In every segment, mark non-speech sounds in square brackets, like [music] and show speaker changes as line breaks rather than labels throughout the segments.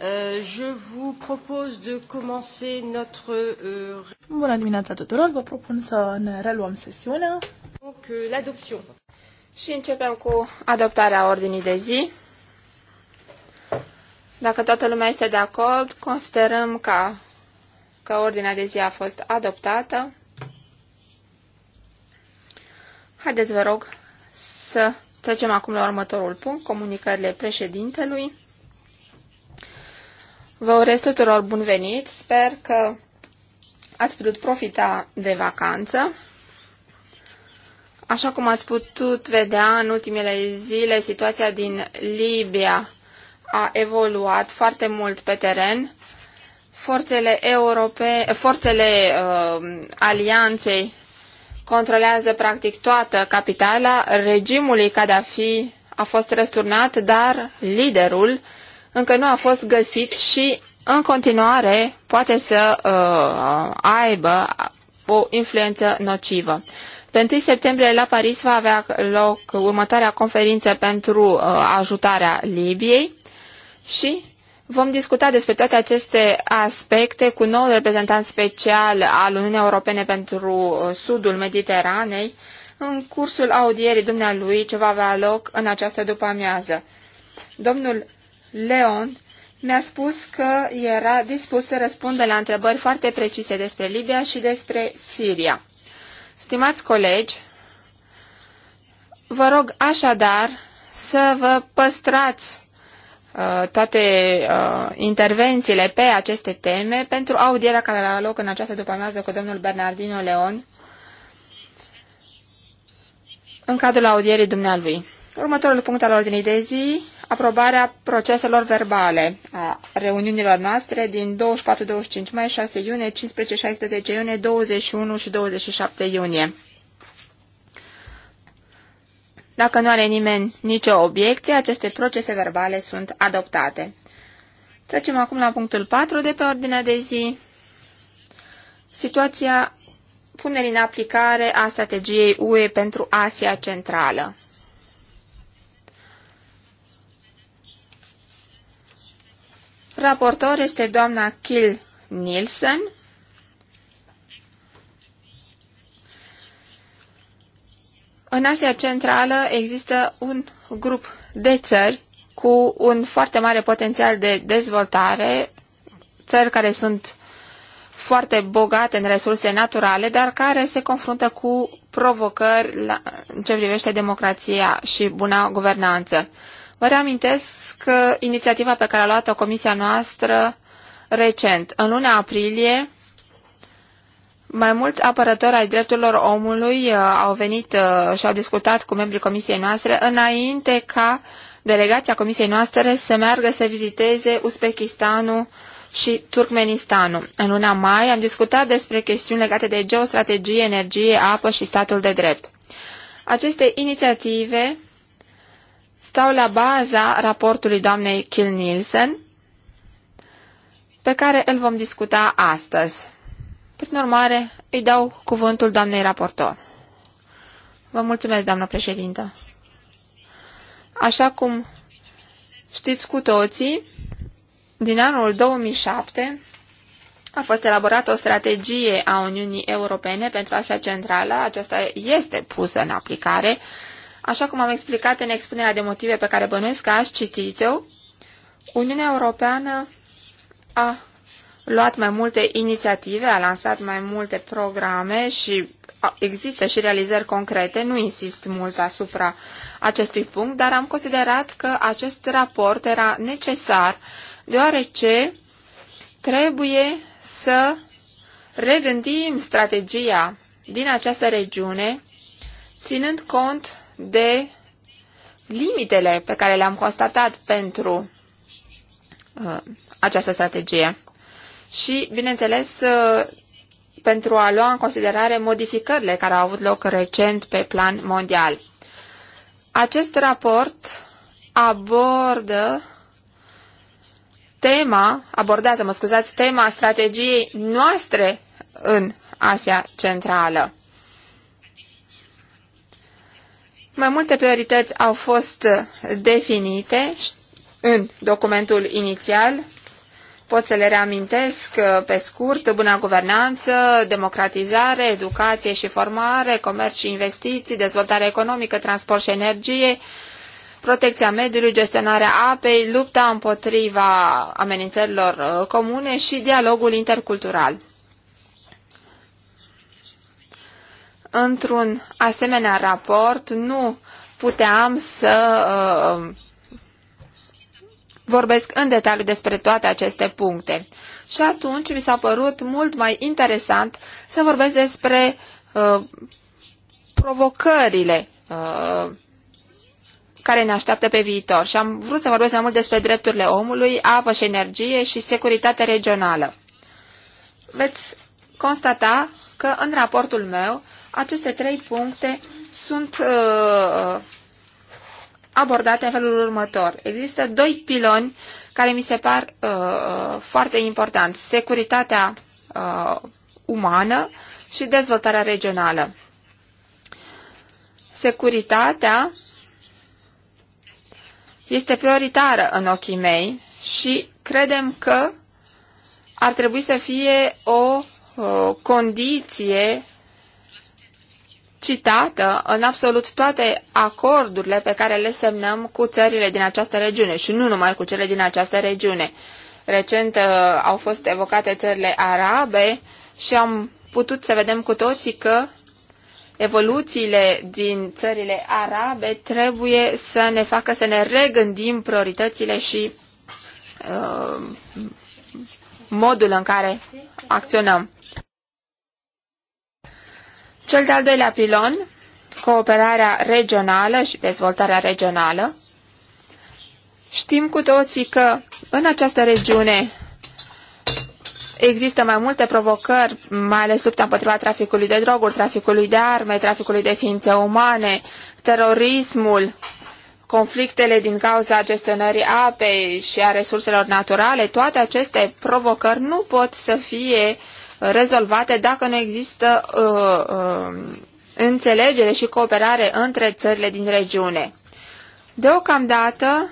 Euh, je vous propose de commencer notre... Euh,
Bună dimineața tuturor, vă propun să ne reluăm sesiunea.
Donc, euh, l'adoption. Și începem cu adoptarea ordinii de zi. Dacă toată lumea este de acord, considerăm ca, că ordinea de zi a fost adoptată. Haideți, vă rog, să trecem acum la următorul punct, comunicările președintelui. Vă urez tuturor bun venit. Sper că ați putut profita de vacanță. Așa cum ați putut vedea în ultimele zile, situația din Libia a evoluat foarte mult pe teren. Forțele, europe, forțele uh, alianței controlează practic toată capitala. Regimului Gaddafi a fost răsturnat, dar liderul încă nu a fost găsit și în continuare poate să uh, aibă o influență nocivă. Pe 1 septembrie la Paris va avea loc următoarea conferință pentru uh, ajutarea Libiei și vom discuta despre toate aceste aspecte cu noul reprezentant special al Uniunii Europene pentru uh, Sudul Mediteranei în cursul audierii dumnealui ce va avea loc în această după-amiază. Domnul Leon mi-a spus că era dispus să răspundă la întrebări foarte precise despre Libia și despre Siria. Stimați colegi, vă rog așadar să vă păstrați uh, toate uh, intervențiile pe aceste teme pentru audierea care la loc în această după cu domnul Bernardino Leon în cadrul audierii dumnealui. Următorul punct al ordinii de zi aprobarea proceselor verbale a reuniunilor noastre din 24-25 mai, 6 iunie, 15-16 iunie, 21 și 27 iunie. Dacă nu are nimeni nicio obiecție, aceste procese verbale sunt adoptate. Trecem acum la punctul 4 de pe ordinea de zi. Situația punerii în aplicare a strategiei UE pentru Asia Centrală. Raportor este doamna Kill Nielsen. În Asia Centrală există un grup de țări cu un foarte mare potențial de dezvoltare, țări care sunt foarte bogate în resurse naturale, dar care se confruntă cu provocări la, în ce privește democrația și buna guvernanță. Vă reamintesc că inițiativa pe care a luat-o comisia noastră recent, în luna aprilie, mai mulți apărători ai drepturilor omului uh, au venit uh, și au discutat cu membrii comisiei noastre înainte ca delegația comisiei noastre să meargă să viziteze Uzbekistanul și Turkmenistanul. În luna mai am discutat despre chestiuni legate de geostrategie, energie, apă și statul de drept. Aceste inițiative stau la baza raportului doamnei Kill Nielsen, pe care îl vom discuta astăzi. Prin urmare, îi dau cuvântul doamnei raportor. Vă mulțumesc, doamnă președintă. Așa cum știți cu toții, din anul 2007 a fost elaborată o strategie a Uniunii Europene pentru Asia Centrală. Aceasta este pusă în aplicare Așa cum am explicat în expunerea de motive pe care bănuiesc că ați citit-o, Uniunea Europeană a luat mai multe inițiative, a lansat mai multe programe și există și realizări concrete. Nu insist mult asupra acestui punct, dar am considerat că acest raport era necesar deoarece trebuie să regândim strategia din această regiune, ținând cont de limitele pe care le-am constatat pentru uh, această strategie. Și, bineînțeles, uh, pentru a lua în considerare modificările care au avut loc recent pe plan mondial. Acest raport abordă tema, abordează, mă scuzați, tema strategiei noastre în Asia Centrală. Mai multe priorități au fost uh, definite în documentul inițial. Pot să le reamintesc uh, pe scurt, bună guvernanță, democratizare, educație și formare, comerț și investiții, dezvoltare economică, transport și energie, protecția mediului, gestionarea apei, lupta împotriva amenințărilor uh, comune și dialogul intercultural. într-un asemenea raport nu puteam să uh, vorbesc în detaliu despre toate aceste puncte. Și atunci mi s-a părut mult mai interesant să vorbesc despre uh, provocările uh, care ne așteaptă pe viitor și am vrut să vorbesc mai mult despre drepturile omului, apă și energie și securitate regională. Veți constata că în raportul meu aceste trei puncte sunt uh, uh, abordate în felul următor. Există doi piloni care mi se par uh, uh, foarte importanți. Securitatea uh, umană și dezvoltarea regională. Securitatea este prioritară în ochii mei și credem că ar trebui să fie o, o uh, condiție citată în absolut toate acordurile pe care le semnăm cu țările din această regiune și nu numai cu cele din această regiune. Recent uh, au fost evocate țările arabe și am putut să vedem cu toții că evoluțiile din țările arabe trebuie să ne facă să ne regândim prioritățile și uh, modul în care acționăm. Cel de-al doilea pilon, cooperarea regională și dezvoltarea regională. Știm cu toții că în această regiune există mai multe provocări, mai ales lupta împotriva traficului de droguri, traficului de arme, traficului de ființe umane, terorismul, conflictele din cauza gestionării apei și a resurselor naturale, toate aceste provocări nu pot să fie uh, rezolvate dacă nu există uh, uh, înțelegere și cooperare între țările din regiune. Deocamdată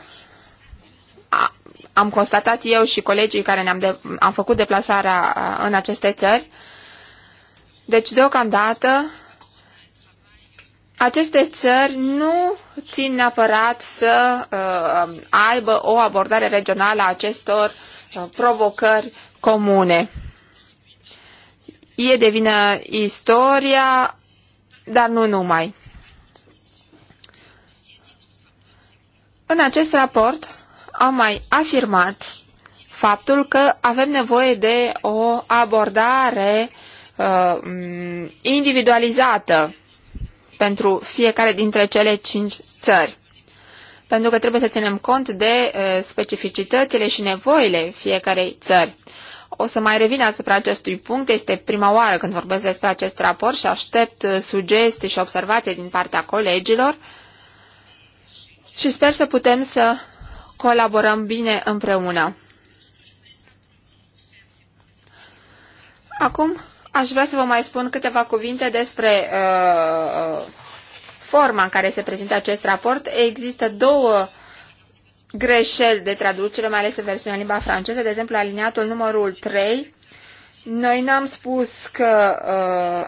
a, am constatat eu și colegii care ne-am de, am făcut deplasarea uh, în aceste țări, deci deocamdată aceste țări nu țin neapărat să uh, aibă o abordare regională a acestor uh, provocări comune e de vină istoria, dar nu numai. În acest raport am mai afirmat faptul că avem nevoie de o abordare uh, individualizată pentru fiecare dintre cele cinci țări. Pentru că trebuie să ținem cont de uh, specificitățile și nevoile fiecarei țări. O să mai revin asupra acestui punct. Este prima oară când vorbesc despre acest raport și aștept uh, sugestii și observații din partea colegilor și sper să putem să colaborăm bine împreună. Acum aș vrea să vă mai spun câteva cuvinte despre uh, uh forma în care se prezintă acest raport. Există două greșeli de traducere, mai ales în versiunea limba franceză, de exemplu, aliniatul numărul 3. Noi n-am spus că uh,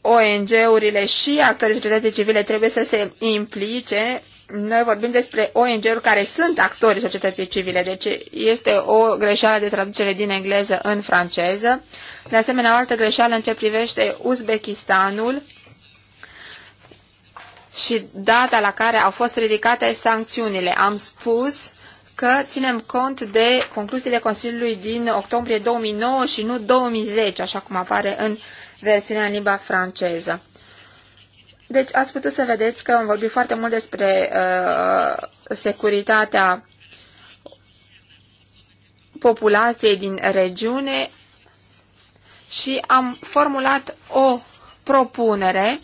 ONG-urile și actorii societății civile trebuie să se implice. Noi vorbim despre ONG-uri care sunt actorii societății civile, deci este o greșeală de traducere din engleză în franceză. De asemenea, o altă greșeală în ce privește Uzbekistanul și data la care au fost ridicate sancțiunile. Am spus că ținem cont de concluziile Consiliului din octombrie 2009 și nu 2010, așa cum apare în versiunea în limba franceză. Deci ați putut să vedeți că am vorbit foarte mult despre uh, securitatea populației din regiune și am formulat o propunere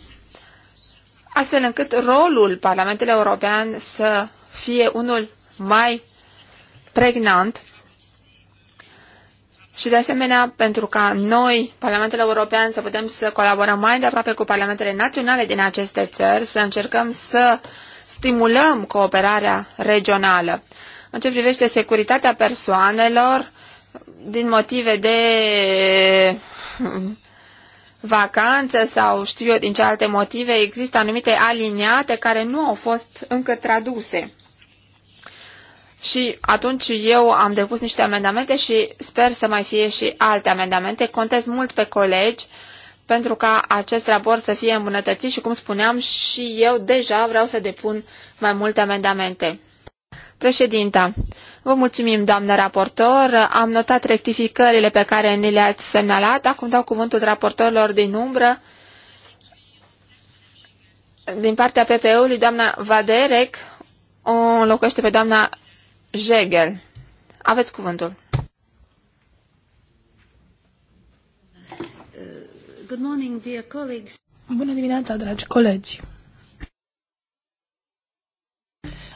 astfel încât rolul Parlamentului European să fie unul mai pregnant și de asemenea, pentru ca noi, Parlamentul European, să putem să colaborăm mai de aproape cu parlamentele naționale din aceste țări, să încercăm să stimulăm cooperarea regională. În ce privește securitatea persoanelor, din motive de vacanță sau știu eu din ce alte motive, există anumite aliniate care nu au fost încă traduse. Și atunci eu am depus niște amendamente și sper să mai fie și alte amendamente. Contez mult pe colegi pentru ca acest raport să fie îmbunătățit și, cum spuneam, și eu deja vreau să depun mai multe amendamente. Președinta, Vă mulțumim, doamnă raportor. Am notat rectificările pe care ni le-ați semnalat. Acum dau cuvântul raportorilor din umbră. Din partea PPE-ului, doamna Vaderec o înlocuiește pe doamna Jegel. Aveți cuvântul.
Good morning, dear colleagues. Bună dimineața, dragi colegi!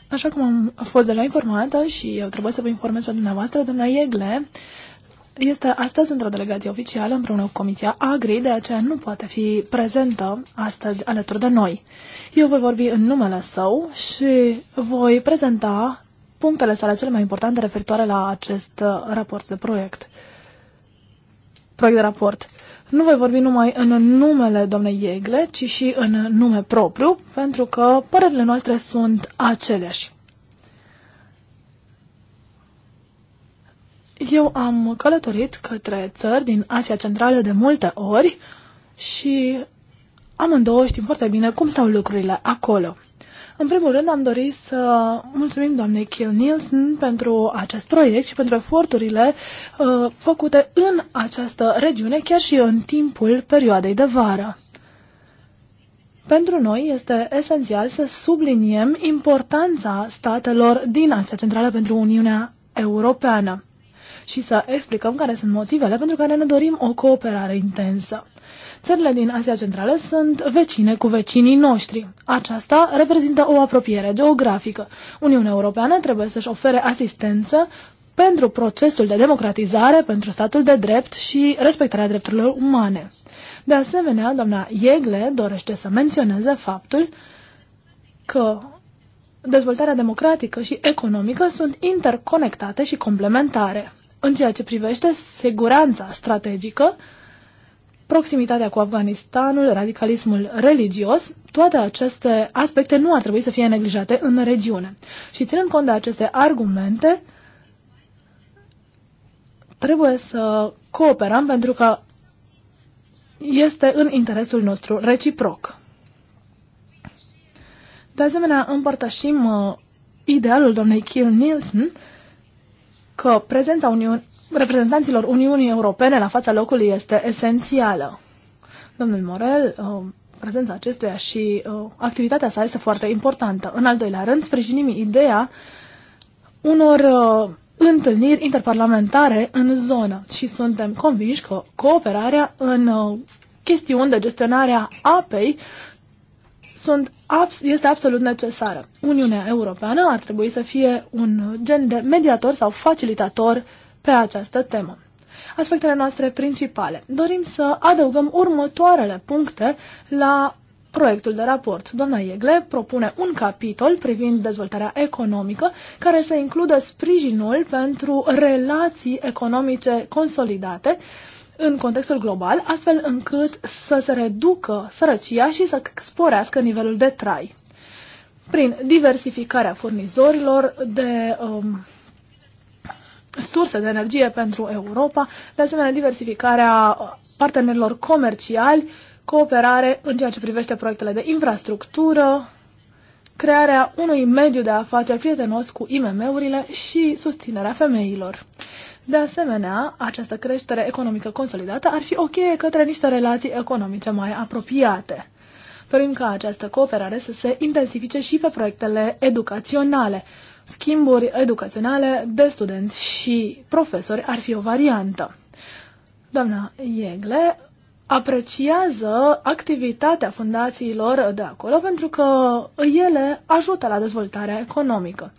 Așa cum am fost deja informată și eu trebuie să vă informez pe dumneavoastră, doamna Iegle este astăzi într-o delegație oficială împreună cu Comisia Agri, de aceea nu poate fi prezentă astăzi alături de noi. Eu voi vorbi în numele său și voi prezenta punctele sale cele mai importante referitoare la acest uh, raport de proiect. Proiect de raport. Nu voi vorbi numai în numele doamnei Iegle, ci și în nume propriu, pentru că părerile noastre sunt aceleași. Eu am călătorit către țări din Asia Centrală de multe ori și amândouă știm foarte bine cum stau lucrurile acolo. În primul rând am dorit să mulțumim doamnei Kiel Nielsen pentru acest proiect și pentru eforturile uh, făcute în această regiune, chiar și în timpul perioadei de vară. Pentru noi este esențial să subliniem importanța statelor din Asia Centrală pentru Uniunea Europeană și să explicăm care sunt motivele pentru care ne dorim o cooperare intensă. Țările din Asia Centrală sunt vecine cu vecinii noștri. Aceasta reprezintă o apropiere geografică. Uniunea Europeană trebuie să-și ofere asistență pentru procesul de democratizare, pentru statul de drept și respectarea drepturilor umane. De asemenea, doamna Iegle dorește să menționeze faptul că dezvoltarea democratică și economică sunt interconectate și complementare. În ceea ce privește siguranța strategică, proximitatea cu Afganistanul, radicalismul religios, toate aceste aspecte nu ar trebui să fie neglijate în regiune. Și ținând cont de aceste argumente, trebuie să cooperăm pentru că este în interesul nostru reciproc. De asemenea, împărtășim uh, idealul domnei Kiel Nielsen că prezența Uniunii reprezentanților Uniunii Europene la fața locului este esențială. Domnul Morel, uh, prezența acestuia și uh, activitatea sa este foarte importantă. În al doilea rând, sprijinim ideea unor uh, întâlniri interparlamentare în zonă și suntem convinși că cooperarea în chestiuni de gestionarea apei sunt, este absolut necesară. Uniunea Europeană ar trebui să fie un gen de mediator sau facilitator pe această temă. Aspectele noastre principale. Dorim să adăugăm următoarele puncte la proiectul de raport. Doamna Iegle propune un capitol privind dezvoltarea economică care să includă sprijinul pentru relații economice consolidate în contextul global, astfel încât să se reducă sărăcia și să sporească nivelul de trai. Prin diversificarea furnizorilor de um, sursă de energie pentru Europa, de asemenea diversificarea partenerilor comerciali, cooperare în ceea ce privește proiectele de infrastructură, crearea unui mediu de afaceri prietenos cu IMM-urile și susținerea femeilor. De asemenea, această creștere economică consolidată ar fi o cheie către niște relații economice mai apropiate. Dorim ca această cooperare să se intensifice și pe proiectele educaționale, Schimburi educaționale de studenți și profesori ar fi o variantă. Doamna Iegle apreciază activitatea fundațiilor de acolo pentru că ele ajută la dezvoltarea economică.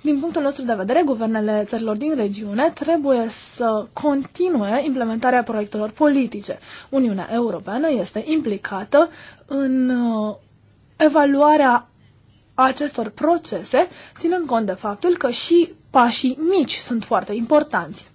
Din punctul nostru de vedere, guvernele țărilor din regiune trebuie să continue implementarea proiectelor politice. Uniunea Europeană este implicată în uh, evaluarea acestor procese, ținând cont de faptul că și pașii mici sunt foarte importanți.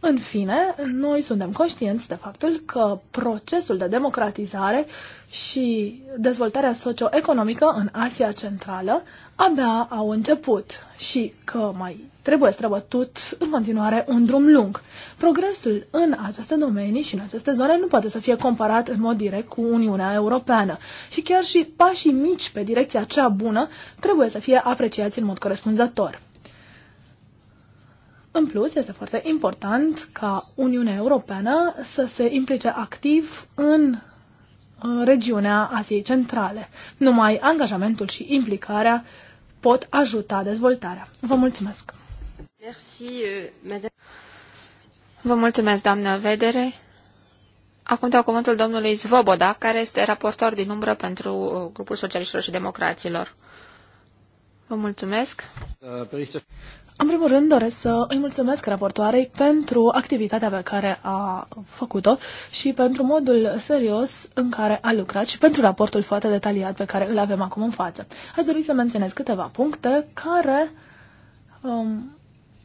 În fine, noi suntem conștienți de faptul că procesul de democratizare și dezvoltarea socioeconomică în Asia Centrală abia au început și că mai Trebuie străbătut în continuare un drum lung. Progresul în aceste domenii și în aceste zone nu poate să fie comparat în mod direct cu Uniunea Europeană și chiar și pașii mici pe direcția cea bună trebuie să fie apreciați în mod corespunzător. În plus, este foarte important ca Uniunea Europeană să se implice activ în regiunea Asiei Centrale. Numai angajamentul și implicarea pot
ajuta dezvoltarea. Vă mulțumesc! Euh, Vă mulțumesc, doamnă Vedere. Acum dau cuvântul domnului Zvoboda, care este raportor din umbră pentru uh, grupul socialiștilor și democraților. Vă mulțumesc. În primul rând doresc să îi mulțumesc raportoarei pentru
activitatea pe care a făcut-o și pentru modul serios în care a lucrat și pentru raportul foarte detaliat pe care îl avem acum în față. Aș dori să menționez câteva puncte care um,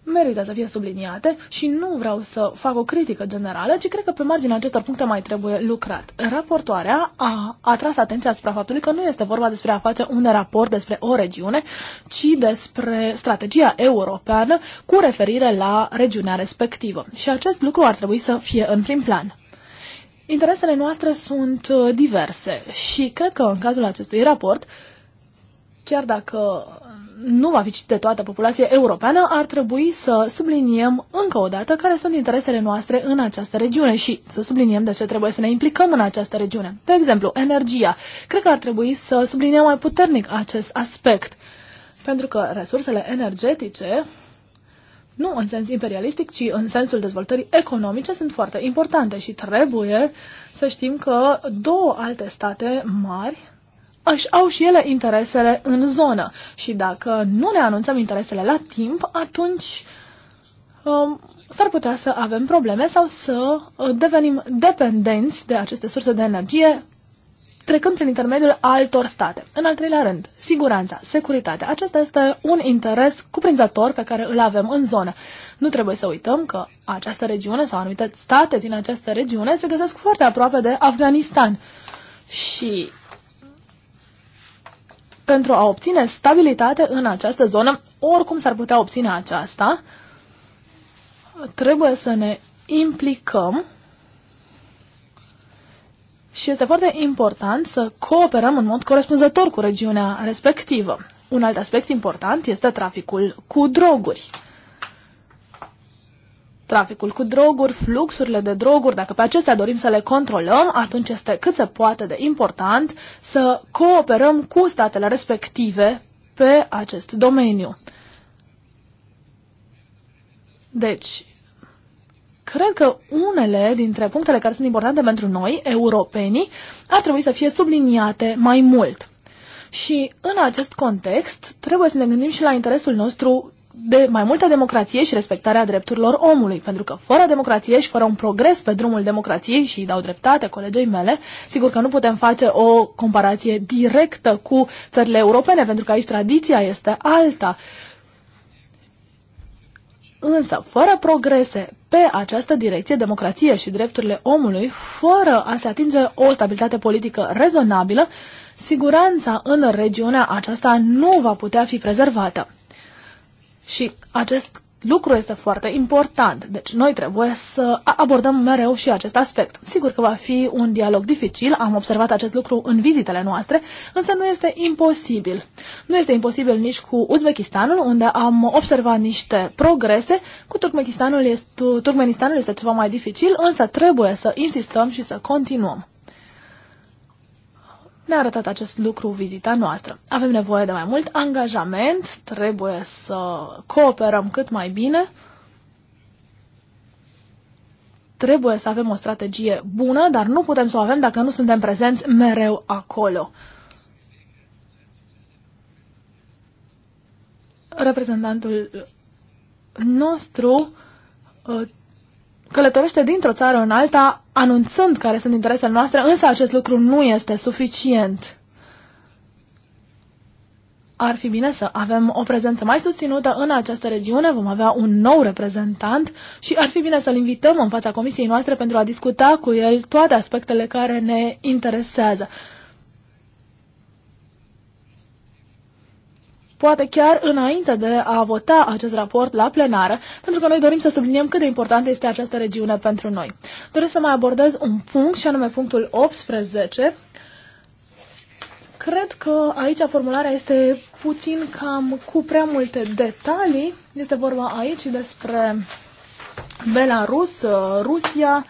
merită să fie subliniate și nu vreau să fac o critică generală, ci cred că pe marginea acestor puncte mai trebuie lucrat. Raportoarea a atras atenția asupra faptului că nu este vorba despre a face un raport despre o regiune, ci despre strategia europeană cu referire la regiunea respectivă. Și acest lucru ar trebui să fie în prim plan. Interesele noastre sunt uh, diverse și cred că în cazul acestui raport, chiar dacă nu va fi de toată populația europeană, ar trebui să subliniem încă o dată care sunt interesele noastre în această regiune și să subliniem de ce trebuie să ne implicăm în această regiune. De exemplu, energia. Cred că ar trebui să subliniem mai puternic acest aspect, pentru că resursele energetice nu în sens imperialistic, ci în sensul dezvoltării economice, sunt foarte importante și trebuie să știm că două alte state mari își au și ele interesele în zonă. Și dacă nu ne anunțăm interesele la timp, atunci um, s-ar putea să avem probleme sau să uh, devenim dependenți de aceste surse de energie trecând prin intermediul altor state. În al treilea rând, siguranța, securitatea. Acesta este un interes cuprinzător pe care îl avem în zonă. Nu trebuie să uităm că această regiune sau anumite state din această regiune se găsesc foarte aproape de Afganistan. Și pentru a obține stabilitate în această zonă, oricum s-ar putea obține aceasta, trebuie să ne implicăm și este foarte important să cooperăm în mod corespunzător cu regiunea respectivă. Un alt aspect important este traficul cu droguri traficul cu droguri, fluxurile de droguri, dacă pe acestea dorim să le controlăm, atunci este cât se poate de important să cooperăm cu statele respective pe acest domeniu. Deci, cred că unele dintre punctele care sunt importante pentru noi, europenii, ar trebui să fie subliniate mai mult. Și în acest context trebuie să ne gândim și la interesul nostru de mai multă democrație și respectarea drepturilor omului, pentru că fără democrație și fără un progres pe drumul democrației și dau dreptate colegei mele, sigur că nu putem face o comparație directă cu țările europene, pentru că aici tradiția este alta. Însă, fără progrese pe această direcție, democrație și drepturile omului, fără a se atinge o stabilitate politică rezonabilă, siguranța în regiunea aceasta nu va putea fi prezervată. Și acest lucru este foarte important. Deci noi trebuie să abordăm mereu și acest aspect. Sigur că va fi un dialog dificil, am observat acest lucru în vizitele noastre, însă nu este imposibil. Nu este imposibil nici cu Uzbekistanul, unde am observat niște progrese. Cu Turkmenistanul este, Turkmenistanul este ceva mai dificil, însă trebuie să insistăm și să continuăm ne-a arătat acest lucru vizita noastră. Avem nevoie de mai mult angajament, trebuie să cooperăm cât mai bine, trebuie să avem o strategie bună, dar nu putem să o avem dacă nu suntem prezenți mereu acolo. Reprezentantul nostru uh, călătorește dintr-o țară în alta anunțând care sunt interesele noastre, însă acest lucru nu este suficient. Ar fi bine să avem o prezență mai susținută în această regiune, vom avea un nou reprezentant și ar fi bine să-l invităm în fața comisiei noastre pentru a discuta cu el toate aspectele care ne interesează. poate chiar înainte de a vota acest raport la plenară, pentru că noi dorim să subliniem cât de importantă este această regiune pentru noi. Doresc să mai abordez un punct, și anume punctul 18. Cred că aici formularea este puțin cam cu prea multe detalii. Este vorba aici despre Belarus, Rusia,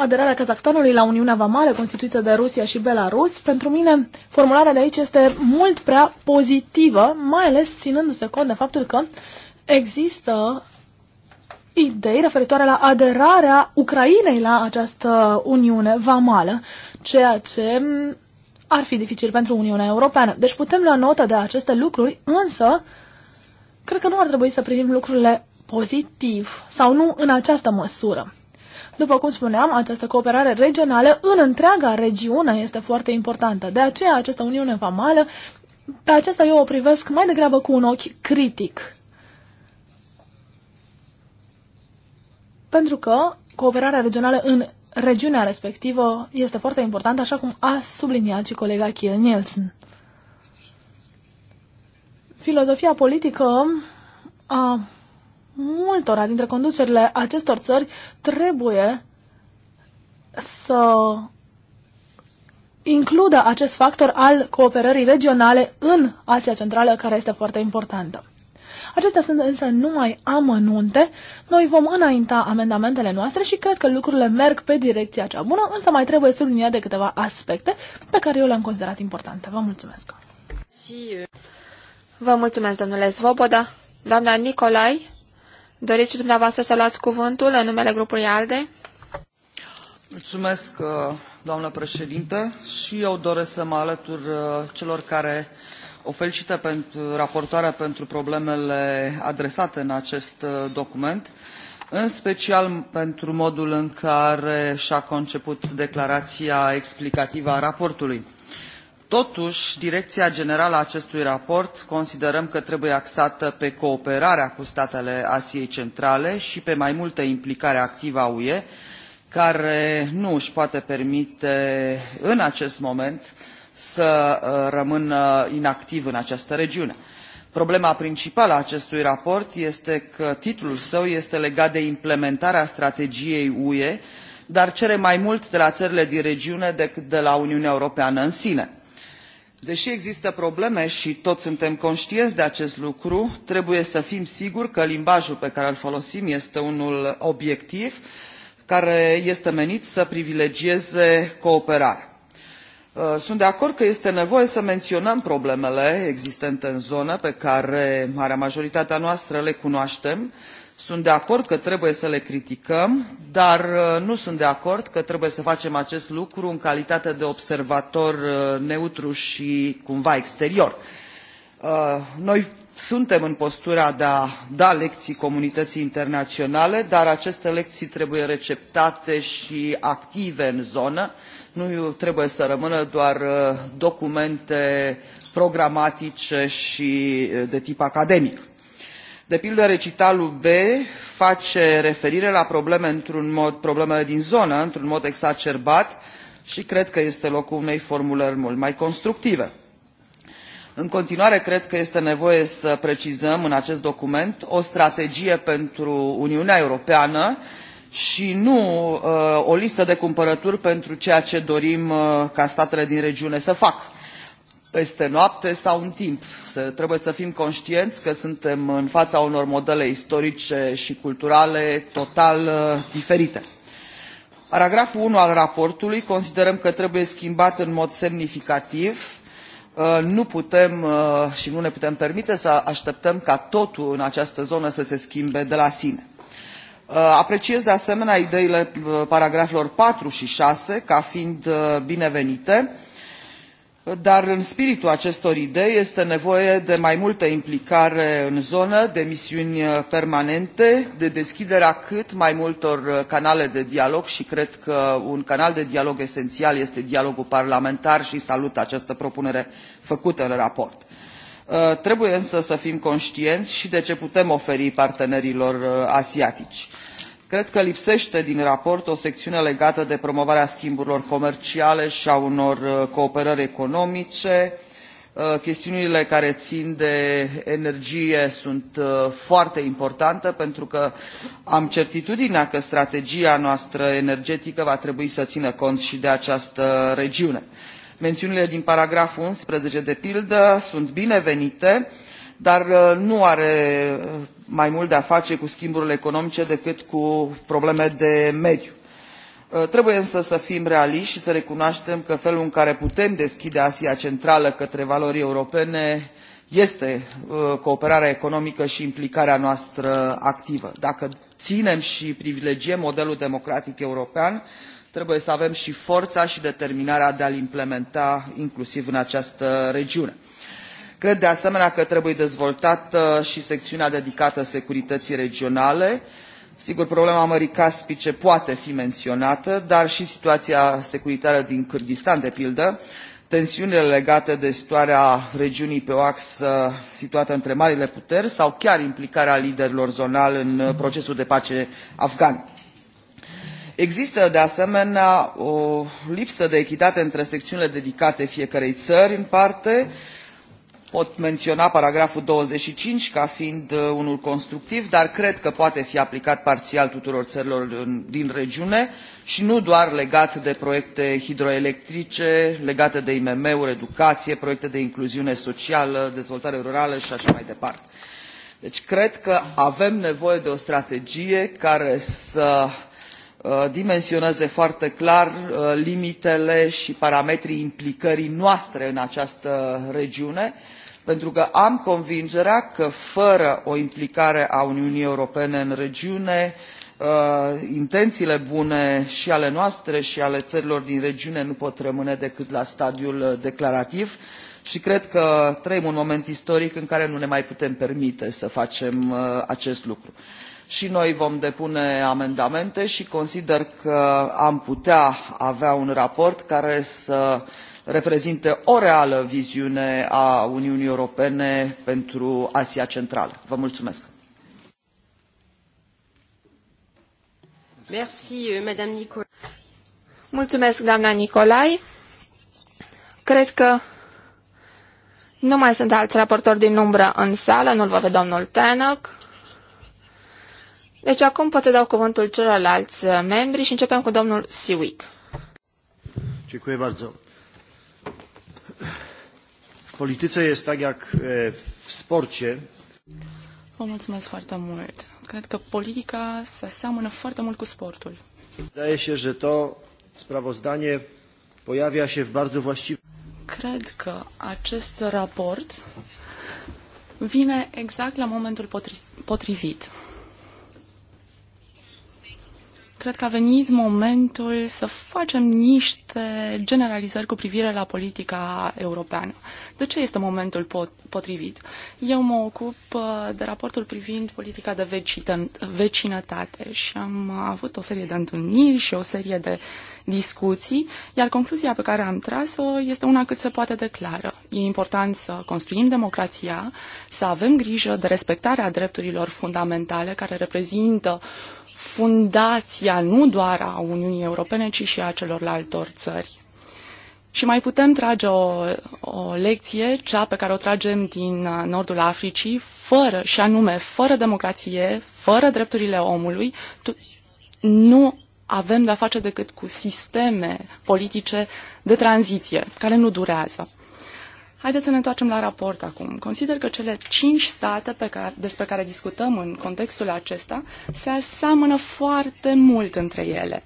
aderarea Kazahstanului la Uniunea Vamală constituită de Rusia și Belarus, pentru mine formularea de aici este mult prea pozitivă, mai ales ținându-se cont de faptul că există idei referitoare la aderarea Ucrainei la această Uniune Vamală, ceea ce ar fi dificil pentru Uniunea Europeană. Deci putem lua notă de aceste lucruri, însă cred că nu ar trebui să privim lucrurile pozitiv sau nu în această măsură. După cum spuneam, această cooperare regională în întreaga regiune este foarte importantă. De aceea, această Uniune Vamală, pe aceasta eu o privesc mai degrabă cu un ochi critic. Pentru că cooperarea regională în regiunea respectivă este foarte importantă, așa cum a subliniat și colega Kiel Nielsen. Filozofia politică a multora dintre conducerile acestor țări trebuie să includă acest factor al cooperării regionale în Asia Centrală, care este foarte importantă. Acestea sunt însă numai amănunte. Noi vom înainta amendamentele noastre și cred că lucrurile merg pe direcția cea bună, însă mai trebuie de câteva aspecte
pe care eu le-am considerat importante. Vă mulțumesc! Vă mulțumesc, domnule Svoboda. Doamna Nicolai, Doriți dumneavoastră să luați cuvântul în numele grupului ALDE?
Mulțumesc, uh, doamnă președinte, și eu doresc să mă alătur uh, celor care o felicită pentru raportoarea pentru problemele adresate în acest uh, document, în special pentru modul în care și-a conceput declarația explicativă a raportului Totuși, direcția generală a acestui raport considerăm că trebuie axată pe cooperarea cu statele Asiei Centrale și pe mai multă implicare activă a UE, care nu își poate permite în acest moment să uh, rămână inactiv în această regiune. Problema principală a acestui raport este că titlul său este legat de implementarea strategiei UE, dar cere mai mult de la țările din regiune decât de la Uniunea Europeană în sine Deși există probleme și toți suntem conștienți de acest lucru, trebuie să fim siguri că limbajul pe care îl folosim este unul obiectiv, care este menit să privilegieze cooperarea. Uh, sunt de acord că este nevoie să menționăm problemele existente în zonă, pe care marea majoritatea noastră le cunoaștem, sunt de acord că trebuie să le criticăm, dar uh, nu sunt de acord că trebuie să facem acest lucru în calitate de observator uh, neutru și cumva exterior. Uh, noi suntem în postura de a da lecții comunității internaționale, dar aceste lecții trebuie receptate și active în zonă. Nu trebuie să rămână doar documente programatice și de tip academic de pildă recitalul b face referire la probleme mod, problemele din zonă într un mod exacerbat și cred că este locul unei formulări mult mai constructive. În continuare, cred că este nevoie să precizăm în acest document o strategie pentru Uniunea Europeană și nu uh, o listă de cumpărături pentru ceea ce dorim uh, ca statele din regiune să facă peste noapte sau în timp. Trebuie să fim conștienți că suntem în fața unor modele istorice și culturale total uh, diferite. Paragraful 1 al raportului considerăm că trebuie schimbat în mod semnificativ. Uh, nu putem uh, și nu ne putem permite să așteptăm ca totul în această zonă să se schimbe de la sine. Apreciez de asemenea ideile paragrafelor 4 și 6 ca fiind binevenite dar în spiritul acestor idei este nevoie de mai multă implicare în zonă de misiuni uh, permanente de deschiderea cât mai multor uh, canale de dialog și cred că un canal de dialog esențial este dialogul parlamentar și salut această propunere făcută în raport. Uh, trebuie însă să fim conștienți și de ce putem oferi partenerilor asiatici. Cred că lipsește din raport o secțiune legată de promovarea schimburilor comerciale și a unor uh, cooperări economice. Uh, chestiunile care țin de energie sunt uh, foarte importante pentru că am certitudinea că strategia noastră energetică va trebui să țină cont și de această regiune. Mențiunile din paragraful 11, de pildă, sunt binevenite, dar nu are mai mult de a face cu schimburile economice decât cu probleme de mediu. Uh, trebuie însă să fim realiști și să recunoaștem că felul în care putem deschide Asia Centrală către valori europene este uh, cooperarea economică și implicarea noastră activă. Dacă ținem și privilegiem modelul democratic european, trebuie să avem și forța și determinarea de a-l implementa inclusiv în această regiune. Cred de asemenea că trebuie dezvoltată și secțiunea dedicată securității regionale. Sigur, problema Mării Caspice poate fi menționată, dar și situația securitară din Kurdistan, de pildă, tensiunile legate de situarea regiunii pe uh, situată între marile puteri sau chiar implicarea liderilor zonali în uh, procesul de pace afgan. Există, de asemenea, o lipsă de echitate între secțiunile dedicate fiecarei țări în parte, Pot menționa paragraful 25 ca fiind uh, unul constructiv, dar cred că poate fi aplicat parțial tuturor țărilor din regiune și nu doar legat de proiecte hidroelectrice, legate de IMM-uri, educație, proiecte de incluziune socială, dezvoltare rurală și așa mai departe. Deci cred că avem nevoie de o strategie care să uh, dimensioneze foarte clar uh, limitele și parametrii implicării noastre în această regiune pentru că am convingerea că fără o implicare a Uniunii Europene în regiune, uh, intențiile bune și ale noastre și ale țărilor din regiune nu pot rămâne decât la stadiul uh, declarativ și cred că trăim un moment istoric în care nu ne mai putem permite să facem uh, acest lucru. Și noi vom depune amendamente și consider că am putea avea un raport care să reprezintă o reală viziune a Uniunii Europene pentru Asia Centrală. Vă mulțumesc!
Euh, mulțumesc, doamna Nicolai. Cred că nu mai sunt alți raportori din umbră în sală, nu-l văd pe domnul Tenoc. Deci acum pot să dau cuvântul celorlalți membri și începem cu domnul Siwick.
Dziękuję bardzo politice jest tak jak w sporcie.
Vă mulțumesc foarte mult. Cred că politica se seamănă foarte mult cu
sportul. Wydaje się, że to sprawozdanie pojawia się w bardzo właściwym...
Cred că acest raport vine exact la momentul potri... potrivit. Cred că a venit momentul să facem niște generalizări cu privire la politica europeană. De ce este momentul pot, potrivit? Eu mă ocup uh, de raportul privind politica de vecinătate și am avut o serie de întâlniri și o serie de discuții, iar concluzia pe care am tras-o este una cât se poate de E important să construim democrația, să avem grijă de respectarea drepturilor fundamentale care reprezintă fundația nu doar a Uniunii Europene, ci și a celorlaltor țări. Și mai putem trage o, o lecție, cea pe care o tragem din nordul Africii, fără, și anume, fără democrație, fără drepturile omului, tu, nu avem de-a face decât cu sisteme politice de tranziție, care nu durează. Haideți să ne întoarcem la raport acum. Consider că cele cinci state pe care, despre care discutăm în contextul acesta se aseamănă foarte mult între ele.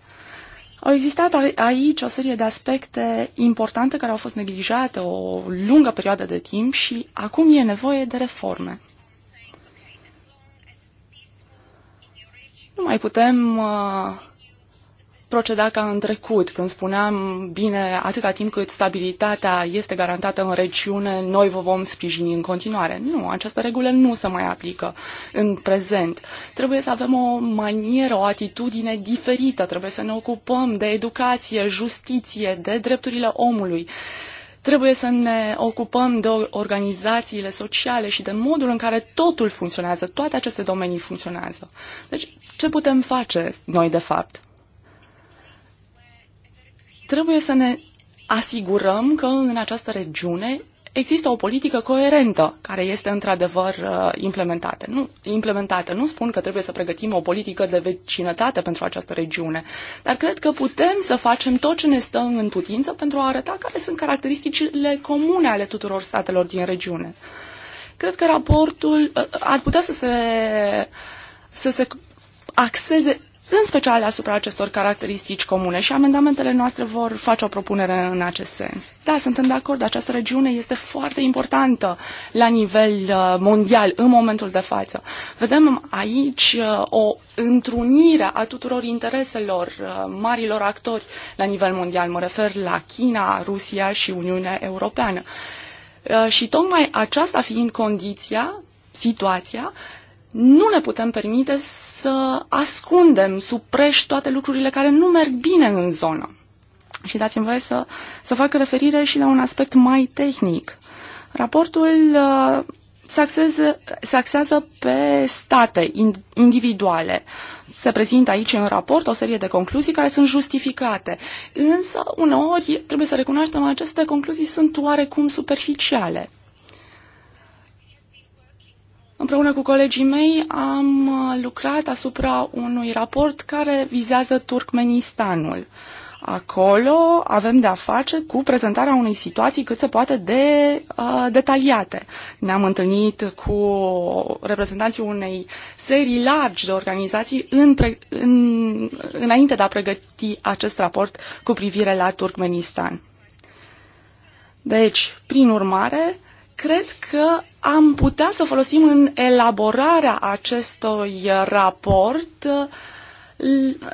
Au existat aici o serie de aspecte importante care au fost neglijate o lungă perioadă de timp și acum e nevoie de reforme. Nu mai putem uh, proceda ca în trecut, când spuneam, bine, atâta timp cât stabilitatea este garantată în regiune, noi vă vom sprijini în continuare. Nu, această regulă nu se mai aplică în prezent. Trebuie să avem o manieră, o atitudine diferită, trebuie să ne ocupăm de educație, justiție, de drepturile omului trebuie să ne ocupăm de organizațiile sociale și de modul în care totul funcționează, toate aceste domenii funcționează. Deci, ce putem face noi, de fapt? Trebuie să ne asigurăm că în această regiune există o politică coerentă care este într-adevăr uh, implementată. Nu, implementată. Nu spun că trebuie să pregătim o politică de vecinătate pentru această regiune, dar cred că putem să facem tot ce ne stă în putință pentru a arăta care sunt caracteristicile comune ale tuturor statelor din regiune. Cred că raportul uh, ar putea să se, să se axeze în special asupra acestor caracteristici comune și amendamentele noastre vor face o propunere în acest sens. Da, suntem de acord, această regiune este foarte importantă la nivel uh, mondial în momentul de față. Vedem aici uh, o întrunire a tuturor intereselor uh, marilor actori la nivel mondial. Mă refer la China, Rusia și Uniunea Europeană. Și tocmai aceasta fiind condiția, situația, nu ne putem permite să ascundem sub preș toate lucrurile care nu merg bine în zonă. Și dați-mi voie să, să fac referire și la un aspect mai tehnic. Raportul uh, se, axează se axează pe state individuale. Se prezintă aici în raport o serie de concluzii care sunt justificate, însă uneori trebuie să recunoaștem aceste concluzii sunt oarecum superficiale. Împreună cu colegii mei am uh, lucrat asupra unui raport care vizează Turkmenistanul. Acolo avem de-a face cu prezentarea unei situații cât se poate de uh, detaliate. Ne-am întâlnit cu reprezentanții unei serii largi de organizații în pre- în, înainte de a pregăti acest raport cu privire la Turkmenistan. Deci, prin urmare, cred că am putea să folosim în elaborarea acestui raport,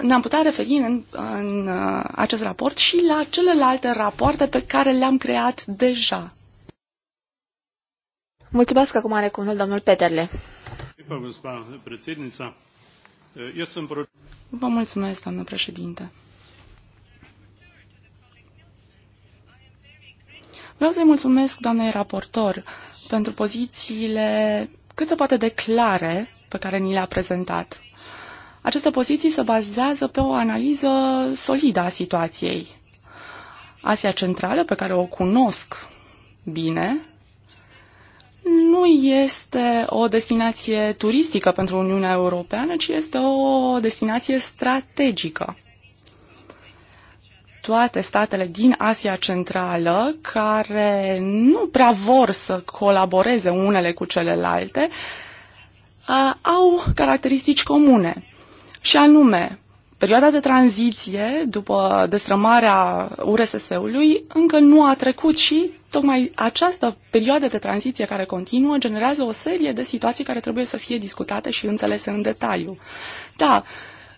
ne-am putea referi în, în uh, acest raport și la celelalte rapoarte pe care le-am
creat deja. Mulțumesc acum are cuvântul domnul Peterle. Eh, Vă mulțumesc,
doamnă președinte. Vreau să-i mulțumesc, doamnei raportor pentru pozițiile cât se poate de clare pe care ni le-a prezentat. Aceste poziții se bazează pe o analiză solidă a situației. Asia Centrală, pe care o cunosc bine, nu este o destinație turistică pentru Uniunea Europeană, ci este o destinație strategică toate statele din Asia Centrală care nu prea vor să colaboreze unele cu celelalte au caracteristici comune și anume perioada de tranziție după destrămarea URSS-ului încă nu a trecut și tocmai această perioadă de tranziție care continuă generează o serie de situații care trebuie să fie discutate și înțelese în detaliu. Da,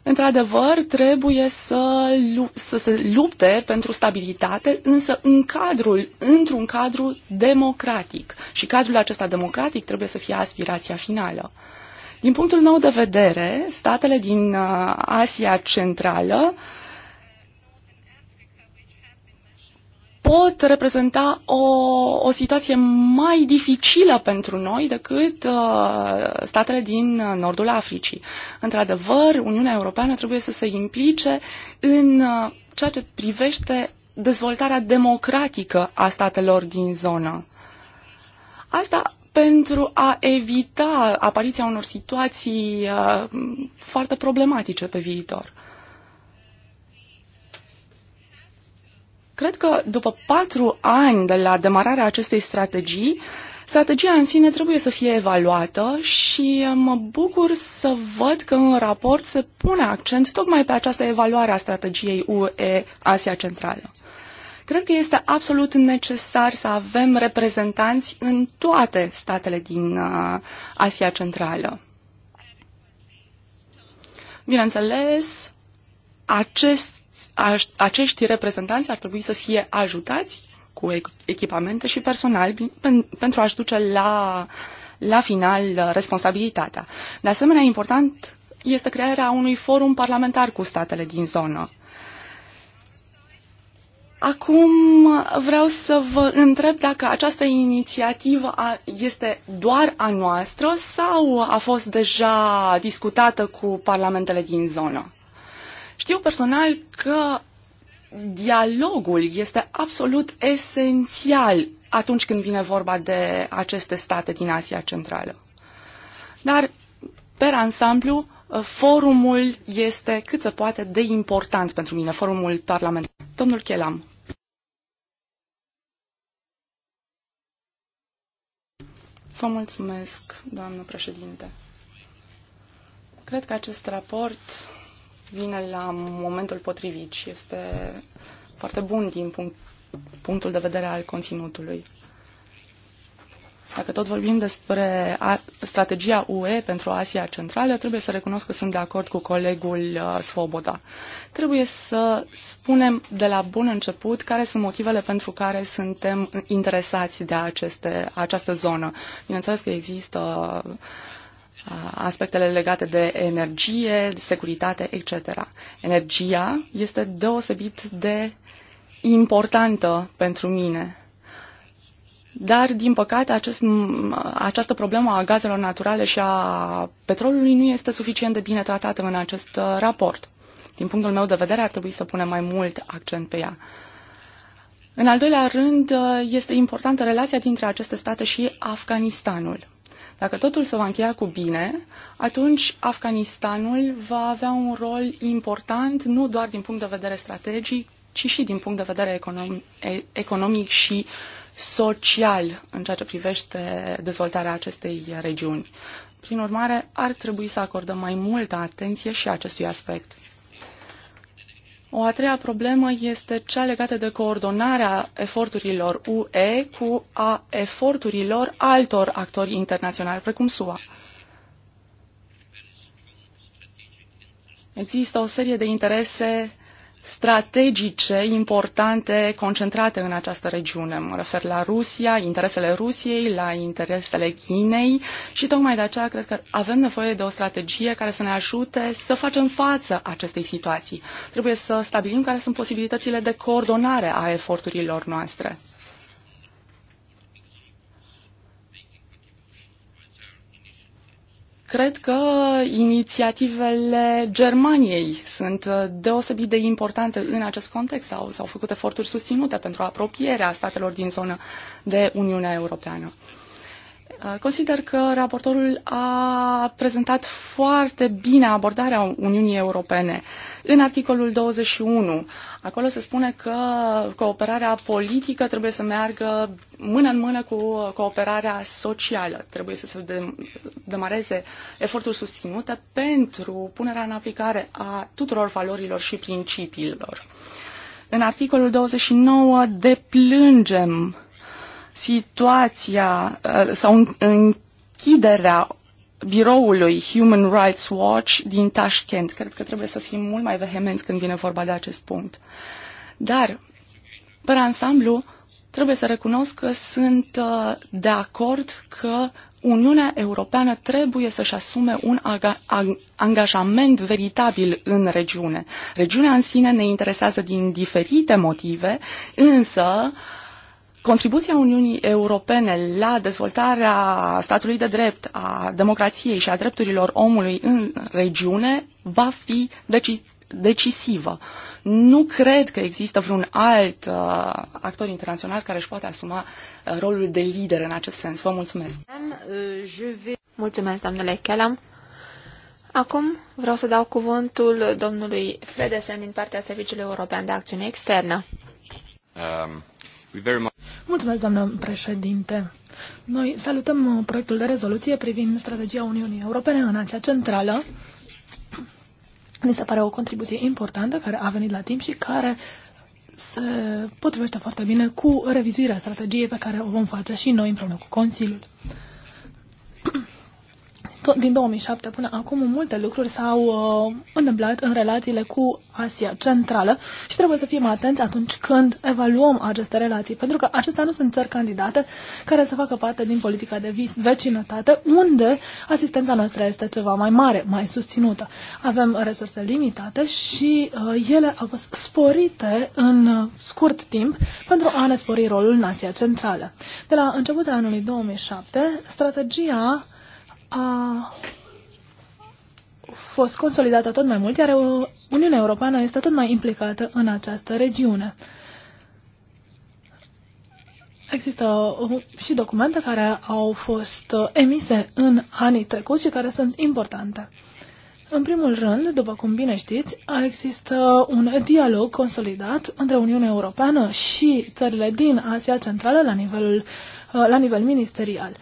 într-adevăr, trebuie să, să se lupte pentru stabilitate, însă în cadrul, într-un cadru democratic. Și cadrul acesta democratic trebuie să fie aspirația finală. Din punctul meu de vedere, statele din uh, Asia Centrală uh, pot reprezenta o, o situație mai dificilă pentru noi decât uh, statele din uh, nordul Africii. Într-adevăr, Uniunea Europeană trebuie să se implice în uh, ceea ce privește dezvoltarea democratică a statelor din zonă. Asta pentru a evita apariția unor situații uh, foarte problematice pe viitor. Cred că după patru ani de la demararea acestei strategii, strategia în sine trebuie să fie evaluată și mă bucur să văd că în raport se pune accent tocmai pe această evaluare a strategiei UE Asia Centrală. Cred că este absolut necesar să avem reprezentanți în toate statele din uh, Asia Centrală. Bineînțeles, acest acești reprezentanți ar trebui să fie ajutați cu echipamente și personal pentru a-și duce la, la final uh, responsabilitatea. De asemenea, important este crearea unui forum parlamentar cu statele din zonă. Acum vreau să vă întreb dacă această inițiativă este doar a noastră sau a fost deja discutată cu parlamentele din zonă. Știu personal că dialogul este absolut esențial atunci când vine vorba de aceste state din Asia Centrală. Dar, pe ansamblu, forumul este cât se poate de important pentru mine, forumul parlamentar. Domnul Chelam. Vă mulțumesc, doamnă președinte. Cred că acest raport vine la momentul potrivit și este foarte bun din punct, punctul de vedere al conținutului. Dacă tot vorbim despre a, strategia UE pentru Asia Centrală, trebuie să recunosc că sunt de acord cu colegul uh, Svoboda. Trebuie să spunem de la bun început care sunt motivele pentru care suntem interesați de aceste, această zonă. Bineînțeles că există aspectele legate de energie, securitate, etc. Energia este deosebit de importantă pentru mine. Dar, din păcate, acest, această problemă a gazelor naturale și a petrolului nu este suficient de bine tratată în acest uh, raport. Din punctul meu de vedere, ar trebui să punem mai mult accent pe ea. În al doilea rând, uh, este importantă relația dintre aceste state și Afganistanul. Dacă totul se va încheia cu bine, atunci Afganistanul va avea un rol important nu doar din punct de vedere strategic, ci și din punct de vedere economic, economic și social în ceea ce privește dezvoltarea acestei regiuni. Prin urmare, ar trebui să acordăm mai multă atenție și acestui aspect. O a treia problemă este cea legată de coordonarea eforturilor UE cu a eforturilor altor actori internaționali, precum SUA. Există o serie de interese strategice importante concentrate în această regiune. Mă refer la Rusia, interesele Rusiei, la interesele Chinei și tocmai de aceea cred că avem nevoie de o strategie care să ne ajute să facem față acestei situații. Trebuie să stabilim care sunt posibilitățile de coordonare a eforturilor noastre. Cred că inițiativele Germaniei sunt uh, deosebit de importante în acest context. S-au, s-au făcut eforturi susținute pentru apropierea statelor din zonă de Uniunea Europeană. Uh, consider că raportorul a prezentat foarte bine abordarea Uniunii Europene. În articolul 21, acolo se spune că cooperarea politică trebuie să meargă mână în mână cu cooperarea socială. Trebuie să se demareze eforturi susținute pentru punerea în aplicare a tuturor valorilor și principiilor. În articolul 29 deplângem uh, situația uh, sau închiderea biroului Human Rights Watch din Tashkent. Cred că trebuie să fim mult mai vehemenți când vine vorba de acest punct. Dar, pe ansamblu, trebuie să recunosc că sunt uh, de acord că Uniunea Europeană trebuie să-și asume un angajament veritabil în regiune. Regiunea în sine ne interesează din diferite motive, însă uh, Contribuția Uniunii Europene la dezvoltarea statului de drept, a democrației și a drepturilor omului în regiune va fi deci decisivă. Nu cred că există vreun alt uh, actor internațional care își poate asuma uh, rolul de lider în acest sens. Vă mulțumesc. Mulțumesc,
domnule Kellam. Acum vreau să dau cuvântul domnului Fredesen din partea Serviciului European de Acțiune Externă.
Um.
Mulțumesc, doamnă președinte. Noi salutăm uh, proiectul de rezoluție privind strategia Uniunii Europene în Asia Centrală. Ne se pare o contribuție importantă care a venit la timp și care se potrivește foarte bine cu revizuirea strategiei pe care o vom face și noi împreună cu Consiliul din 2007 până acum multe lucruri s-au uh, întâmplat în relațiile cu Asia Centrală și trebuie să fim atenți atunci când evaluăm aceste relații, pentru că acestea nu sunt țări candidate care să facă parte din politica de vecinătate, unde asistența noastră este ceva mai mare, mai susținută. Avem resurse limitate și uh, ele au fost sporite în uh, scurt timp pentru a ne spori rolul în Asia Centrală. De la începutul anului 2007, strategia a fost consolidată tot mai mult, iar Uniunea Europeană este tot mai implicată în această regiune. Există și documente care au fost uh, emise în anii trecuți și care sunt importante. În primul rând, după cum bine știți, există un dialog consolidat între Uniunea Europeană și țările din Asia Centrală la, nivelul, uh, la nivel ministerial.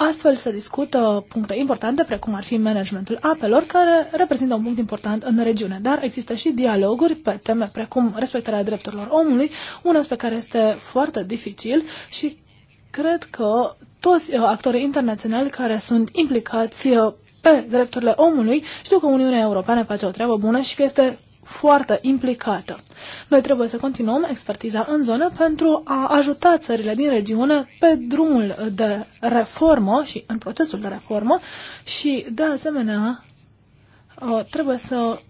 Astfel se discută puncte importante, precum ar fi managementul apelor, care reprezintă un punct important în regiune. Dar există și dialoguri pe teme precum respectarea drepturilor omului, un aspect care este foarte dificil și cred că toți uh, actorii internaționali care sunt implicați uh, pe drepturile omului știu că Uniunea Europeană face o treabă bună și că este foarte implicată. Noi trebuie să continuăm expertiza în zonă pentru a ajuta țările din regiune pe drumul de reformă și în procesul de reformă și, de asemenea, uh, trebuie să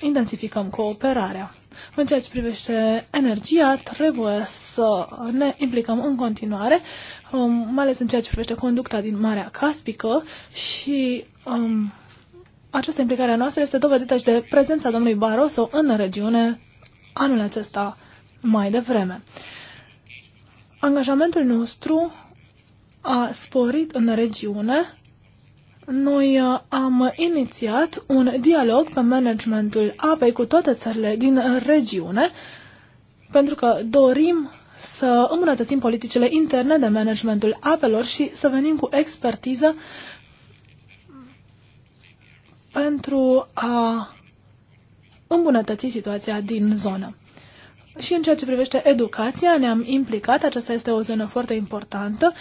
intensificăm cooperarea. În ceea ce privește energia, trebuie să ne implicăm în continuare, um, mai ales în ceea ce privește conducta din Marea Caspică și um, această implicare a noastră este dovedită și de prezența domnului Barroso în regiune anul acesta mai devreme. Angajamentul nostru a sporit în regiune. Noi uh, am inițiat un dialog pe managementul apei cu toate țările din regiune, pentru că dorim să îmbunătățim politicile interne de managementul apelor și să venim cu expertiză pentru a îmbunătăți situația din zonă. Și în ceea ce privește educația, ne-am implicat, aceasta este o zonă foarte importantă.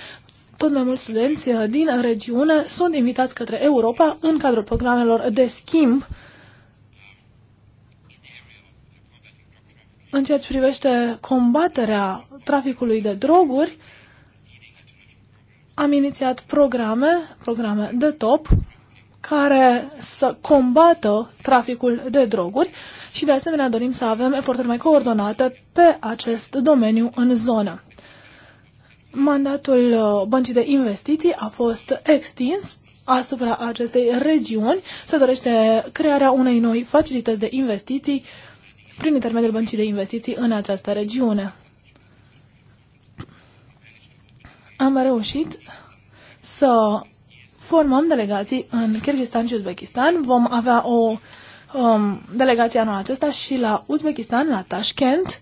Tot mai mulți studenți uh, din regiune sunt invitați către Europa în cadrul programelor de schimb în ceea ce privește combaterea traficului de droguri, am inițiat programe, programe de top, care să combată traficul de droguri și de asemenea dorim să avem eforturi mai coordonate pe acest domeniu în zonă. Mandatul uh, Băncii de Investiții a fost extins asupra acestei regiuni. Se dorește crearea unei noi facilități de investiții prin intermediul Băncii de Investiții în această regiune. Am reușit să formăm delegații în Kyrgyzstan și Uzbekistan. Vom avea o um, delegație anul acesta și la Uzbekistan, la Tashkent.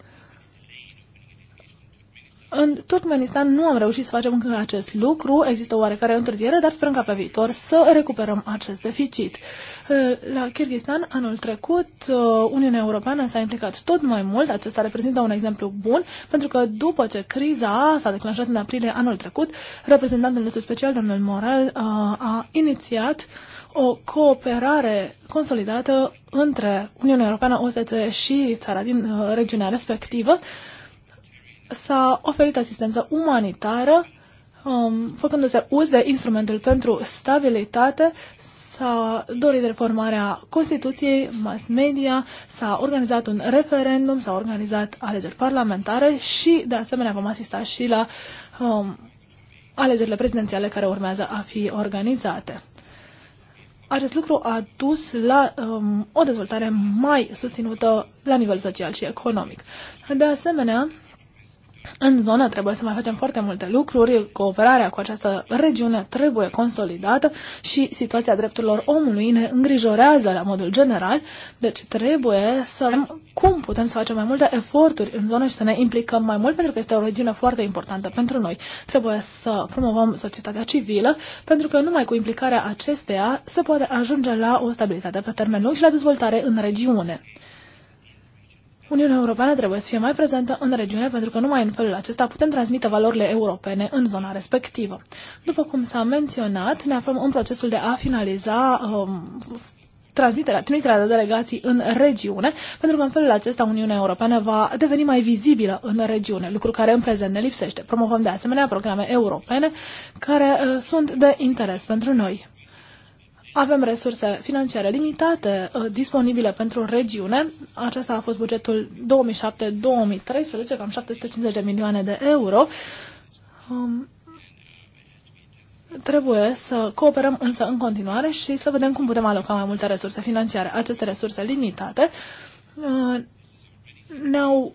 În Turkmenistan nu am reușit să facem încă acest lucru, există oarecare întârziere, dar sperăm ca pe viitor să recuperăm acest deficit. Eh, la Kyrgyzstan, anul trecut, eh, Uniunea Europeană s-a implicat tot mai mult, acesta reprezintă un exemplu bun, pentru că după ce criza s-a declanșat în aprilie anul trecut, reprezentantul nostru special, domnul Morel, eh, a inițiat o cooperare consolidată între Uniunea Europeană, OSCE și țara din regiunea respectivă, s-a oferit asistență umanitară, um, făcându-se uz de instrumentul pentru stabilitate, s-a dorit reformarea Constituției, mass media, s-a organizat un referendum, s-au organizat alegeri parlamentare și, de asemenea, vom asista și la um, alegerile prezidențiale care urmează a fi organizate. Acest lucru a dus la um, o dezvoltare mai susținută la nivel social și economic. De asemenea, în zonă trebuie să mai facem foarte multe lucruri, cooperarea cu această regiune trebuie consolidată și situația drepturilor omului ne îngrijorează la modul general, deci trebuie să vedem cum putem să facem mai multe eforturi în zonă și să ne implicăm mai mult, pentru că este o regiune foarte importantă pentru noi. Trebuie să promovăm societatea civilă, pentru că numai cu implicarea acesteia se poate ajunge la o stabilitate pe termen lung și la dezvoltare în regiune. Uniunea Europeană trebuie să fie mai prezentă în regiune pentru că numai în felul acesta putem transmite valorile europene în zona respectivă. După cum s-a menționat, ne aflăm în procesul de a finaliza um, transmiterea, trimiterea de delegații în regiune, pentru că în felul acesta Uniunea Europeană va deveni mai vizibilă în regiune, lucru care în prezent ne lipsește. Promovăm de asemenea programe europene care uh, sunt de interes pentru noi avem resurse financiare limitate uh, disponibile pentru regiune. Acesta a fost bugetul 2007-2013, cam 750 de milioane de euro. Um, Trebuie să cooperăm însă în continuare și să vedem cum putem aloca mai multe resurse financiare. Aceste resurse limitate uh, ne-au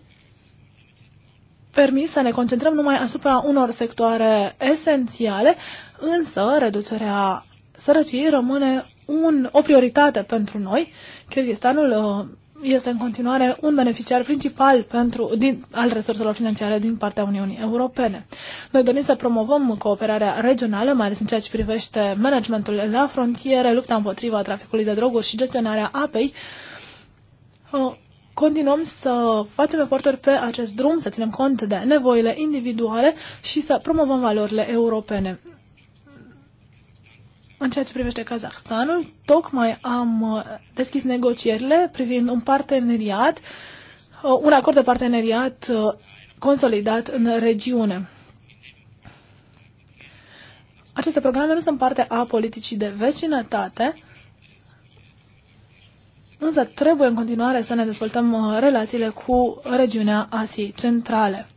permis să ne concentrăm numai asupra unor sectoare esențiale, însă reducerea sărăciei rămâne un, o prioritate pentru noi. Kyrgyzstanul uh, este în continuare un beneficiar principal pentru, din, al resurselor financiare din partea Uniunii Europene. Noi dorim să promovăm cooperarea regională, mai ales în ceea ce privește managementul la frontiere, lupta împotriva traficului de droguri și gestionarea apei. Uh, continuăm să facem eforturi pe acest drum, să ținem cont de nevoile individuale și să promovăm valorile europene. În ceea ce privește Kazahstanul, tocmai am uh, deschis negocierile privind un parteneriat, uh, un acord de parteneriat uh, consolidat în regiune. Aceste programe nu sunt parte a politicii de vecinătate, însă trebuie în continuare să ne dezvoltăm relațiile cu regiunea Asiei Centrale.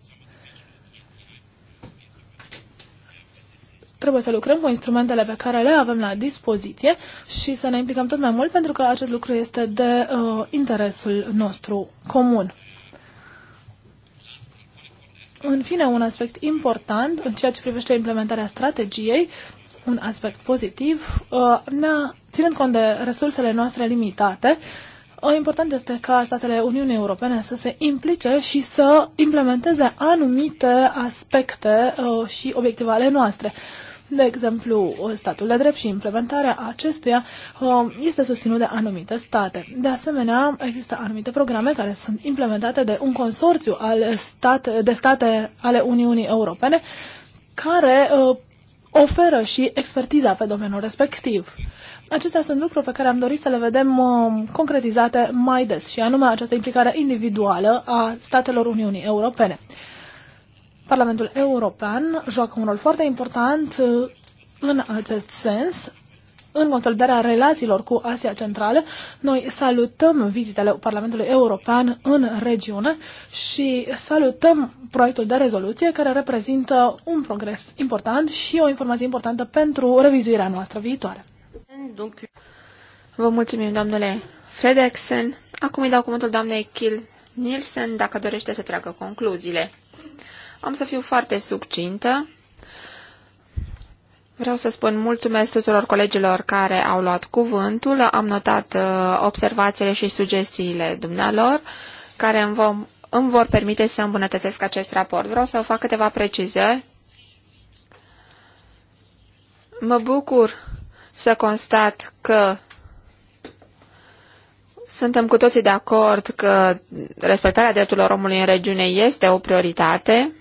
trebuie să lucrăm cu instrumentele pe care le avem la dispoziție și să ne implicăm tot mai mult pentru că acest lucru este de uh, interesul nostru comun. În fine, un aspect important în ceea ce privește implementarea strategiei, un aspect pozitiv, uh, ținând cont de resursele noastre limitate, uh, important este ca statele Uniunii Europene să se implice și să implementeze anumite aspecte uh, și obiective ale noastre. Uh, de exemplu, statul de drept și implementarea acestuia uh, este susținut de anumite state. De asemenea, există anumite programe care sunt implementate de un consorțiu al state, de state ale Uniunii Europene care uh, oferă și expertiza pe domeniul respectiv. Acestea sunt lucruri pe care am dorit să le vedem uh, concretizate mai des, și anume această implicare individuală a statelor Uniunii Europene. Parlamentul European joacă un rol foarte important uh, în acest sens, în consolidarea relațiilor cu Asia Centrală. Noi salutăm vizitele Parlamentului European în regiune și salutăm proiectul de rezoluție care reprezintă un progres important și o informație importantă pentru revizuirea noastră viitoare.
Vă mulțumim, domnule Fredexen. Acum îi dau cuvântul doamnei Kil, Nielsen dacă dorește să tragă concluziile. Am să fiu foarte succintă. Vreau să spun mulțumesc tuturor colegilor care au luat cuvântul. Am notat uh, observațiile și sugestiile dumnealor, care îmi, vom, îmi vor permite să îmbunătățesc acest raport. Vreau să fac câteva precizări. Mă bucur să constat că suntem cu toții de acord că respectarea drepturilor omului în regiune este o prioritate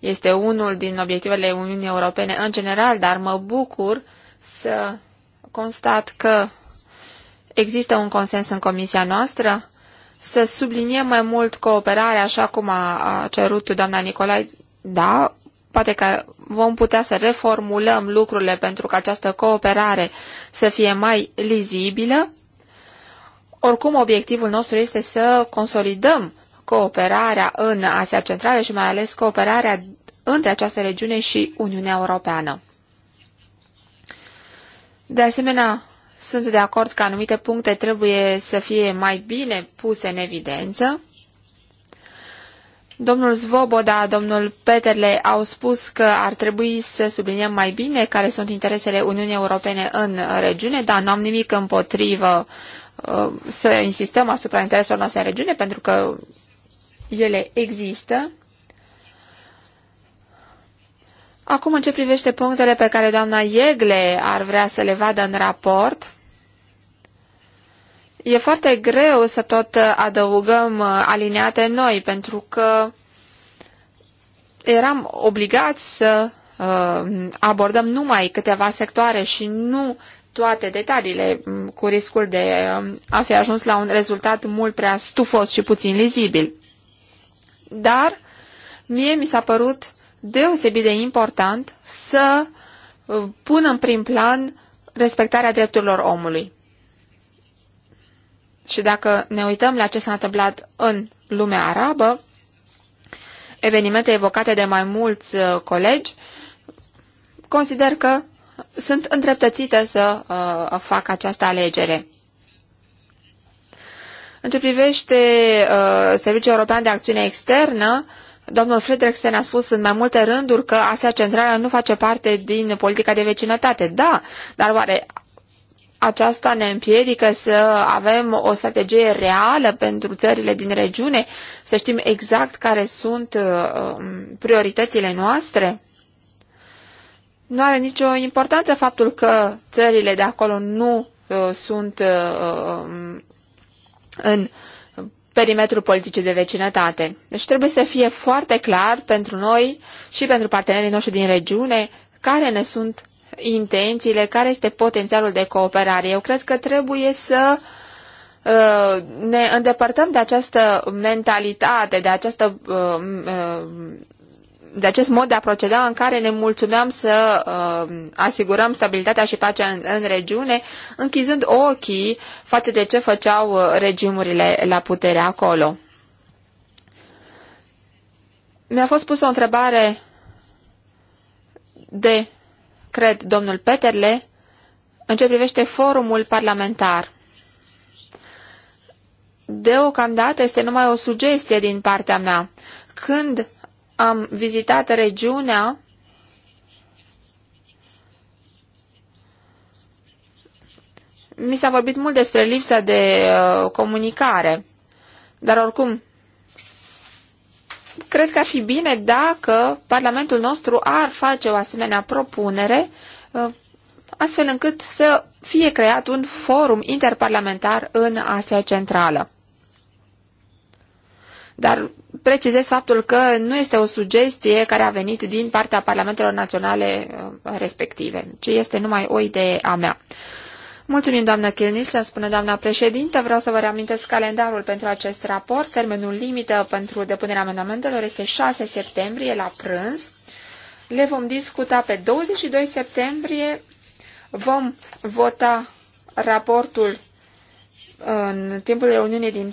este unul din obiectivele Uniunii Europene în general, dar mă bucur să constat că există un consens în comisia noastră să subliniem mai mult cooperarea, așa cum a, cerut doamna Nicolai. Da, poate că vom putea să reformulăm lucrurile pentru că această cooperare să fie mai lizibilă. Oricum, obiectivul nostru este să consolidăm cooperarea în Asia Centrală și mai ales cooperarea între această regiune și Uniunea Europeană. De asemenea, sunt de acord că anumite puncte trebuie să fie mai bine puse în evidență. Domnul Zvoboda, domnul Peterle au spus că ar trebui să subliniem mai bine care sunt interesele Uniunii Europene în regiune, dar nu am nimic împotrivă uh, să insistăm asupra intereselor noastre în regiune, pentru că ele există. Acum, în ce privește punctele pe care doamna Iegle ar vrea să le vadă în raport, e foarte greu să tot adăugăm alineate noi, pentru că eram obligați să uh, abordăm numai câteva sectoare și nu toate detaliile, mm, cu riscul de uh, a fi ajuns la un rezultat mult prea stufos și puțin lizibil dar mie mi s-a părut deosebit de important să uh, pun în prim plan respectarea drepturilor omului. Și dacă ne uităm la ce s-a întâmplat în lumea arabă, evenimente evocate de mai mulți uh, colegi, consider că sunt îndreptățite să uh, fac această alegere. În ce privește uh, Serviciul European de Acțiune Externă, domnul Fredriksen a spus în mai multe rânduri că Asia Centrală nu face parte din politica de vecinătate. Da, dar oare aceasta ne împiedică să avem o strategie reală pentru țările din regiune, să știm exact care sunt uh, um, prioritățile noastre? Nu are nicio importanță faptul că țările de acolo nu uh, sunt uh, um, în perimetrul politicii de vecinătate. Deci trebuie să fie foarte clar pentru noi și pentru partenerii noștri din regiune care ne sunt intențiile, care este potențialul de cooperare. Eu cred că trebuie să uh, ne îndepărtăm de această mentalitate, de această uh, uh, de acest mod de a proceda în care ne mulțumeam să uh, asigurăm stabilitatea și pacea în, în regiune, închizând ochii față de ce făceau uh, regimurile la putere acolo. Mi-a fost pusă o întrebare de, cred, domnul Peterle, în ce privește forumul parlamentar. Deocamdată este numai o sugestie din partea mea. Când am vizitat regiunea mi s-a vorbit mult despre lipsa de uh, comunicare, dar oricum, cred că ar fi bine dacă Parlamentul nostru ar face o asemenea propunere, uh, astfel încât să fie creat un forum interparlamentar în Asia Centrală dar precizez faptul că nu este o sugestie care a venit din partea parlamentelor naționale uh, respective, ci este numai o idee a mea. Mulțumim, doamnă să spune doamna președintă. Vreau să vă reamintesc calendarul pentru acest raport. Termenul limită pentru depunerea amendamentelor este 6 septembrie la prânz. Le vom discuta pe 22 septembrie. Vom vota raportul în timpul reuniunii din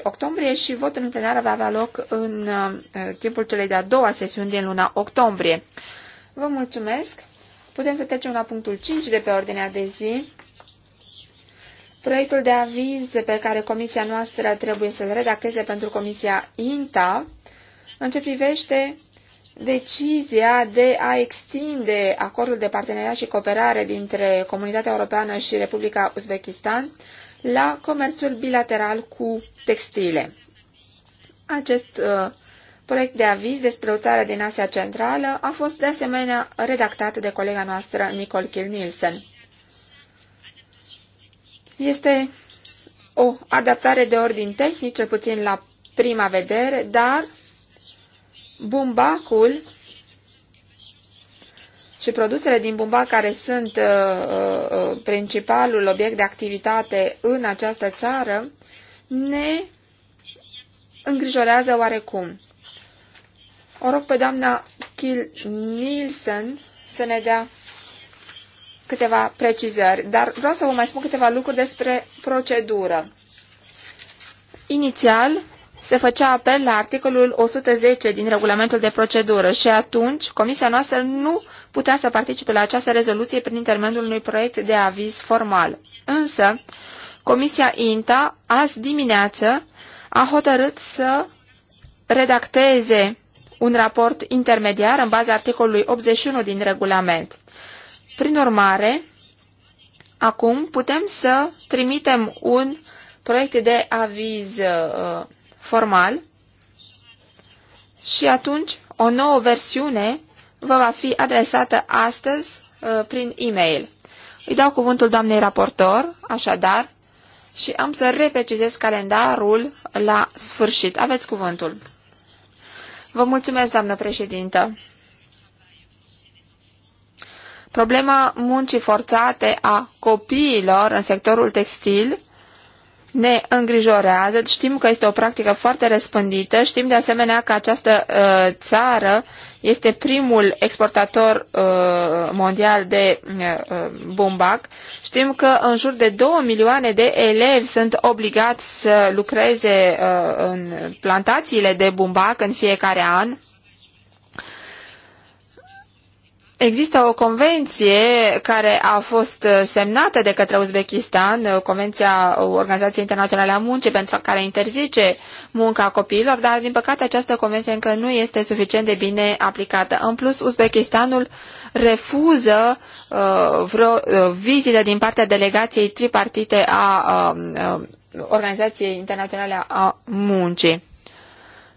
4-5 octombrie și votul în plenară va avea loc în uh, timpul celei de-a doua sesiuni din luna octombrie. Vă mulțumesc! Putem să trecem la punctul 5 de pe ordinea de zi. Proiectul de aviz pe care comisia noastră trebuie să-l redacteze pentru comisia INTA în ce privește decizia de a extinde acordul de parteneriat și cooperare dintre Comunitatea Europeană și Republica Uzbekistan la comerțul bilateral cu textile. Acest uh, proiect de aviz despre o din Asia Centrală a fost de asemenea redactat de colega noastră Nicole Kill Este o adaptare de ordin tehnic, cel puțin la prima vedere, dar bumbacul și produsele din bumbac care sunt uh, uh, uh, principalul obiect de activitate în această țară, ne îngrijorează oarecum. O rog pe doamna Kil Nielsen să ne dea câteva precizări, dar vreau să vă mai spun câteva lucruri despre procedură. Inițial, se făcea apel la articolul 110 din regulamentul de procedură și atunci comisia noastră nu putea să participe la această rezoluție prin intermediul unui proiect de aviz formal. Însă, comisia INTA azi dimineață a hotărât să redacteze un raport intermediar în baza articolului 81 din regulament. Prin urmare, acum putem să trimitem un proiect de aviz uh, formal și atunci o nouă versiune vă va fi adresată astăzi uh, prin e-mail. Îi dau cuvântul doamnei raportor, așadar, și am să reprecizez calendarul la sfârșit. Aveți cuvântul. Vă mulțumesc, doamnă președintă. Problema muncii forțate a copiilor în sectorul textil ne îngrijorează. Știm că este o practică foarte răspândită. Știm de asemenea că această uh, țară este primul exportator uh, mondial de uh, uh bumbac. Știm că în jur de 2 milioane de elevi sunt obligați să lucreze uh, în plantațiile de bumbac în fiecare an. Există o convenție care a fost uh, semnată de către Uzbekistan, uh, Convenția Organizației Internaționale a Muncii, pentru care interzice munca copiilor, dar din păcate această convenție încă nu este suficient de bine aplicată. În plus, Uzbekistanul refuză uh, vreo uh, vizită din partea delegației tripartite a uh, uh Organizației Internaționale a Muncii.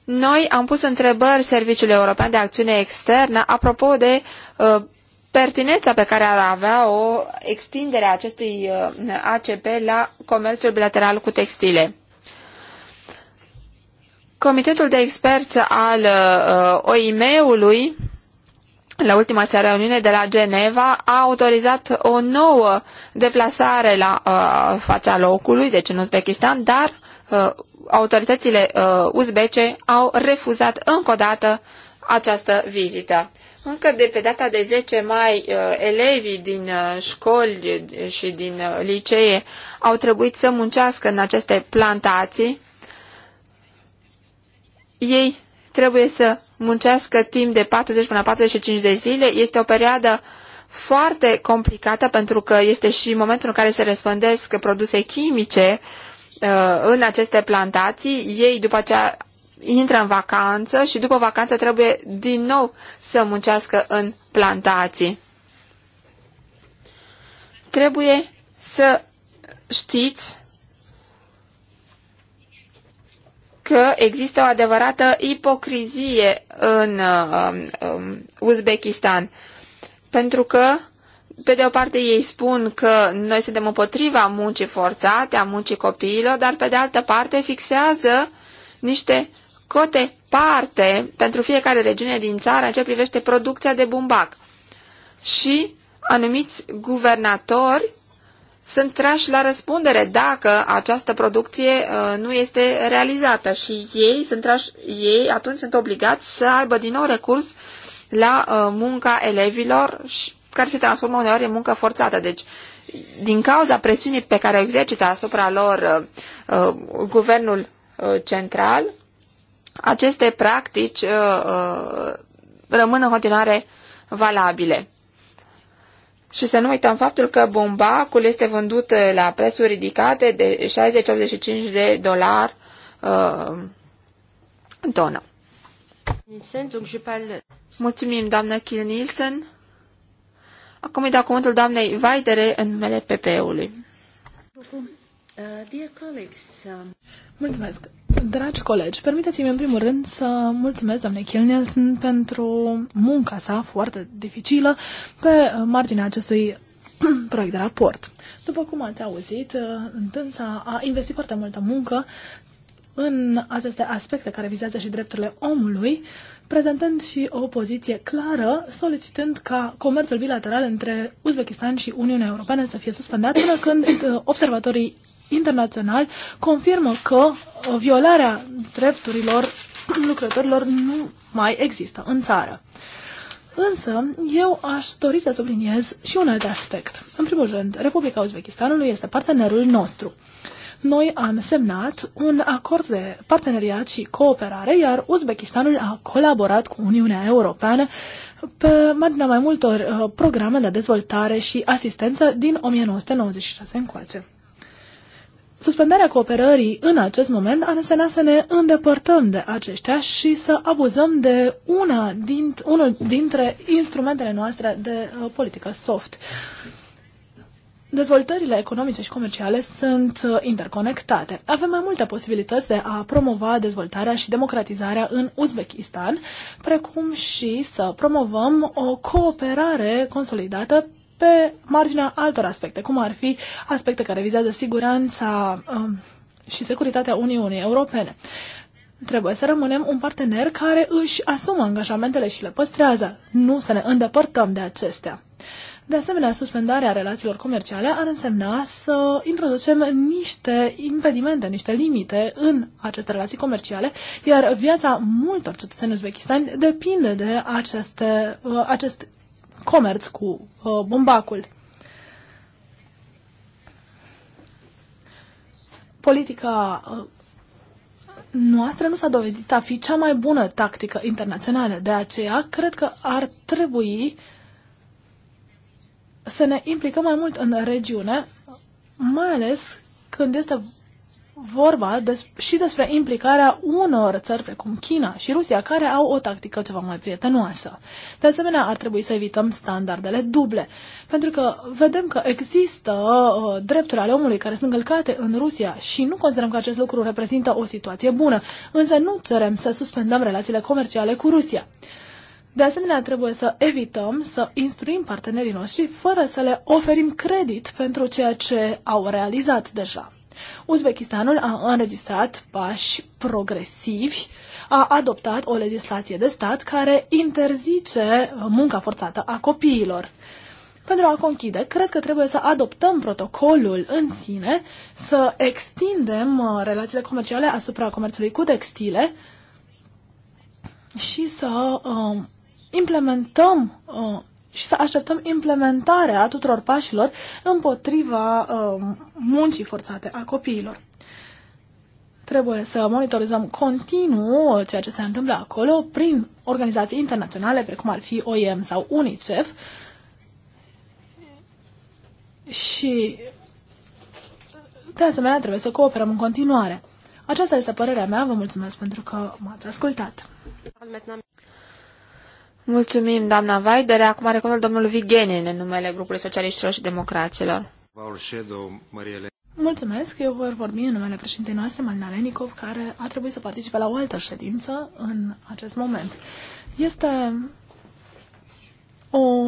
Noi am pus întrebări Serviciului European de Acțiune Externă apropo de uh, pertinența pe care ar avea o extindere a acestui uh, ACP la comerțul bilateral cu textile. Comitetul de experți al uh, OIM-ului la ultima sa reuniune de la Geneva a autorizat o nouă deplasare la uh, fața locului, deci în Uzbekistan, dar uh, autoritățile uh, uzbece au refuzat încă o dată această vizită. Încă de pe data de 10 mai, uh, elevii din uh, școli și din uh, licee au trebuit să muncească în aceste plantații. Ei trebuie să muncească timp de 40 până 45 de zile. Este o perioadă foarte complicată pentru că este și momentul în care se răspândesc produse chimice Uh, în aceste plantații, ei după aceea intră în vacanță și după vacanță trebuie din nou să muncească în plantații. Trebuie să știți că există o adevărată ipocrizie în uh, um, um, Uzbekistan, pentru că pe de o parte ei spun că noi suntem împotriva muncii forțate, a muncii copiilor, dar pe de altă parte fixează niște cote parte pentru fiecare regiune din țară în ce privește producția de bumbac. Și anumiți guvernatori sunt trași la răspundere dacă această producție uh, nu este realizată și ei, sunt trași, ei atunci sunt obligați să aibă din nou recurs la uh, munca elevilor și care se transformă uneori în muncă forțată. Deci, din cauza presiunii pe care o exercită asupra lor uh, uh, guvernul uh, central, aceste practici uh, uh, rămân în continuare valabile. Și să nu uităm faptul că bombacul este vândut uh, la prețuri ridicate de 60-85 de dolari uh, tonă. Mulțumim, doamnă Kiel Nielsen. Acum îi dau cuvântul doamnei Vaidere în numele PP-ului.
Mulțumesc. Dragi colegi, permiteți-mi în primul rând să mulțumesc doamnei Kilnielsen pentru munca sa foarte dificilă pe marginea acestui [clears throat] proiect de raport. După cum ați auzit, întânsa a investit foarte multă muncă în aceste aspecte care vizează și drepturile omului, prezentând și o poziție clară, solicitând ca comerțul bilateral între Uzbekistan și Uniunea Europeană să fie suspendat până când uh, observatorii internaționali confirmă că uh, violarea drepturilor [clears throat] lucrătorilor nu mai există în țară. Însă, eu aș dori să subliniez și un alt aspect. În primul rând, Republica Uzbekistanului este partenerul nostru. Noi am semnat un acord de parteneriat și cooperare, iar Uzbekistanul a colaborat cu Uniunea Europeană pe marginea mai multor uh, programe de dezvoltare și asistență din 1996 încoace. Suspendarea cooperării în acest moment ar însemna să ne îndepărtăm de aceștia și să abuzăm de una dint, unul dintre instrumentele noastre de uh, politică soft. Uh, dezvoltările economice și comerciale sunt uh, interconectate. Avem mai multe posibilități de a promova dezvoltarea și democratizarea în Uzbekistan, precum și să promovăm o cooperare consolidată pe marginea altor aspecte, cum ar fi aspecte care vizează siguranța um, și securitatea Uniunii Europene. Trebuie să rămânem un partener care își asumă angajamentele și le păstrează, nu să ne îndepărtăm de acestea. De asemenea, suspendarea relațiilor comerciale ar însemna să introducem niște impedimente, niște limite în aceste relații comerciale, iar viața multor cetățeni uzbekistani depinde de aceste, uh, acest comerț cu uh, bumbacul. Politica uh, noastră nu s-a dovedit a fi cea mai bună tactică internațională. De aceea, cred că ar trebui să ne implicăm mai mult în regiune, mai ales când este vorba des- și despre implicarea unor țări precum China și Rusia, care au o tactică ceva mai prietenoasă. De asemenea, ar trebui să evităm standardele duble, pentru că vedem că există uh, drepturi ale omului care sunt încălcate în Rusia și nu considerăm că acest lucru reprezintă o situație bună, însă nu cerem să suspendăm relațiile comerciale cu Rusia. De asemenea, trebuie să evităm să instruim partenerii noștri fără să le oferim credit pentru ceea ce au realizat deja. Uzbekistanul a înregistrat pași progresivi, a adoptat o legislație de stat care interzice munca forțată a copiilor. Pentru a conchide, cred că trebuie să adoptăm protocolul în sine, să extindem uh, relațiile comerciale asupra comerțului cu textile și să um, implementăm uh, și să așteptăm implementarea tuturor pașilor împotriva uh, muncii forțate a copiilor. Trebuie să monitorizăm continuu ceea ce se întâmplă acolo prin organizații internaționale, precum ar fi OIM sau UNICEF. Și de asemenea trebuie să cooperăm în continuare.
Aceasta este părerea mea, vă mulțumesc pentru că m-ați ascultat. Mulțumim, doamna Vaider. Acum are cuvântul domnul Vigenin în numele grupului socialiștilor și democraților.
Mulțumesc, eu voi vorbi în numele președintei noastre, Marina Lenikov, care a trebuit să participe la o altă ședință în acest moment. Este o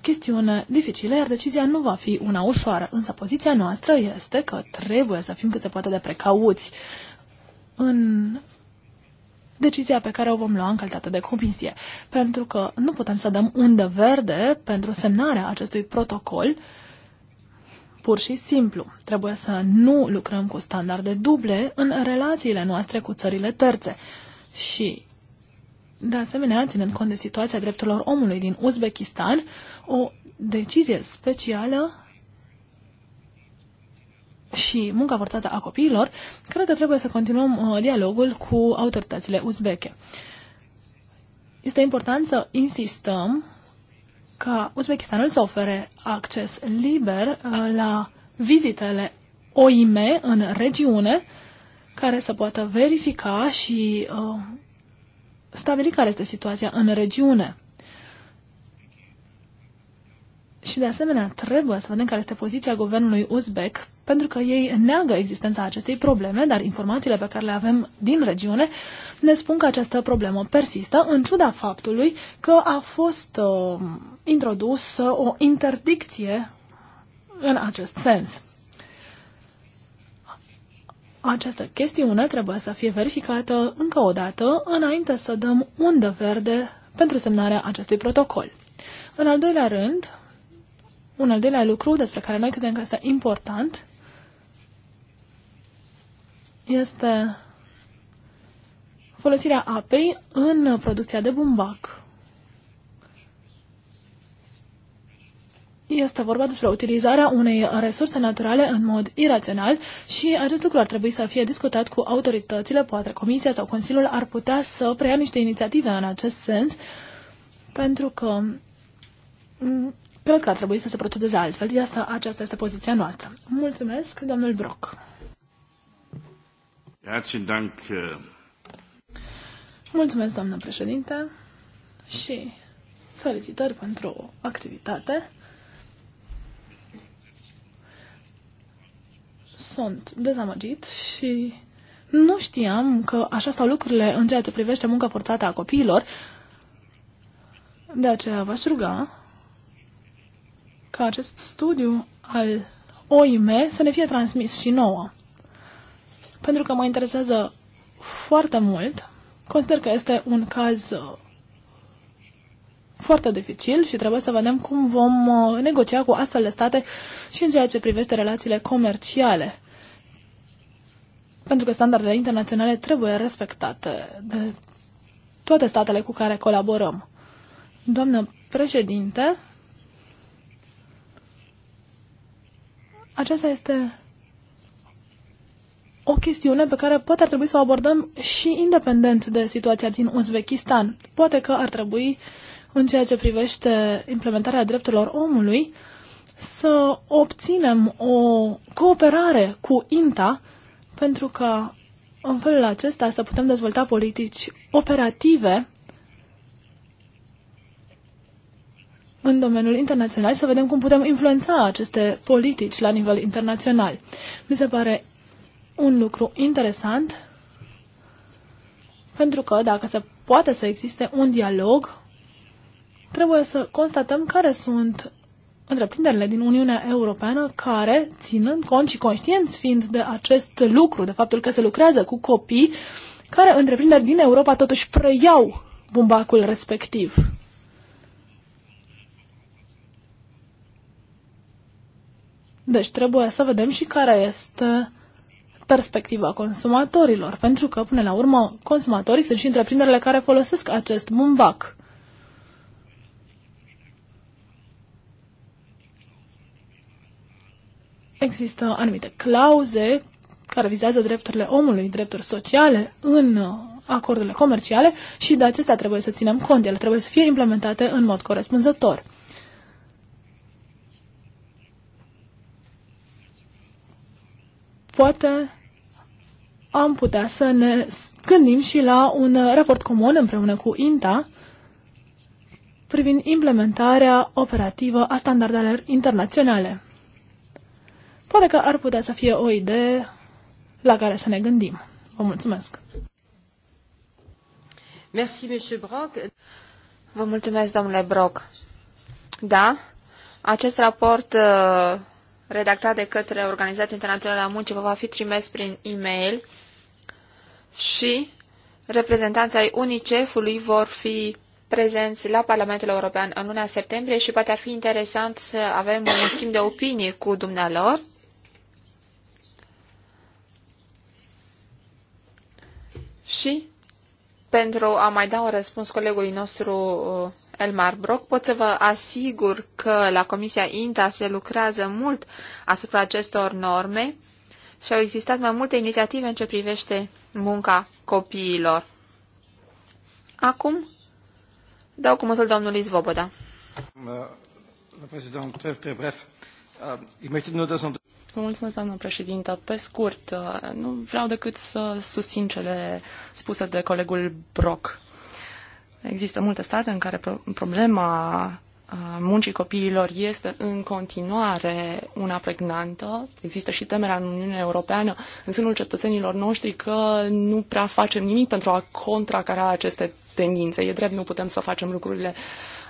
chestiune dificilă, iar decizia nu va fi una ușoară, însă poziția noastră este că trebuie să fim cât se poate de precauți în decizia pe care o vom lua în calitate de comisie, pentru că nu putem să dăm undă verde pentru semnarea acestui protocol pur și simplu. Trebuie să nu lucrăm cu standarde duble în relațiile noastre cu țările terțe și de asemenea, ținând cont de situația drepturilor omului din Uzbekistan, o decizie specială și munca forțată a copiilor, cred că trebuie să continuăm uh, dialogul cu autoritățile uzbeke. Este important să insistăm ca Uzbekistanul să ofere acces liber uh, la vizitele OIM în regiune, care să poată verifica și uh, stabili care este situația în regiune. Și de asemenea trebuie să vedem care este poziția guvernului uzbek, pentru că ei neagă existența acestei probleme, dar informațiile pe care le avem din regiune ne spun că această problemă persistă, în ciuda faptului că a fost uh, introdusă uh, o interdicție în acest sens. Această chestiune trebuie să fie verificată încă o dată înainte să dăm undă verde pentru semnarea acestui protocol. În al doilea rând, un al doilea lucru despre care noi credem că este important este folosirea apei în producția de bumbac. Este vorba despre utilizarea unei resurse naturale în mod irațional și acest lucru ar trebui să fie discutat cu autoritățile, poate Comisia sau Consiliul ar putea să preia niște inițiative în acest sens, pentru că Cred că ar trebui să se procedeze altfel. asta aceasta este poziția noastră. Mulțumesc, domnul Brock.
Eh.
Mulțumesc, doamnă președinte, și felicitări pentru activitate. Sunt dezamăgit și nu știam că așa stau lucrurile în ceea ce privește munca forțată a copiilor. De aceea v-aș ruga ca acest studiu al OIM să ne fie transmis și nouă. Pentru că mă interesează foarte mult, consider că este un caz uh, foarte dificil și trebuie să vedem cum vom uh, negocia cu astfel de state și în ceea ce privește relațiile comerciale. Pentru că standardele internaționale trebuie respectate de toate statele cu care colaborăm. Doamnă președinte, aceasta este o chestiune pe care poate ar trebui să o abordăm și independent de situația din Uzbekistan. Poate că ar trebui, în ceea ce privește implementarea drepturilor omului, să obținem o cooperare cu INTA, pentru că în felul acesta să putem dezvolta politici operative în domeniul internațional să vedem cum putem influența aceste politici la nivel internațional. Mi se pare un lucru interesant pentru că dacă se poate să existe un dialog, trebuie să constatăm care sunt întreprinderile din Uniunea Europeană care, ținând cont și conștienți fiind de acest lucru, de faptul că se lucrează cu copii, care întreprinderi din Europa totuși preiau bumbacul respectiv. Deci trebuie să vedem și care este perspectiva consumatorilor, pentru că, până la urmă, consumatorii sunt și întreprinderile care folosesc acest bumbac. Există anumite clauze care vizează drepturile omului, drepturi sociale în acordurile comerciale și de acestea trebuie să ținem cont. Ele trebuie să fie implementate în mod corespunzător. poate am putea să ne gândim și la un raport comun împreună cu INTA privind implementarea operativă a standardelor internaționale. Poate că ar putea să fie o idee la care să ne gândim. Vă mulțumesc!
Merci, Monsieur Brock. Vă mulțumesc, domnule Brock. Da, acest raport uh redactat de către Organizația Internațională a Muncii vă va fi trimis prin e-mail și reprezentanții ai UNICEF-ului vor fi prezenți la Parlamentul European în luna septembrie și poate ar fi interesant să avem un schimb de opinie cu dumnealor. Și pentru a mai da un răspuns colegului nostru uh, Elmar Brock, pot să vă asigur că la Comisia INTA se lucrează mult asupra acestor norme și au existat mai multe inițiative în ce privește munca copiilor. Acum dau cuvântul domnului Zvoboda.
Uh, vă
mulțumesc, doamnă președintă. Pe scurt, uh, nu vreau decât să susțin cele spuse de colegul Brock. Există multe state în care problema muncii copiilor este în continuare una pregnantă. Există și temerea în Uniunea Europeană, în sânul cetățenilor noștri, că nu prea facem nimic pentru a contracara aceste tendințe. E drept, nu putem să facem lucrurile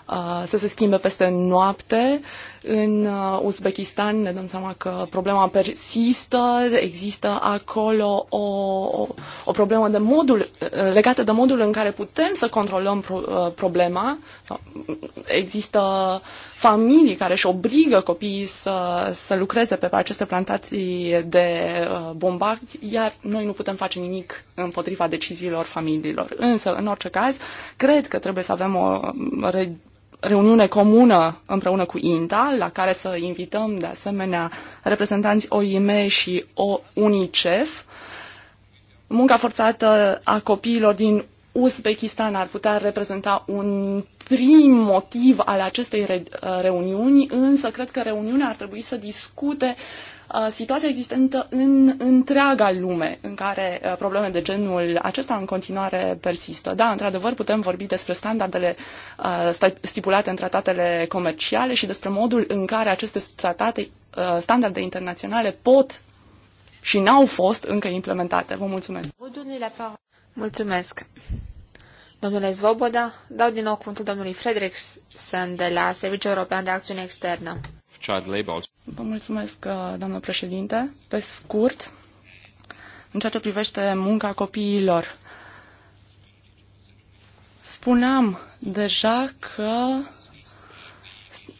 uh, să se schimbe peste noapte. În uh, Uzbekistan ne dăm seama că problema persistă, există acolo o, o, problemă de modul, uh, legată de modul în care putem să controlăm uh, problema. Există familii care își obligă copiii să, să lucreze pe aceste plantații de bombac, iar noi nu putem face nimic împotriva deciziilor familiilor. Însă, în orice caz, cred că trebuie să avem o reuniune comună împreună cu INTA, la care să invităm de asemenea reprezentanți OIM și UNICEF. Munca forțată a copiilor din Uzbekistan ar putea reprezenta un prim motiv al acestei re- reuniuni, însă cred că reuniunea ar trebui să discute uh, Uh, situația existentă în întreaga lume în care uh, probleme de genul acesta în continuare persistă. Da, într-adevăr, putem vorbi despre standardele uh, stipulate în tratatele comerciale și despre modul în care aceste tratate, standarde internaționale pot și n-au fost încă implementate. Vă mulțumesc!
Mulțumesc! Domnule Zvoboda, dau din nou cuvântul domnului Fredrickson de la Serviciul European de Acțiune Externă
child labor.
Vă mulțumesc, uh, doamnă
președinte. Pe
scurt, în ceea ce privește
munca copiilor, spuneam deja că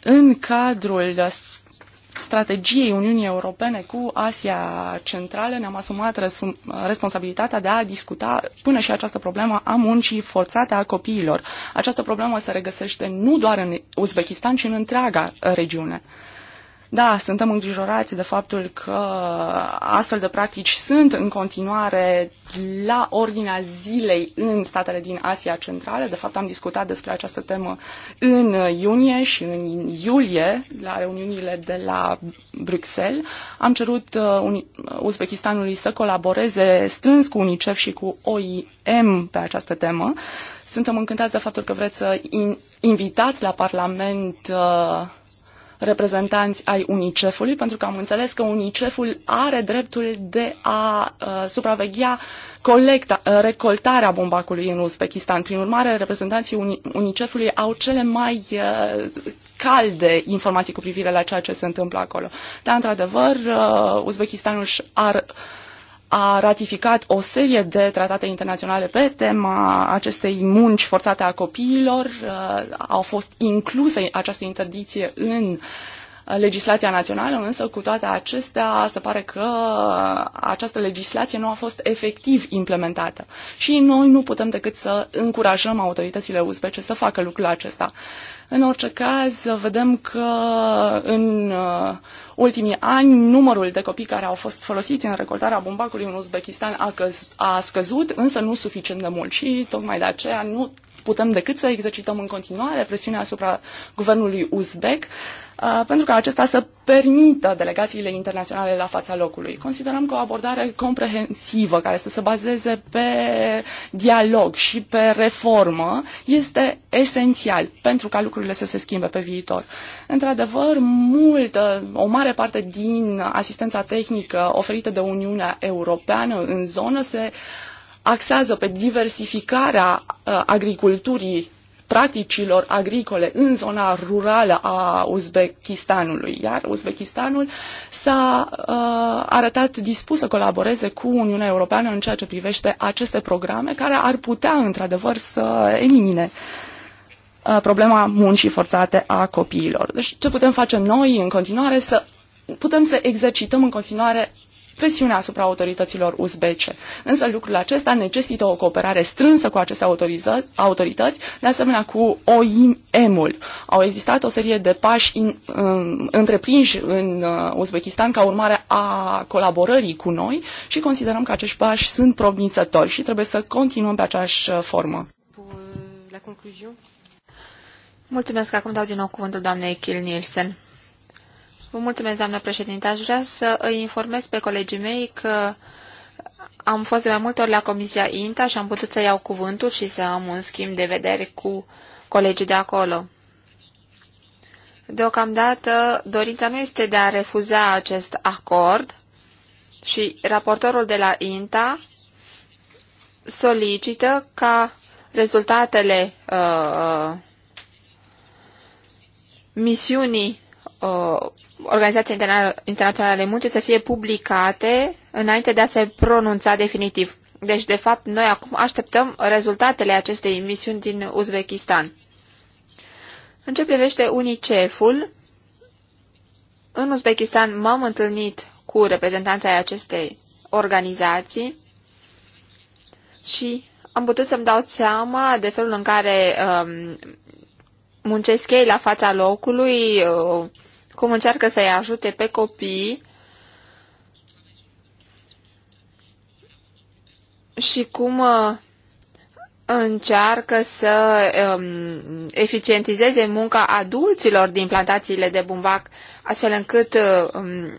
în cadrul strategiei Uniunii Europene cu Asia Centrală ne-am asumat responsabilitatea de a discuta până și această problemă a muncii forțate a copiilor. Această problemă se regăsește nu doar în Uzbekistan, ci în întreaga regiune. Da, suntem îngrijorați de faptul că astfel de practici sunt în continuare la ordinea zilei în statele din Asia Centrală. De fapt, am discutat despre această temă în iunie și în iulie la reuniunile de la Bruxelles. Am cerut uh, Uzbekistanului să colaboreze strâns cu UNICEF și cu OIM pe această temă. Suntem încântați de faptul că vreți să invitați la Parlament uh, reprezentanți ai UNICEF-ului, pentru că am înțeles că UNICEF-ul are dreptul de a uh, supraveghea colecta, uh, recoltarea bombacului în Uzbekistan. Prin urmare, reprezentanții Uni- UNICEF-ului au cele mai uh, calde informații cu privire la ceea ce se întâmplă acolo. Dar, într-adevăr, uh, Uzbekistanul își ar uh, a ratificat o serie de tratate internaționale pe tema acestei munci forțate a copiilor. Uh, au fost incluse această interdiție în uh, legislația națională, însă cu toate acestea se pare că uh, această legislație nu a fost efectiv implementată. Și noi nu putem decât să încurajăm autoritățile uzbece să facă lucrul acesta. Uh, în orice caz, vedem că în uh, ultimii ani numărul de copii care au fost folosiți în recoltarea bumbacului în Uzbekistan a, căz- a scăzut, însă nu suficient de mult și tocmai de aceea nu putem decât să exercităm în continuare presiunea asupra guvernului uzbek uh, pentru ca acesta să permită delegațiile internaționale la fața locului. Considerăm că o abordare comprehensivă care să se bazeze pe dialog și pe reformă este esențial pentru ca lucrurile să se schimbe pe viitor. Într-adevăr, multă, o mare parte din asistența tehnică oferită de Uniunea Europeană în zonă se uh, axează pe diversificarea uh, agriculturii practicilor agricole în zona rurală a Uzbekistanului, iar Uzbekistanul s-a uh, arătat dispus să colaboreze cu Uniunea Europeană în ceea ce privește aceste programe care ar putea, într-adevăr, să elimine uh, problema muncii forțate a copiilor. Deci ce putem face noi în continuare? Să putem să exercităm în continuare presiunea asupra autorităților uzbece. Însă lucrul acesta necesită o cooperare strânsă cu aceste autorități, de asemenea cu OIM-ul. Au existat o serie de pași in, în, um, întreprinși în uh, Uzbekistan ca urmare a colaborării cu noi și considerăm că acești pași sunt promițători și trebuie să continuăm pe aceeași uh, formă.
Uh, la Mulțumesc. Acum dau din nou cuvântul doamnei Kil Nielsen. Vă mulțumesc, doamnă președinte. Aș vrea să îi informez pe colegii mei că am fost de mai multe ori la Comisia INTA și am putut să iau cuvântul și să am un schimb de vedere cu colegii de acolo. Deocamdată, dorința nu este de a refuza acest acord și raportorul de la INTA solicită ca rezultatele uh, uh misiunii uh, Organizația Internațională de Muncii să fie publicate înainte de a se pronunța definitiv. Deci, de fapt, noi acum așteptăm rezultatele acestei misiuni din Uzbekistan. În ce privește UNICEF-ul, în Uzbekistan m-am întâlnit cu reprezentanța acestei organizații și am putut să-mi dau seama de felul în care um, muncesc ei la fața locului, uh, cum încearcă să-i ajute pe copii și cum uh, încearcă să um, eficientizeze munca adulților din plantațiile de bumbac, astfel încât uh, um,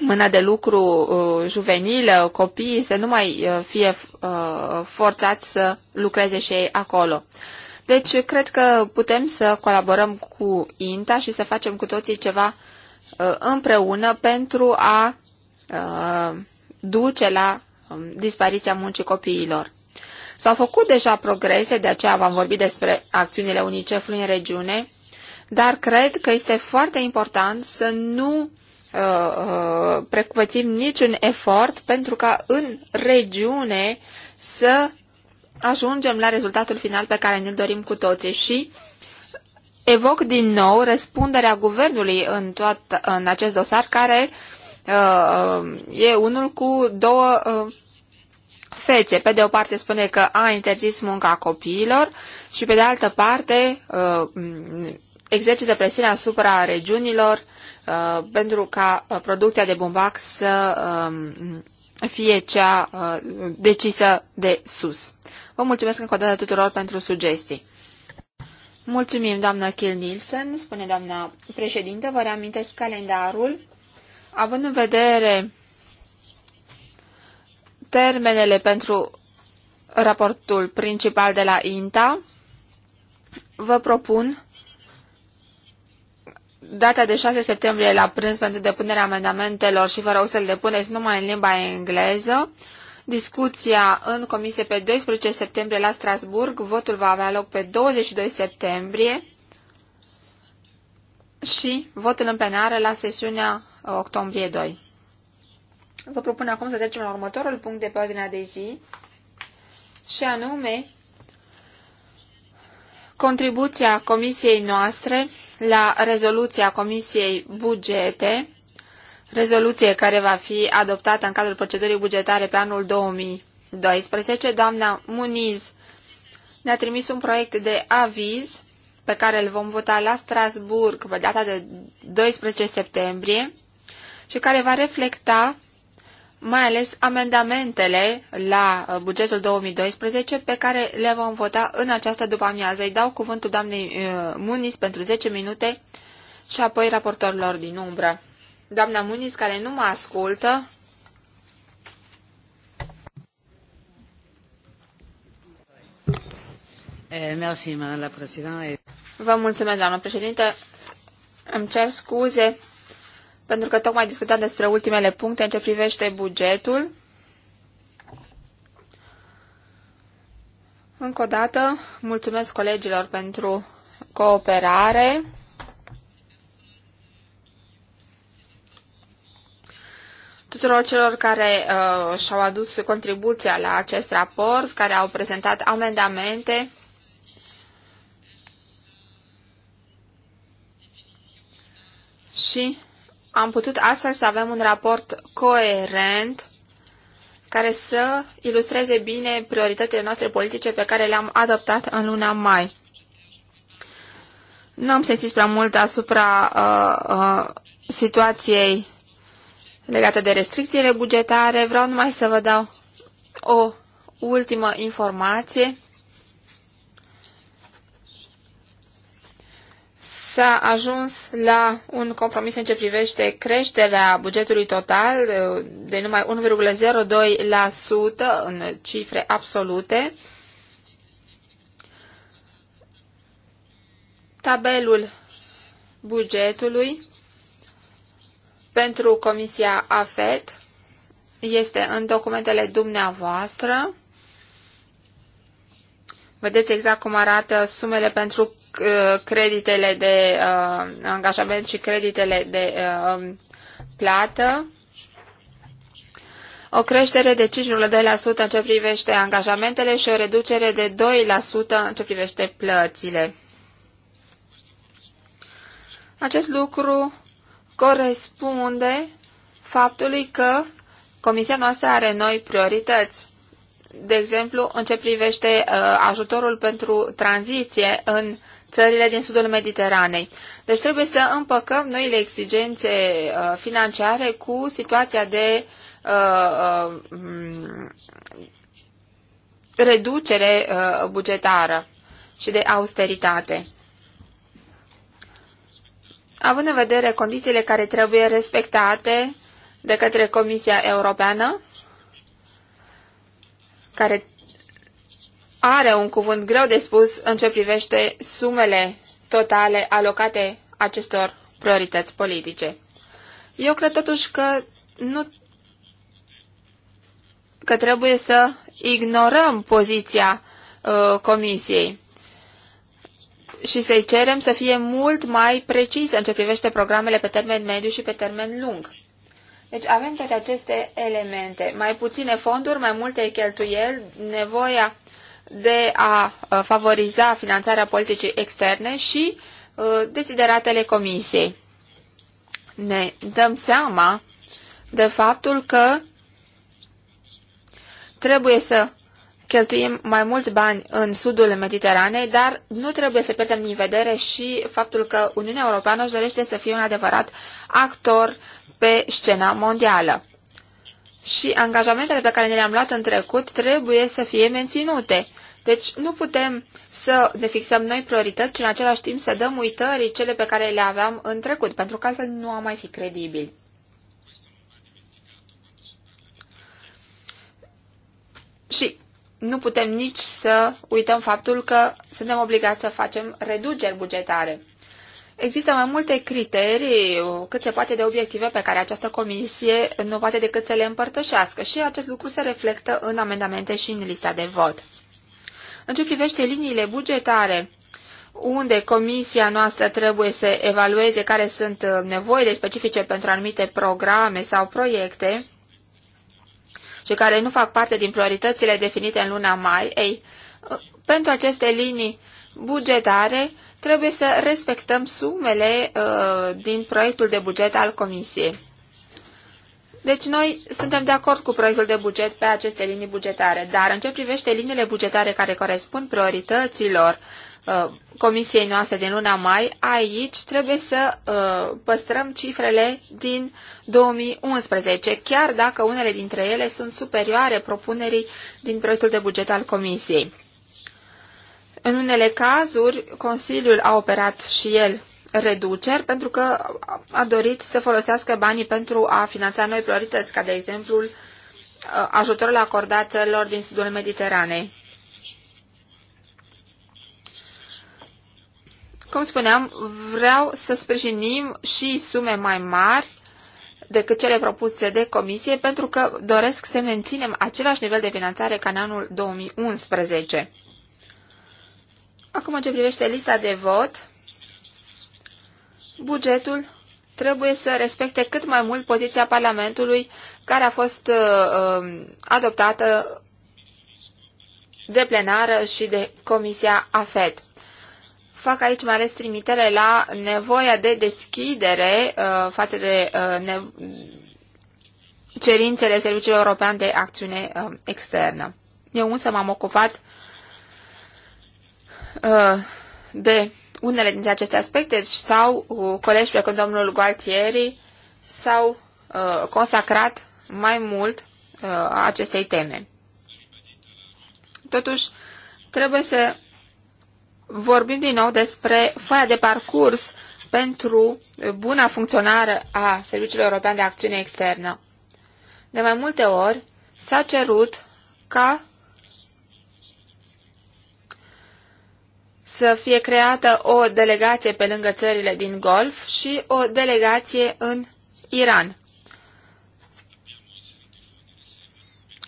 mâna de lucru uh, juvenilă, copiii, să nu mai uh, fie uh, forțați să lucreze și ei acolo. Uh, deci, cred că putem să colaborăm cu INTA și să facem cu toții ceva uh, împreună pentru a uh, duce la um, dispariția muncii copiilor. S-au făcut deja progrese, de aceea v-am vorbit despre acțiunile UNICEF-ului în regiune, dar cred că este foarte important să nu uh, uh precupățim niciun efort pentru ca în regiune să ajungem la rezultatul final pe care ne-l dorim cu toții și evoc din nou răspunderea guvernului în, tot, în acest dosar care uh, e unul cu două uh, fețe. Pe de o parte spune că a interzis munca copiilor și pe de altă parte uh, exercită presiunea asupra regiunilor uh, pentru ca uh, producția de bumbac să uh, fie cea uh, decisă de sus. Vă mulțumesc încă o dată tuturor pentru sugestii. Mulțumim, doamnă Kill Nielsen, spune doamna președinte. Vă reamintesc calendarul. Având în vedere termenele pentru raportul principal de la INTA, vă propun data de 6 septembrie la prânz pentru depunerea amendamentelor și vă rog să le depuneți numai în limba engleză Discuția în comisie pe 12 septembrie la Strasburg, votul va avea loc pe 22 septembrie și votul în plenară la sesiunea uh, octombrie 2. Vă propun acum să trecem la următorul punct de pe ordinea de zi și anume contribuția comisiei noastre la rezoluția comisiei bugete rezoluție care va fi adoptată în cadrul procedurii bugetare pe anul 2012, doamna Muniz ne-a trimis un proiect de aviz pe care îl vom vota la Strasburg pe data de 12 septembrie și care va reflecta mai ales amendamentele la uh, bugetul 2012 pe care le vom vota în această după amiază. Îi dau cuvântul doamnei uh, Muniz pentru 10 minute și apoi raportorilor din umbră doamna Muniz, care nu mă ascultă. Eh, Vă mulțumesc, doamnă președinte. Îmi cer scuze pentru că tocmai discutam despre ultimele puncte în ce privește bugetul. Încă o dată, mulțumesc colegilor pentru cooperare. tuturor celor care uh, și-au adus contribuția la acest raport, care au prezentat amendamente. Și am putut astfel să avem un raport coerent care să ilustreze bine prioritățile noastre politice pe care le-am adoptat în luna mai. Nu am sensit prea mult asupra uh, uh, situației legată de restricțiile bugetare. Vreau numai să vă dau o ultimă informație. S-a ajuns la un compromis în ce privește creșterea bugetului total de numai 1,02% în cifre absolute. Tabelul bugetului pentru Comisia AFET este în documentele dumneavoastră. Vedeți exact cum arată sumele pentru uh, creditele de uh, angajament și creditele de uh, plată. O creștere de 5,2% în ce privește angajamentele și o reducere de 2% în ce privește plățile. Acest lucru corespunde faptului că comisia noastră are noi priorități. De exemplu, în ce privește uh, ajutorul pentru tranziție în țările din sudul Mediteranei. Deci trebuie să împăcăm noile exigențe uh, financiare cu situația de uh, uh, reducere uh, bugetară și de austeritate având în vedere condițiile care trebuie respectate de către Comisia Europeană, care are un cuvânt greu de spus în ce privește sumele totale alocate acestor priorități politice. Eu cred totuși că nu că trebuie să ignorăm poziția uh, Comisiei și să-i cerem să fie mult mai precise în ce privește programele pe termen mediu și pe termen lung. Deci avem toate aceste elemente. Mai puține fonduri, mai multe cheltuieli, nevoia de a uh, favoriza finanțarea politicii externe și uh, desideratele comisiei. Ne dăm seama de faptul că trebuie să cheltuim mai mulți bani în sudul Mediteranei, dar nu trebuie să pierdem din vedere și faptul că Uniunea Europeană își dorește să fie un adevărat actor pe scena mondială. Și angajamentele pe care ne le-am luat în trecut trebuie să fie menținute. Deci nu putem să ne fixăm noi priorități ci în același timp să dăm uitării cele pe care le aveam în trecut, pentru că altfel nu am mai fi credibili. Și nu putem nici să uităm faptul că suntem obligați să facem reduceri bugetare. Există mai multe criterii, cât se poate de obiective, pe care această comisie nu poate decât să le împărtășească și acest lucru se reflectă în amendamente și în lista de vot. În ce privește liniile bugetare, unde comisia noastră trebuie să evalueze care sunt nevoile specifice pentru anumite programe sau proiecte, și care nu fac parte din prioritățile definite în luna mai, ei, pentru aceste linii bugetare trebuie să respectăm sumele uh, din proiectul de buget al Comisiei. Deci noi suntem de acord cu proiectul de buget pe aceste linii bugetare, dar în ce privește liniile bugetare care corespund priorităților uh, comisiei noastre din luna mai, aici trebuie să uh, păstrăm cifrele din 2011, chiar dacă unele dintre ele sunt superioare propunerii din proiectul de buget al comisiei. În unele cazuri, Consiliul a operat și el reduceri pentru că a dorit să folosească banii pentru a finanța noi priorități, ca de exemplu uh, ajutorul acordat țărilor din sudul Mediteranei. cum spuneam, vreau să sprijinim și sume mai mari decât cele propuse de comisie, pentru că doresc să menținem același nivel de finanțare ca în anul 2011. Acum, în ce privește lista de vot, bugetul trebuie să respecte cât mai mult poziția Parlamentului care a fost uh, um, adoptată de plenară și de Comisia AFET. Fac aici mai ales trimitere la nevoia de deschidere uh, față de uh, cerințele Serviciului European de Acțiune uh, Externă. Eu însă m-am ocupat uh, de unele dintre aceste aspecte sau uh, colegi precum domnul Gualtieri s-au uh, consacrat mai mult uh, acestei teme. Totuși, trebuie să vorbim din nou despre foaia de parcurs pentru buna funcționare a Serviciului European de Acțiune Externă. De mai multe ori s-a cerut ca să fie creată o delegație pe lângă țările din Golf și o delegație în Iran.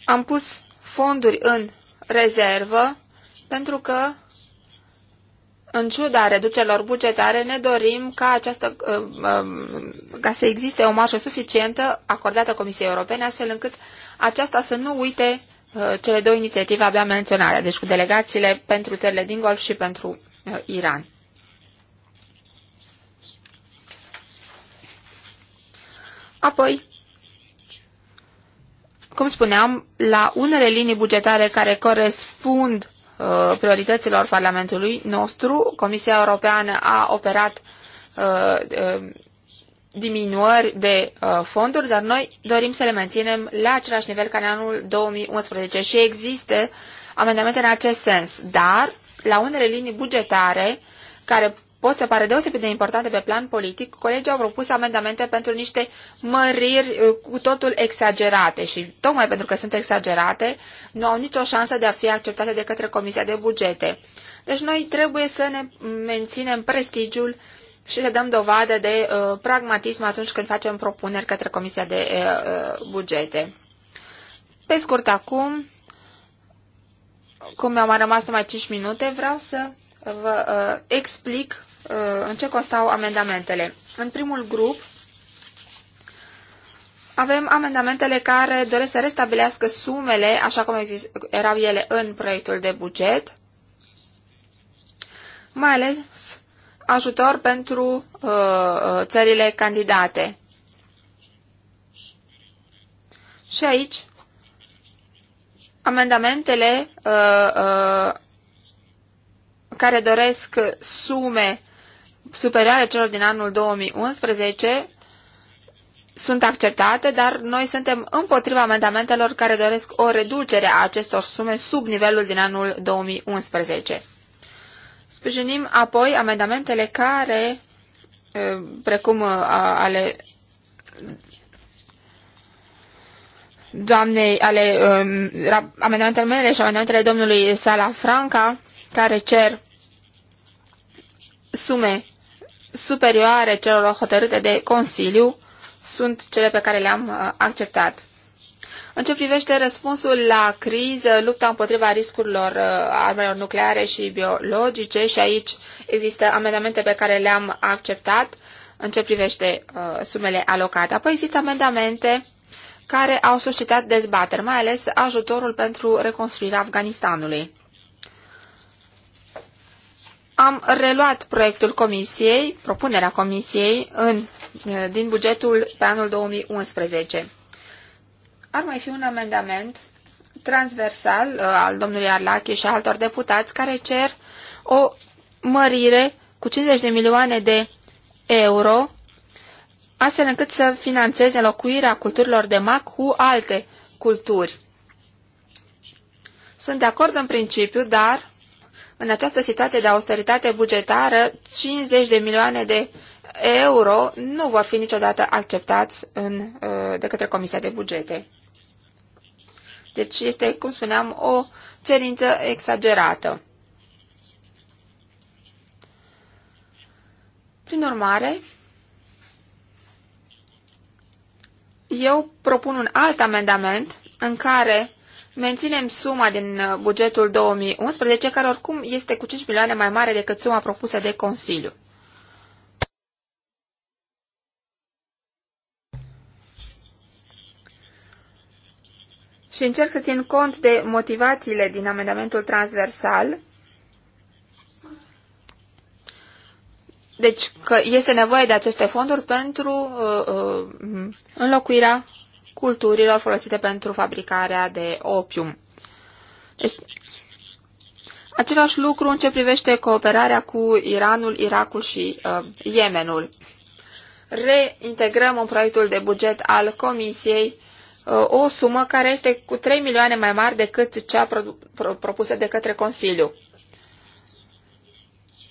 Am pus fonduri în rezervă pentru că în ciuda reducerilor bugetare, ne dorim ca, această, uh, um, ca să existe o marșă suficientă acordată Comisiei Europene, astfel încât aceasta să nu uite uh, cele două inițiative abia menționate, deci cu delegațiile pentru țările din Golf și pentru uh, Iran. Apoi, cum spuneam, la unele linii bugetare care corespund Uh, priorităților Parlamentului nostru. Comisia Europeană a operat uh, uh, diminuări de fonduri, dar noi dorim să le menținem la același nivel ca în anul 2011 și există amendamente în acest sens, dar la unele linii bugetare care pot să pare deosebit de importante pe plan politic, colegii au propus amendamente pentru niște măriri uh, cu totul exagerate și tocmai pentru că sunt exagerate, nu au nicio șansă de a fi acceptate de către Comisia de Bugete. Deci noi trebuie să ne menținem prestigiul și să dăm dovadă de uh, pragmatism atunci când facem propuneri către Comisia de uh, uh Bugete. Pe scurt acum, cum mi-au mai rămas numai 5 minute, vreau să vă uh, explic Uh, în ce constau amendamentele. În primul grup avem amendamentele care doresc să restabilească sumele așa cum erau ele în proiectul de buget, mai ales ajutor pentru uh, uh țările candidate. Și aici amendamentele uh, uh, care doresc sume superioare celor din anul 2011 sunt acceptate, dar noi suntem împotriva amendamentelor care doresc o reducere a acestor sume sub nivelul din anul 2011. Sprijinim apoi amendamentele care, precum ale doamnei, ale amendamentele mele și amendamentele domnului Sala Franca, care cer sume superioare celor hotărâte de Consiliu sunt cele pe care le-am uh, acceptat. În ce privește răspunsul la criză, lupta împotriva riscurilor uh, armelor nucleare și biologice și aici există amendamente pe care le-am acceptat în ce privește uh, sumele alocate. Apoi există amendamente care au suscitat dezbateri, mai ales ajutorul pentru reconstruirea Afganistanului am reluat proiectul comisiei, propunerea comisiei, în, din bugetul pe anul 2011. Ar mai fi un amendament transversal al domnului Arlache și altor deputați care cer o mărire cu 50 de milioane de euro, astfel încât să financeze locuirea culturilor de mac cu alte culturi. Sunt de acord în principiu, dar în această situație de austeritate bugetară, 50 de milioane de euro nu vor fi niciodată acceptați în, uh, de către Comisia de Bugete. Deci este, cum spuneam, o cerință exagerată. Prin urmare, eu propun un alt amendament în care menținem suma din uh, bugetul 2011, care oricum este cu 5 milioane mai mare decât suma propusă de Consiliu. Și încerc să țin cont de motivațiile din amendamentul transversal, deci că este nevoie de aceste fonduri pentru uh, uh, înlocuirea culturilor folosite pentru fabricarea de opium. Deci, același lucru în ce privește cooperarea cu Iranul, Irakul și uh, Yemenul. Reintegrăm în proiectul de buget al Comisiei uh, o sumă care este cu 3 milioane mai mare decât cea pro pro propusă de către Consiliu.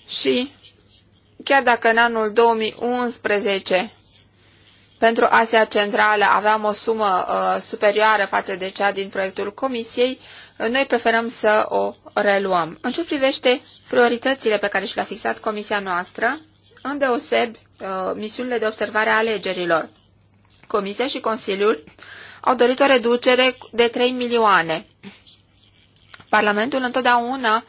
Și chiar dacă în anul 2011 pentru Asia Centrală aveam o sumă uh, superioară față de cea din proiectul Comisiei, noi preferăm să o reluăm. În ce privește prioritățile pe care și le-a fixat Comisia noastră, îndeoseb uh, misiunile de observare a alegerilor. Comisia și Consiliul au dorit o reducere de 3 milioane. Parlamentul întotdeauna uh,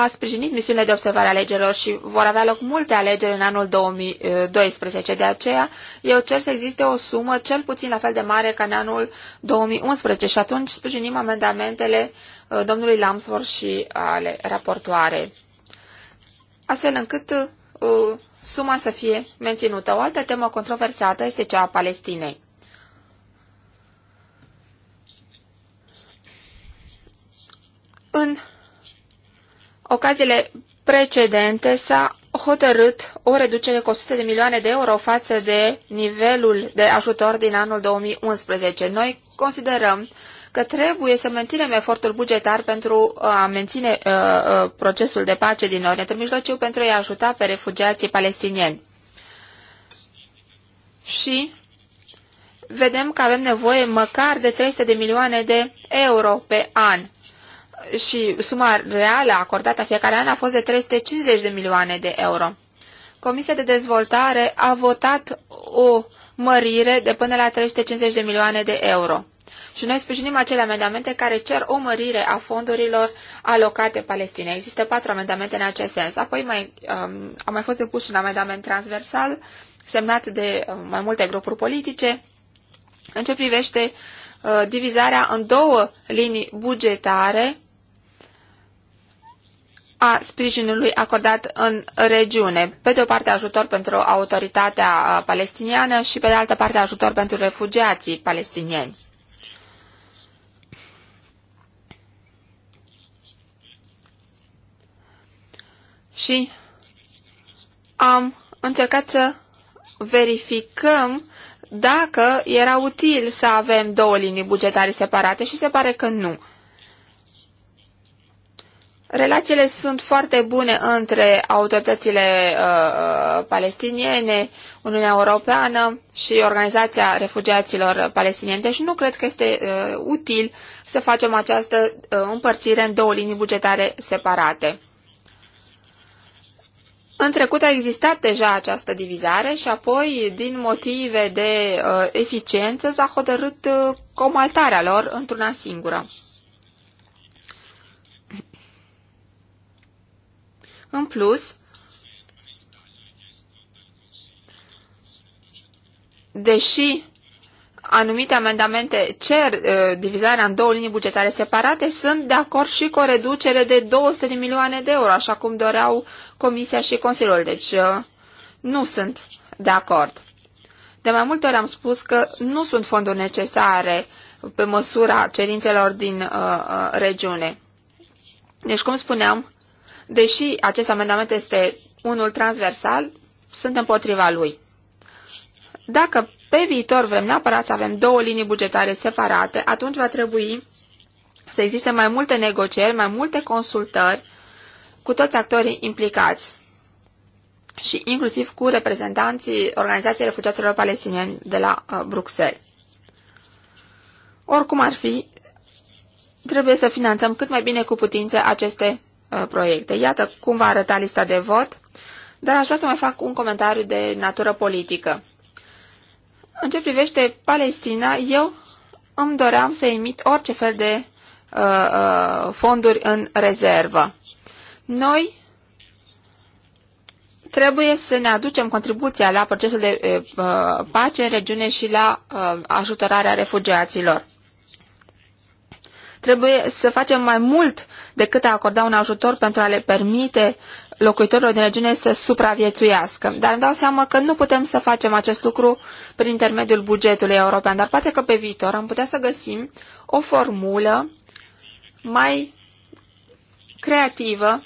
a sprijinit misiunile de observare a alegerilor și vor avea loc multe alegeri în anul 2012. De aceea, eu cer să existe o sumă cel puțin la fel de mare ca în anul 2011 și atunci sprijinim amendamentele uh, domnului Lamsford și ale raportoare, astfel încât uh, suma să fie menținută. O altă temă controversată este cea a Palestinei. În ocaziile precedente s-a hotărât o reducere cu 100 de milioane de euro față de nivelul de ajutor din anul 2011. Noi considerăm că trebuie să menținem efortul bugetar pentru uh, a menține uh, uh, procesul de pace din Orientul Mijlociu pentru a-i ajuta pe refugiații palestinieni. Și vedem că avem nevoie măcar de 300 de milioane de euro pe an și suma reală acordată fiecare an a fost de 350 de milioane de euro. Comisia de dezvoltare a votat o mărire de până la 350 de milioane de euro. Și noi sprijinim acele amendamente care cer o mărire a fondurilor alocate Palestinei. Există patru amendamente în acest sens. Apoi mai, um, a mai fost depus un amendament transversal semnat de um, mai multe grupuri politice în ce privește uh, divizarea în două linii bugetare a sprijinului acordat în regiune. Pe de o parte ajutor pentru autoritatea palestiniană și pe de altă parte ajutor pentru refugiații palestinieni. Și am încercat să verificăm dacă era util să avem două linii bugetare separate și se pare că nu. Relațiile sunt foarte bune între autoritățile uh, uh, palestiniene, Uniunea Europeană și Organizația Refugiaților Palestinieni. Deci nu cred că este uh, util să facem această uh, împărțire în două linii bugetare separate. În trecut a existat deja această divizare și apoi, din motive de uh, eficiență, s-a hotărât uh, comaltarea lor într-una singură. În plus, deși anumite amendamente cer uh, divizarea în două linii bugetare separate, sunt de acord și cu o reducere de 200 de milioane de euro, așa cum doreau Comisia și Consiliul. Deci uh, nu sunt de acord. De mai multe ori am spus că nu sunt fonduri necesare pe măsura cerințelor din uh, uh regiune. Deci, cum spuneam, Deși acest amendament este unul transversal, sunt împotriva lui. Dacă pe viitor vrem neapărat să avem două linii bugetare separate, atunci va trebui să existe mai multe negocieri, mai multe consultări cu toți actorii implicați și inclusiv cu reprezentanții Organizației Refugiaților Palestinieni de la uh, Bruxelles. Oricum ar fi, trebuie să finanțăm cât mai bine cu putință aceste Uh, proiecte. Iată cum va arăta lista de vot, dar aș vrea să mai fac un comentariu de natură politică. În ce privește Palestina, eu îmi doream să emit orice fel de uh, uh, fonduri în rezervă. Noi trebuie să ne aducem contribuția la procesul de uh, uh pace în regiune și la uh, ajutorarea refugiaților. Trebuie să facem mai mult decât a acorda un ajutor pentru a le permite locuitorilor din regiune să supraviețuiască. Dar îmi dau seama că nu putem să facem acest lucru prin intermediul bugetului european, dar poate că pe viitor am putea să găsim o formulă mai creativă,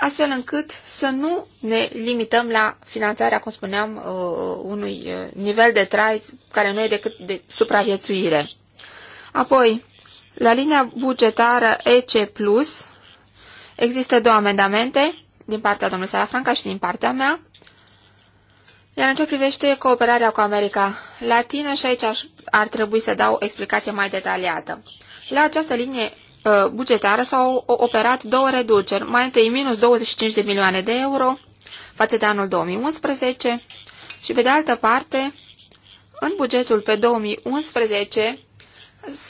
astfel încât să nu ne limităm la finanțarea, cum spuneam, uh, unui uh, nivel de trai care nu e decât de supraviețuire. Apoi, la linia bugetară EC+, există două amendamente din partea domnului Salafranca și din partea mea. Iar în ce privește cooperarea cu America Latină, și aici aș, ar trebui să dau o explicație mai detaliată. La această linie uh, bugetară s-au operat două reduceri, mai întâi minus 25 de milioane de euro față de anul 2011 și pe de altă parte, în bugetul pe 2011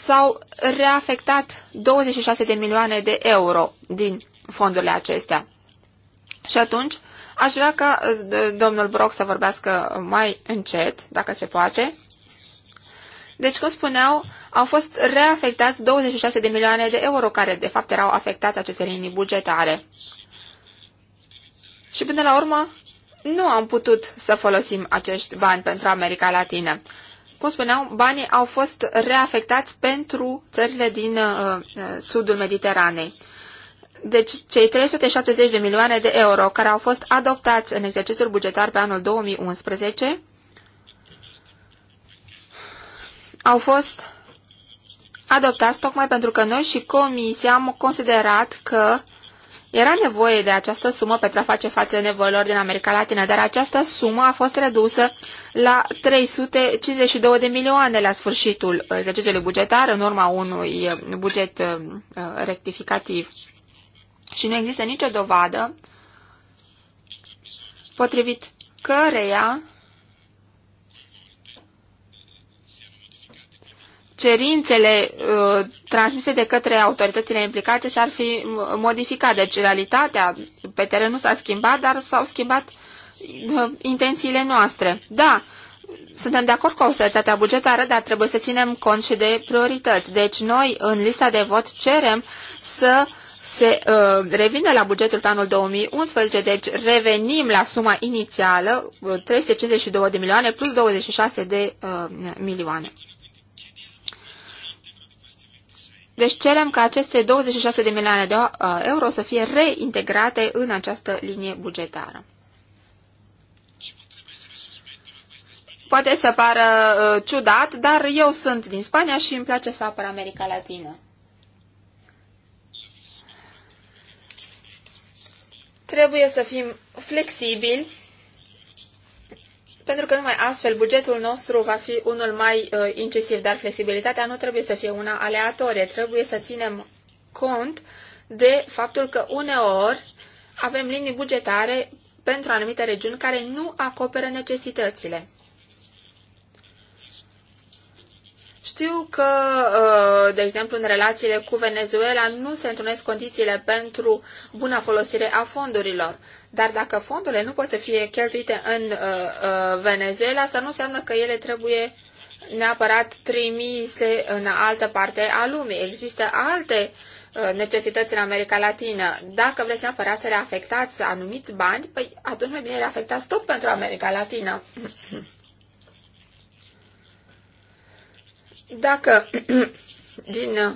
s-au reafectat 26 de milioane de euro din fondurile acestea. Și atunci, aș vrea ca uh, domnul Brock să vorbească mai încet, dacă se poate. Deci, cum spuneau, au fost reafectați 26 de milioane de euro, care de fapt erau afectați aceste linii bugetare. Și până la urmă, nu am putut să folosim acești bani pentru America Latină cum spuneam, banii au fost reafectați pentru țările din uh, uh sudul Mediteranei. Deci, cei 370 de milioane de euro care au fost adoptați în exercițiul bugetar pe anul 2011 au fost adoptați tocmai pentru că noi și Comisia am considerat că uh, era nevoie de această sumă pentru a face față nevoilor din America Latină, dar această sumă a fost redusă la 352 de milioane la sfârșitul exercițiului bugetar, în urma unui buget uh, rectificativ. Și nu există nicio dovadă potrivit căreia cerințele uh, transmise de către autoritățile implicate s-ar fi uh, modificat. Deci realitatea pe teren nu s-a schimbat, dar s-au schimbat uh, intențiile noastre. Da, suntem de acord cu austeritatea bugetară, dar trebuie să ținem cont și de priorități. Deci noi în lista de vot cerem să se uh, revină la bugetul pe anul 2011, deci revenim la suma inițială, 352 uh, de milioane plus 26 de uh, milioane. Deci cerem ca aceste 26 de milioane de uh, euro să fie reintegrate în această linie bugetară. Poate să pară uh, ciudat, dar eu sunt din Spania și îmi place să apăr America Latină. Trebuie să fim flexibili pentru că numai astfel bugetul nostru va fi unul mai uh, incisiv, dar flexibilitatea nu trebuie să fie una aleatorie, trebuie să ținem cont de faptul că uneori avem linii bugetare pentru anumite regiuni care nu acoperă necesitățile. Știu că, uh, de exemplu, în relațiile cu Venezuela nu se întrunesc condițiile pentru buna folosire a fondurilor, dar dacă fondurile nu pot să fie cheltuite în uh, uh, Venezuela, asta nu înseamnă că ele trebuie neapărat trimise în altă parte a lumii. Există alte necesități în America Latină. Dacă vreți neapărat să reafectați anumiți bani, păi atunci mai bine reafectați tot pentru America Latină. [clears throat] Dacă [clears throat] din uh,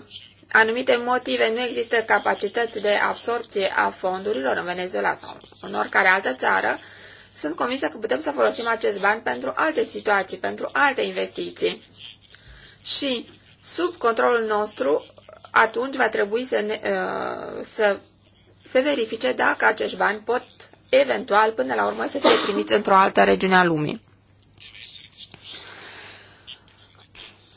anumite motive nu există capacități de absorpție a fondurilor în Venezuela sau în oricare altă țară, sunt convinsă că putem să folosim acest bani pentru alte situații, pentru alte investiții. Și sub controlul nostru, atunci va trebui să, ne, uh, să se verifice dacă acești bani pot eventual până la urmă să fie trimiți într-o altă regiune a lumii.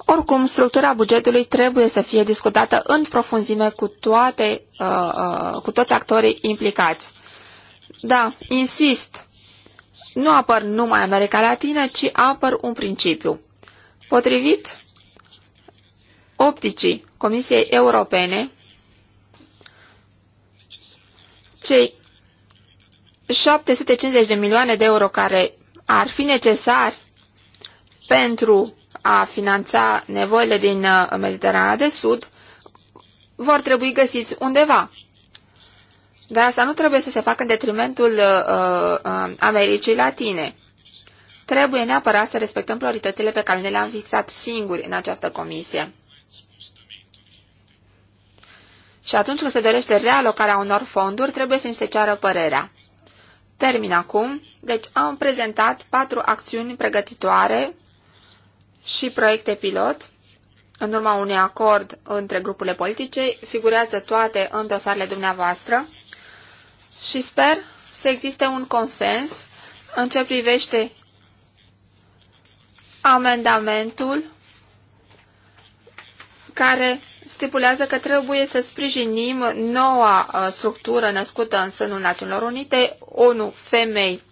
Oricum, structura bugetului trebuie să fie discutată în profunzime cu, toate, uh, uh, cu toți actorii implicați. Da, insist, nu apăr numai America Latină, ci apăr un principiu. Potrivit opticii Comisiei Europene, cei 750 de milioane de euro care ar fi necesari pentru a finanța nevoile din uh, Mediterana de Sud, vor trebui găsiți undeva. Dar asta nu trebuie să se facă în detrimentul uh, uh, Americii Latine. Trebuie neapărat să respectăm prioritățile pe care ne le-am fixat singuri în această comisie. Și atunci când se dorește realocarea unor fonduri, trebuie să-i se ceară părerea. Termin acum. Deci am prezentat patru acțiuni pregătitoare și proiecte pilot, în urma unui acord între grupurile politice, figurează toate în dosarele dumneavoastră și sper să existe un consens în ce privește amendamentul care stipulează că trebuie să sprijinim noua uh, structură născută în sânul Națiunilor Unite, ONU Femei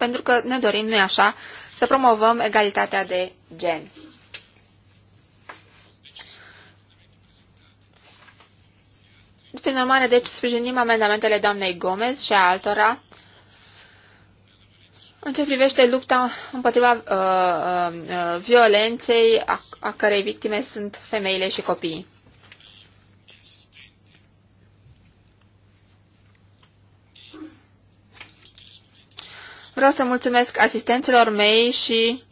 pentru că ne dorim, nu așa, să promovăm egalitatea de gen. Prin urmare, deci, sprijinim amendamentele doamnei Gomez și a altora în ce privește lupta împotriva uh, uh, uh violenței a, a cărei victime sunt femeile și copiii. Vreau să mulțumesc asistenților mei și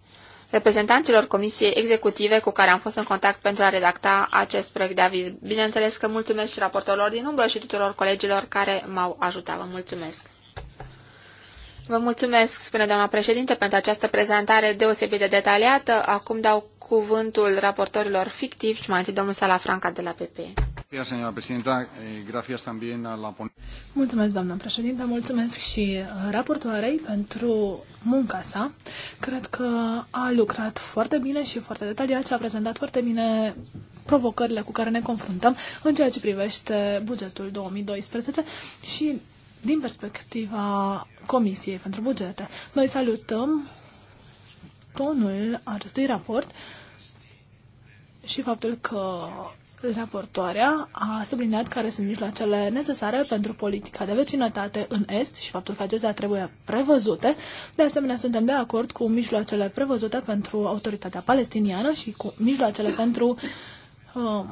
reprezentanților Comisiei Executive cu care am fost în contact pentru a redacta acest proiect de aviz. Bineînțeles că mulțumesc și raportorilor din umbră și tuturor colegilor care m-au ajutat. Vă mulțumesc! Vă mulțumesc, spune doamna președinte, pentru această prezentare deosebit de detaliată. Acum dau cuvântul raportorilor fictivi și mai întâi domnul Salafranca de la PP. Eh, mulțumesc, doamnă președinte, mulțumesc
și uh, raportoarei pentru munca sa. Cred că a lucrat foarte bine și foarte detaliat și a prezentat foarte bine provocările cu care ne confruntăm în ceea ce privește bugetul 2012 și din perspectiva Comisiei pentru Bugete. Noi salutăm tonul acestui raport și faptul că Raportoarea a subliniat care sunt mijloacele necesare pentru politica de vecinătate în Est și faptul că acestea trebuie prevăzute. De asemenea, suntem de acord cu mijloacele prevăzute pentru autoritatea palestiniană și cu mijloacele pentru uh,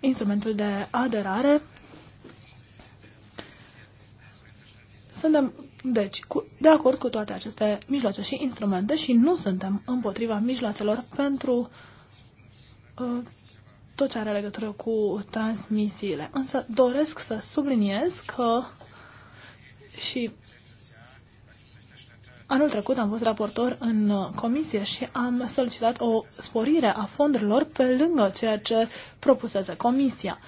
instrumentul de aderare. Suntem, deci, cu, de acord cu toate aceste mijloace și instrumente și nu suntem împotriva mijloacelor pentru uh, tot ce are legătură cu transmisiile. Însă doresc să subliniez că și anul trecut am fost raportor în comisie și am solicitat o sporire a fondurilor pe lângă ceea ce propuseze comisia.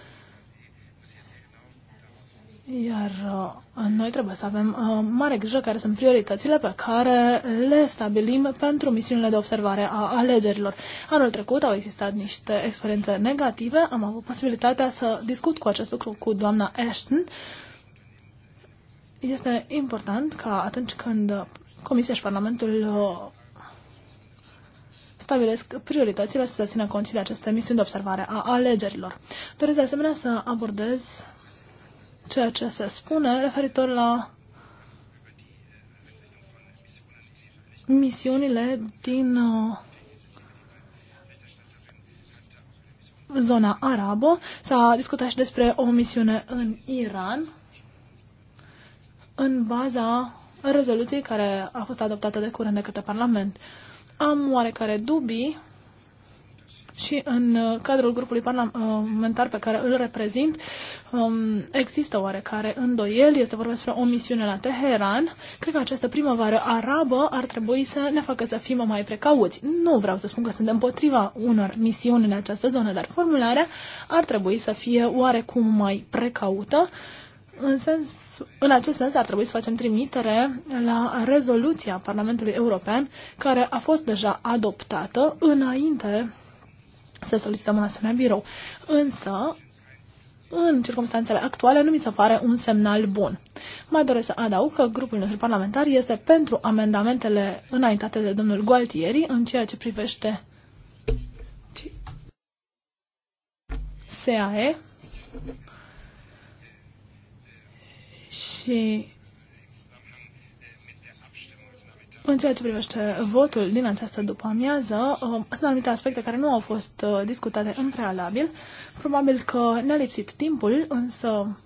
Iar uh, noi trebuie să avem uh, mare grijă care sunt prioritățile pe care le stabilim pentru misiunile de observare a alegerilor. Anul trecut au existat niște experiențe negative. Am avut posibilitatea să discut cu acest lucru cu doamna Ashton. Este important ca atunci când Comisia și Parlamentul uh, stabilesc prioritățile să se țină cont de aceste misiuni de observare a alegerilor. Doresc de asemenea să abordez ceea ce se spune referitor la misiunile din uh, zona arabă. S-a discutat și despre o misiune în Iran în baza rezoluției care a fost adoptată de curând de către Parlament. Am oarecare dubii și în uh, cadrul grupului uh, parlamentar pe care îl reprezint um, există oarecare îndoiel, este vorba despre o misiune la Teheran. Cred că această primăvară arabă ar trebui să ne facă să fim mai precauți. Nu vreau să spun că sunt împotriva unor misiuni în această zonă, dar formularea ar trebui să fie oarecum mai precaută. În, sens, în acest sens ar trebui să facem trimitere la rezoluția Parlamentului European care a fost deja adoptată înainte să solicităm un asemenea birou. Însă, în circunstanțele actuale, nu mi se pare un semnal bun. Mai doresc să adaug că grupul nostru parlamentar este pentru amendamentele înaintate de domnul Gualtieri în ceea ce privește SAE și În ceea ce privește votul din această după-amiază, um, sunt anumite aspecte care nu au fost uh, discutate în prealabil. Probabil că ne-a lipsit timpul, însă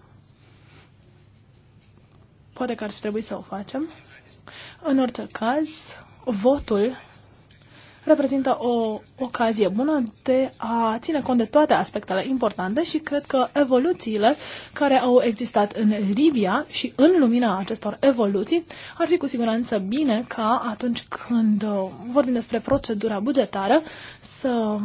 poate că ar trebui să o facem. În orice caz, votul reprezintă o ocazie bună de a ține cont de toate aspectele importante și cred că evoluțiile care au existat în Libia și în lumina acestor evoluții ar fi cu siguranță bine ca atunci când uh, vorbim despre procedura bugetară să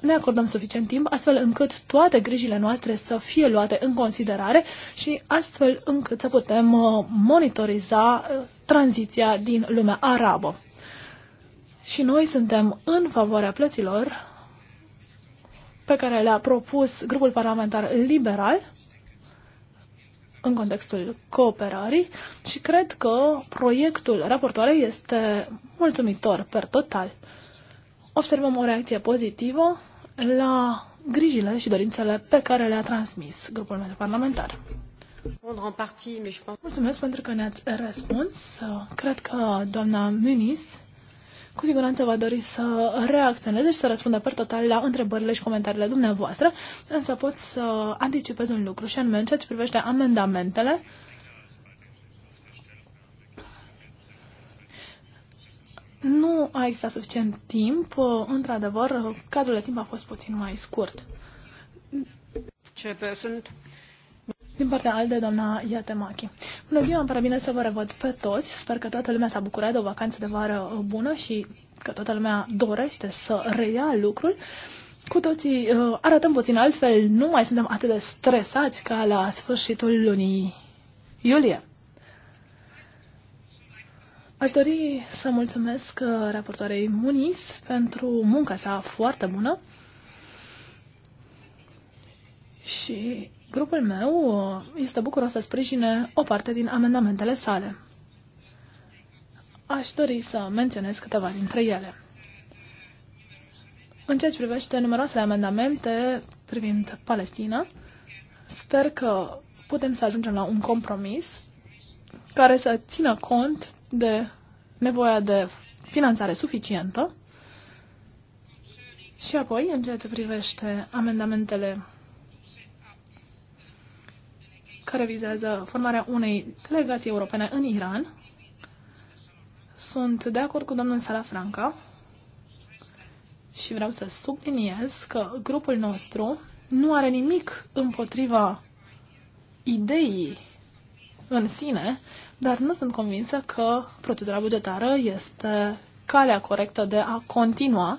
ne acordăm suficient timp astfel încât toate grijile noastre să fie luate în considerare și astfel încât să putem uh, monitoriza uh, tranziția din lumea arabă. Și noi suntem în favoarea plăților pe care le-a propus grupul parlamentar liberal în contextul cooperării și cred că proiectul raportoarei este mulțumitor per total. Observăm o reacție pozitivă la grijile și dorințele pe care le-a transmis grupul meu parlamentar. Mulțumesc pentru că ne-ați răspuns. Cred că doamna Muniz cu siguranță va dori să reacționeze și să răspundă per total la întrebările și comentariile dumneavoastră, însă pot să anticipez un lucru și anume în ceea ce privește amendamentele. Nu a existat suficient timp, într-adevăr, cazul de timp a fost puțin mai scurt. Ce sunt? Din partea ALDE, doamna Iatemachi. Bună ziua, îmi pare bine să vă revăd pe toți. Sper că toată lumea s-a bucurat de o vacanță de vară uh, bună și că toată lumea dorește să reia lucrul. Cu toții uh, arătăm puțin altfel, nu mai suntem atât de stresați ca la sfârșitul lunii iulie. Aș dori să mulțumesc uh, raportoarei Muniz pentru munca sa foarte bună și Grupul meu este bucuros să sprijine o parte din amendamentele sale. Aș dori să menționez câteva dintre ele. În ceea ce privește numeroasele amendamente privind Palestina, sper că putem să ajungem la un compromis care să țină cont de nevoia de finanțare suficientă și apoi, în ceea ce privește amendamentele care vizează formarea unei delegații europene în Iran. Sunt de acord cu domnul Salafranca și vreau să subliniez că grupul nostru nu are nimic împotriva ideii în sine, dar nu sunt convinsă că procedura bugetară este calea corectă de a continua,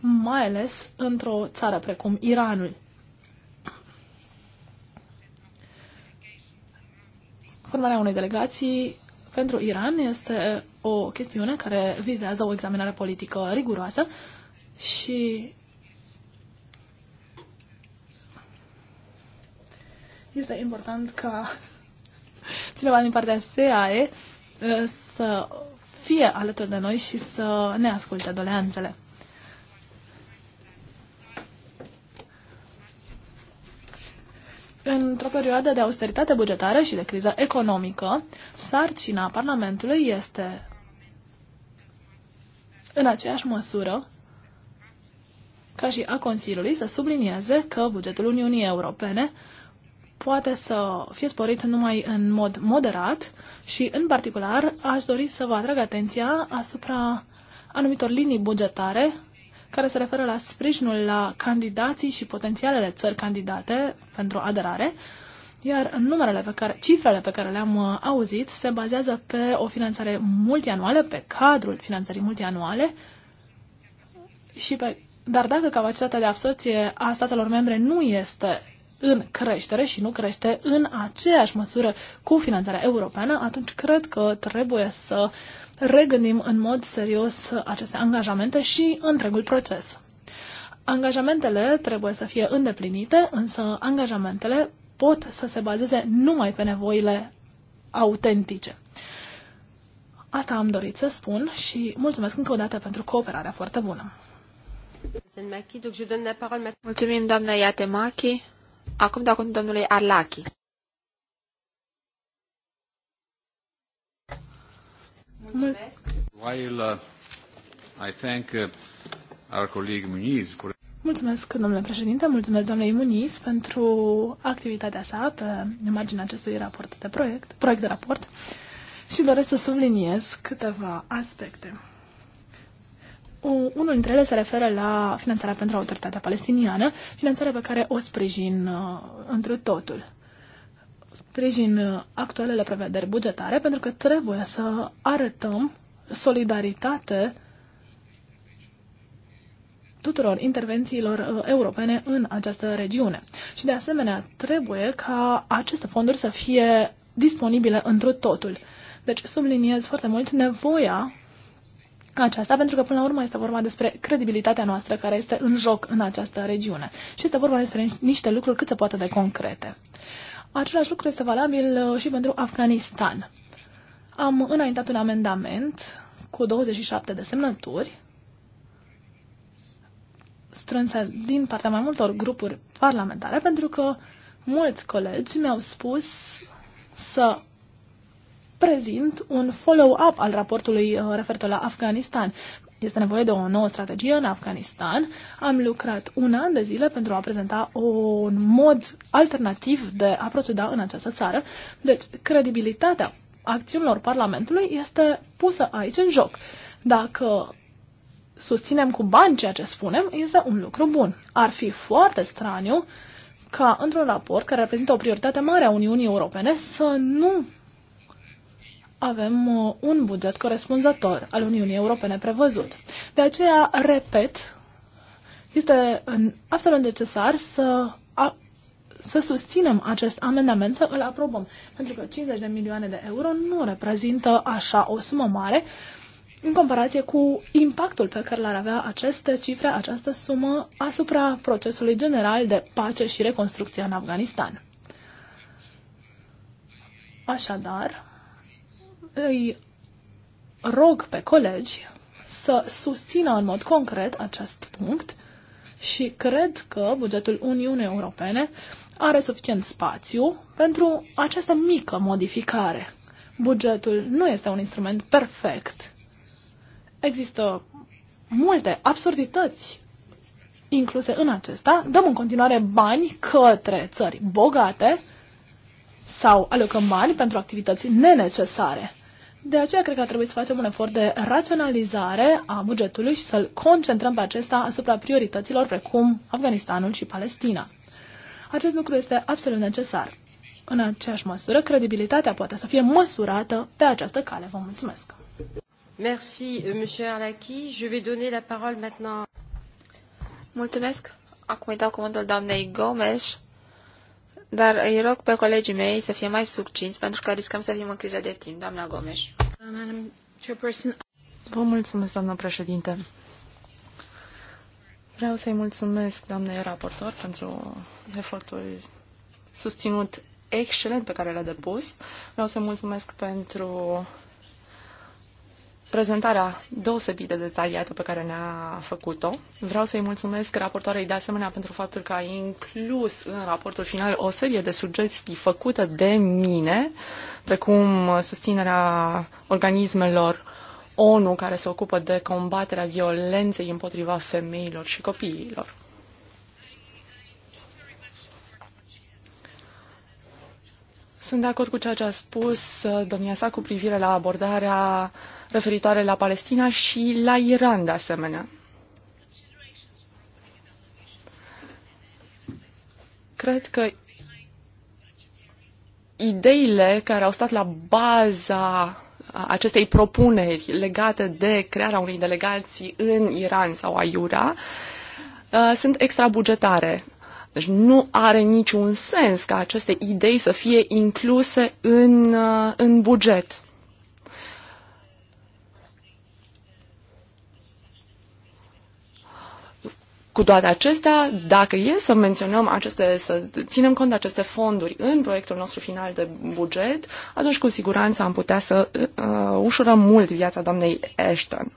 mai ales într-o țară precum Iranul. Formarea unei delegații pentru Iran este o chestiune care vizează o examinare politică riguroasă și este important ca [laughs] cineva din partea SAE uh, să fie alături de noi și să ne asculte doleanțele. Într-o perioadă de austeritate bugetară și de criză economică, sarcina Parlamentului este în aceeași măsură ca și a Consiliului să sublinieze că bugetul Uniunii Europene poate să fie sporit numai în mod moderat și, în particular, aș dori să vă atrag atenția asupra anumitor linii bugetare care se referă la sprijinul la candidații și potențialele țări candidate pentru aderare, iar numerele pe care, cifrele pe care le-am uh, auzit se bazează pe o finanțare multianuală, pe cadrul finanțării multianuale, și pe, dar dacă capacitatea de absorție a statelor membre nu este în creștere și nu crește în aceeași măsură cu finanțarea europeană, atunci cred că trebuie să regândim în mod serios aceste angajamente și întregul proces. Angajamentele trebuie să fie îndeplinite, însă angajamentele pot să se bazeze numai pe nevoile autentice. Asta am dorit să spun și mulțumesc încă o dată pentru
cooperarea foarte bună. Mulțumim, doamna Iatemachi. Acum dau cuvântul domnului Arlachi. Mulțumesc.
While, uh, I thank, uh, our colleague Muniz for...
Mulțumesc, domnule președinte, mulțumesc domnului Muniz pentru activitatea sa pe marginea acestui raport de proiect, proiect de raport și doresc să subliniez câteva aspecte unul dintre ele se referă la finanțarea pentru autoritatea palestiniană, finanțarea pe care o sprijin uh, întru totul. Sprijin uh, actualele prevederi bugetare pentru că trebuie să arătăm solidaritate tuturor intervențiilor uh, europene în această regiune. Și de asemenea, trebuie ca aceste fonduri să fie disponibile întru totul. Deci subliniez foarte mult nevoia aceasta, pentru că până la urmă este vorba despre credibilitatea noastră care este în joc în această regiune. Și este vorba despre niște lucruri cât se poate de concrete. Același lucru este valabil uh, și pentru Afganistan. Am înaintat un amendament cu 27 de semnături strânse din partea mai multor grupuri parlamentare, pentru că mulți colegi mi-au spus să prezint un follow-up al raportului uh, referitor la Afganistan. Este nevoie de o nouă strategie în Afganistan. Am lucrat un an de zile pentru a prezenta un mod alternativ de a proceda în această țară. Deci, credibilitatea acțiunilor Parlamentului este pusă aici în joc. Dacă susținem cu bani ceea ce spunem, este un lucru bun. Ar fi foarte straniu ca într-un raport care reprezintă o prioritate mare a Uniunii Europene să nu avem uh, un buget corespunzător al Uniunii Europene prevăzut. De aceea, repet, este absolut necesar să, a, să susținem acest amendament, să îl aprobăm, pentru că 50 de milioane de euro nu reprezintă așa o sumă mare în comparație cu impactul pe care l-ar avea aceste cifre, această sumă asupra procesului general de pace și reconstrucție în Afganistan. Așadar, îi rog pe colegi să susțină în mod concret acest punct și cred că bugetul Uniunii Europene are suficient spațiu pentru această mică modificare. Bugetul nu este un instrument perfect. Există multe absurdități incluse în acesta. Dăm în continuare bani către țări bogate sau alocăm bani pentru activități nenecesare. De aceea cred că ar trebui să facem un efort de raționalizare a bugetului și să-l concentrăm pe acesta asupra priorităților precum Afganistanul și Palestina. Acest lucru este absolut necesar. În aceeași măsură, credibilitatea poate să fie
măsurată pe această cale. Vă mulțumesc! Merci, euh, monsieur Arlaki. Je vais donner la parole maintenant. Mulțumesc. Acum îi dau cuvântul doamnei Gomes dar îi rog pe colegii mei să fie mai succinți, pentru că riscăm să fim în criză de timp. Doamna Gomes.
Vă mulțumesc, doamna președinte. Vreau să-i mulțumesc doamnei raportor pentru efortul susținut excelent pe care l-a depus. Vreau să i mulțumesc pentru prezentarea deosebit de detaliată pe care ne-a făcut-o. Vreau să-i mulțumesc raportoarei de asemenea pentru faptul că a inclus în raportul final o serie de sugestii făcute de mine, precum susținerea organismelor ONU care se ocupă de combaterea violenței împotriva femeilor și copiilor. Sunt de acord cu ceea ce a spus uh, domnia sa cu privire la abordarea referitoare la Palestina și la Iran, de asemenea. Cred că ideile care au stat la baza acestei propuneri legate de crearea unei delegații în Iran sau Aiura uh, sunt extrabugetare. Deci nu are niciun sens ca aceste idei să fie incluse în, uh, în buget. Cu toate acestea, dacă e să menționăm aceste, să ținem cont de aceste fonduri în proiectul nostru final de buget, atunci cu siguranță am putea să uh, uh ușurăm mult viața doamnei Ashton.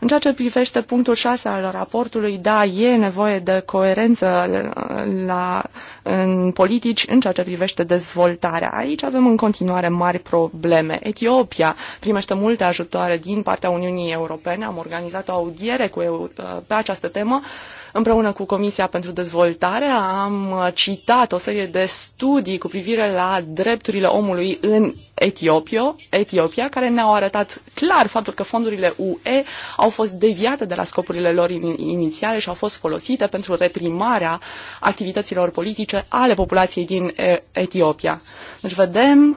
În ceea ce privește punctul 6 al raportului, da, e nevoie de coerență uh, la, în politici în ceea ce privește dezvoltarea. Aici avem în continuare mari probleme. Etiopia primește multe ajutoare din partea Uniunii Europene. Am organizat o audiere cu, uh, pe această temă. Uh, Împreună cu Comisia pentru Dezvoltare am citat o serie de studii cu privire la drepturile omului în Etiopia, Etiopia care ne-au arătat clar faptul că fondurile UE au fost deviate de la scopurile lor inițiale și au fost folosite pentru reprimarea activităților politice ale populației din Etiopia. Deci vedem uh,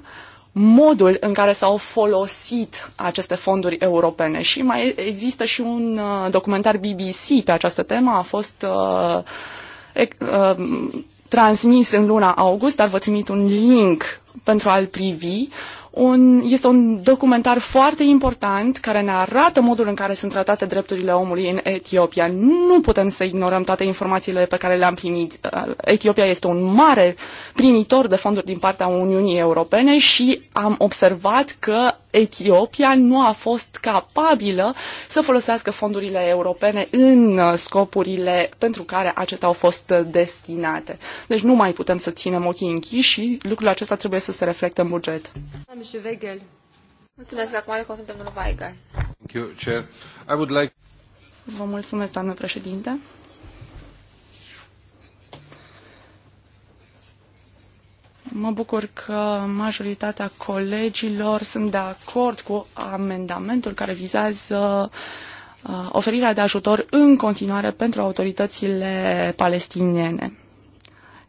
modul în care s-au folosit aceste fonduri europene. Și mai există și un uh, documentar BBC pe această temă, a fost uh, uh, transmis în luna august, dar vă trimit un link pentru a-l privi un, este un documentar foarte important care ne arată modul în care sunt tratate drepturile omului în Etiopia. Nu putem să ignorăm toate informațiile pe care le-am primit. Uh, Etiopia este un mare primitor de fonduri din partea Uniunii Europene și am observat că Etiopia nu a fost capabilă să folosească fondurile europene în uh, scopurile pentru care acestea au fost uh, destinate. Deci nu mai putem să ținem ochii închiși și lucrul acesta trebuie să se reflecte în buget.
Mulțumesc, acum are cuvântul domnul Weigel.
Vă mulțumesc, doamnă președinte. Mă bucur că majoritatea colegilor sunt de acord cu amendamentul care vizează uh, oferirea de ajutor în continuare pentru autoritățile palestiniene.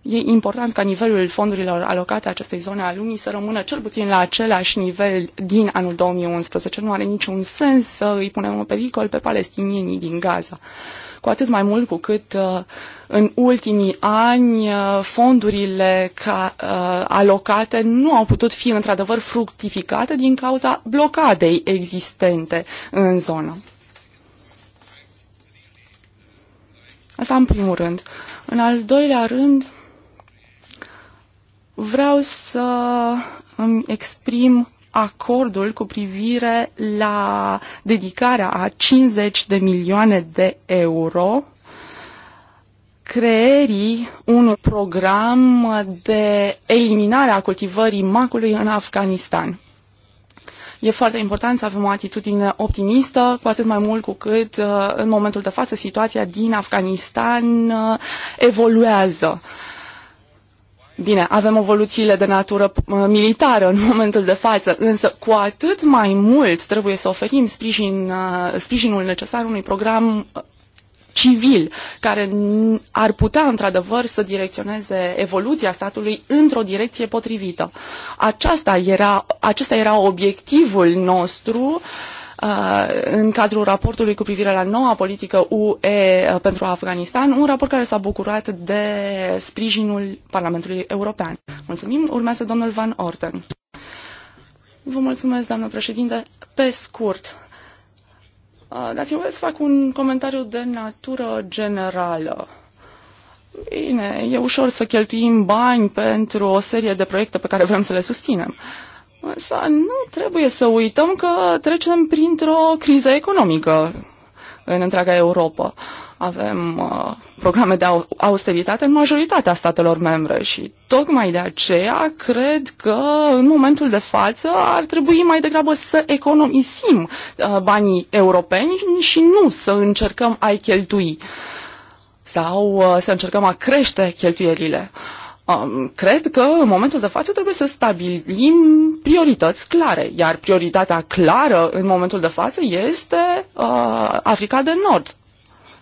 E important ca nivelul fondurilor alocate acestei zone a lumii să rămână cel puțin la același nivel din anul 2011. Nu are niciun sens să îi punem în pericol pe palestinienii din Gaza. Cu atât mai mult cu cât uh, în ultimii ani, uh, fondurile ca, uh, alocate nu au putut fi într-adevăr fructificate din cauza blocadei existente în zonă. Asta în primul rând. În al doilea rând, vreau să îmi exprim acordul cu privire la dedicarea a 50 de milioane de euro creierii un program de eliminare a cultivării macului în Afganistan. E foarte important să avem o atitudine optimistă, cu atât mai mult cu cât uh, în momentul de față situația din Afganistan uh, evoluează. Bine, avem evoluțiile de natură uh, militară în [laughs] momentul de față, însă cu atât mai mult trebuie să oferim sprijin, sprijinul necesar unui program civil, care ar putea, într-adevăr, să direcționeze evoluția statului într-o direcție potrivită. Aceasta era, acesta era obiectivul nostru uh, în cadrul raportului cu privire la noua politică UE uh, pentru Afganistan, un raport care s-a bucurat de sprijinul Parlamentului European. Mulțumim. Urmează domnul Van Orden. Vă mulțumesc, doamnă președinte. Pe scurt, Uh, dați-mi voie să fac un comentariu de natură generală. Bine, e ușor să cheltuim bani pentru o serie de proiecte pe care vrem să le susținem. Însă nu trebuie să uităm că trecem printr-o criză economică în întreaga Europa. Uh, avem uh, programe de austeritate în majoritatea statelor membre și tocmai de aceea cred că în momentul de față ar trebui mai degrabă să economisim uh, banii europeni și nu să încercăm a-i cheltui sau uh, să încercăm a crește cheltuielile. Um, cred că în momentul de față trebuie să stabilim priorități clare, iar prioritatea clară în momentul de față este uh, Africa de Nord,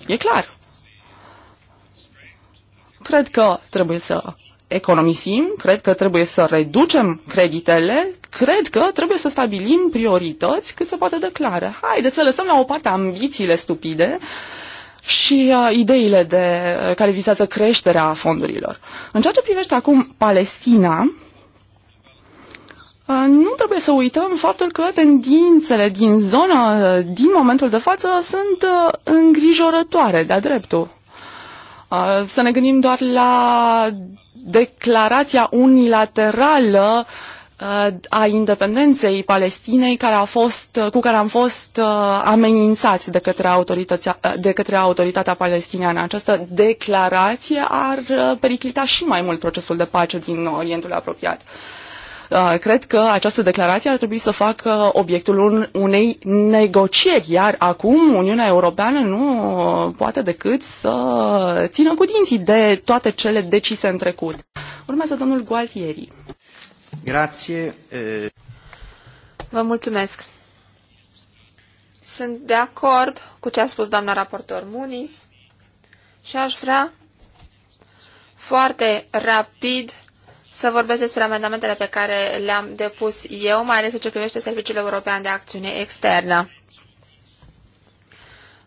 E clar. Cred că trebuie să economisim, cred că trebuie să reducem creditele, cred că trebuie să stabilim priorități cât se poate de clare. Haideți să lăsăm la o parte ambițiile stupide și uh, ideile de, care visează creșterea fondurilor. În ceea ce privește acum Palestina, Uh, nu trebuie să uităm faptul că tendințele din zona uh, din momentul de față, sunt uh, îngrijorătoare de-a dreptul. Să ne gândim doar la declarația unilaterală a independenței Palestinei care a fost, cu care am fost amenințați de către, autoritatea, de către autoritatea palestiniană. Această declarație ar periclita și mai mult procesul de pace din Orientul apropiat. Uh, cred că această declarație ar trebui să facă obiectul unei negocieri, iar acum Uniunea Europeană nu uh, poate decât să țină cu dinții de toate cele decise în trecut.
Urmează domnul Gualtieri.
Grație.
Vă mulțumesc. Sunt de acord cu ce a spus doamna raportor Muniz și aș vrea foarte rapid să vorbesc despre amendamentele pe care le-am depus eu, mai ales în ce privește Serviciul European de Acțiune Externă.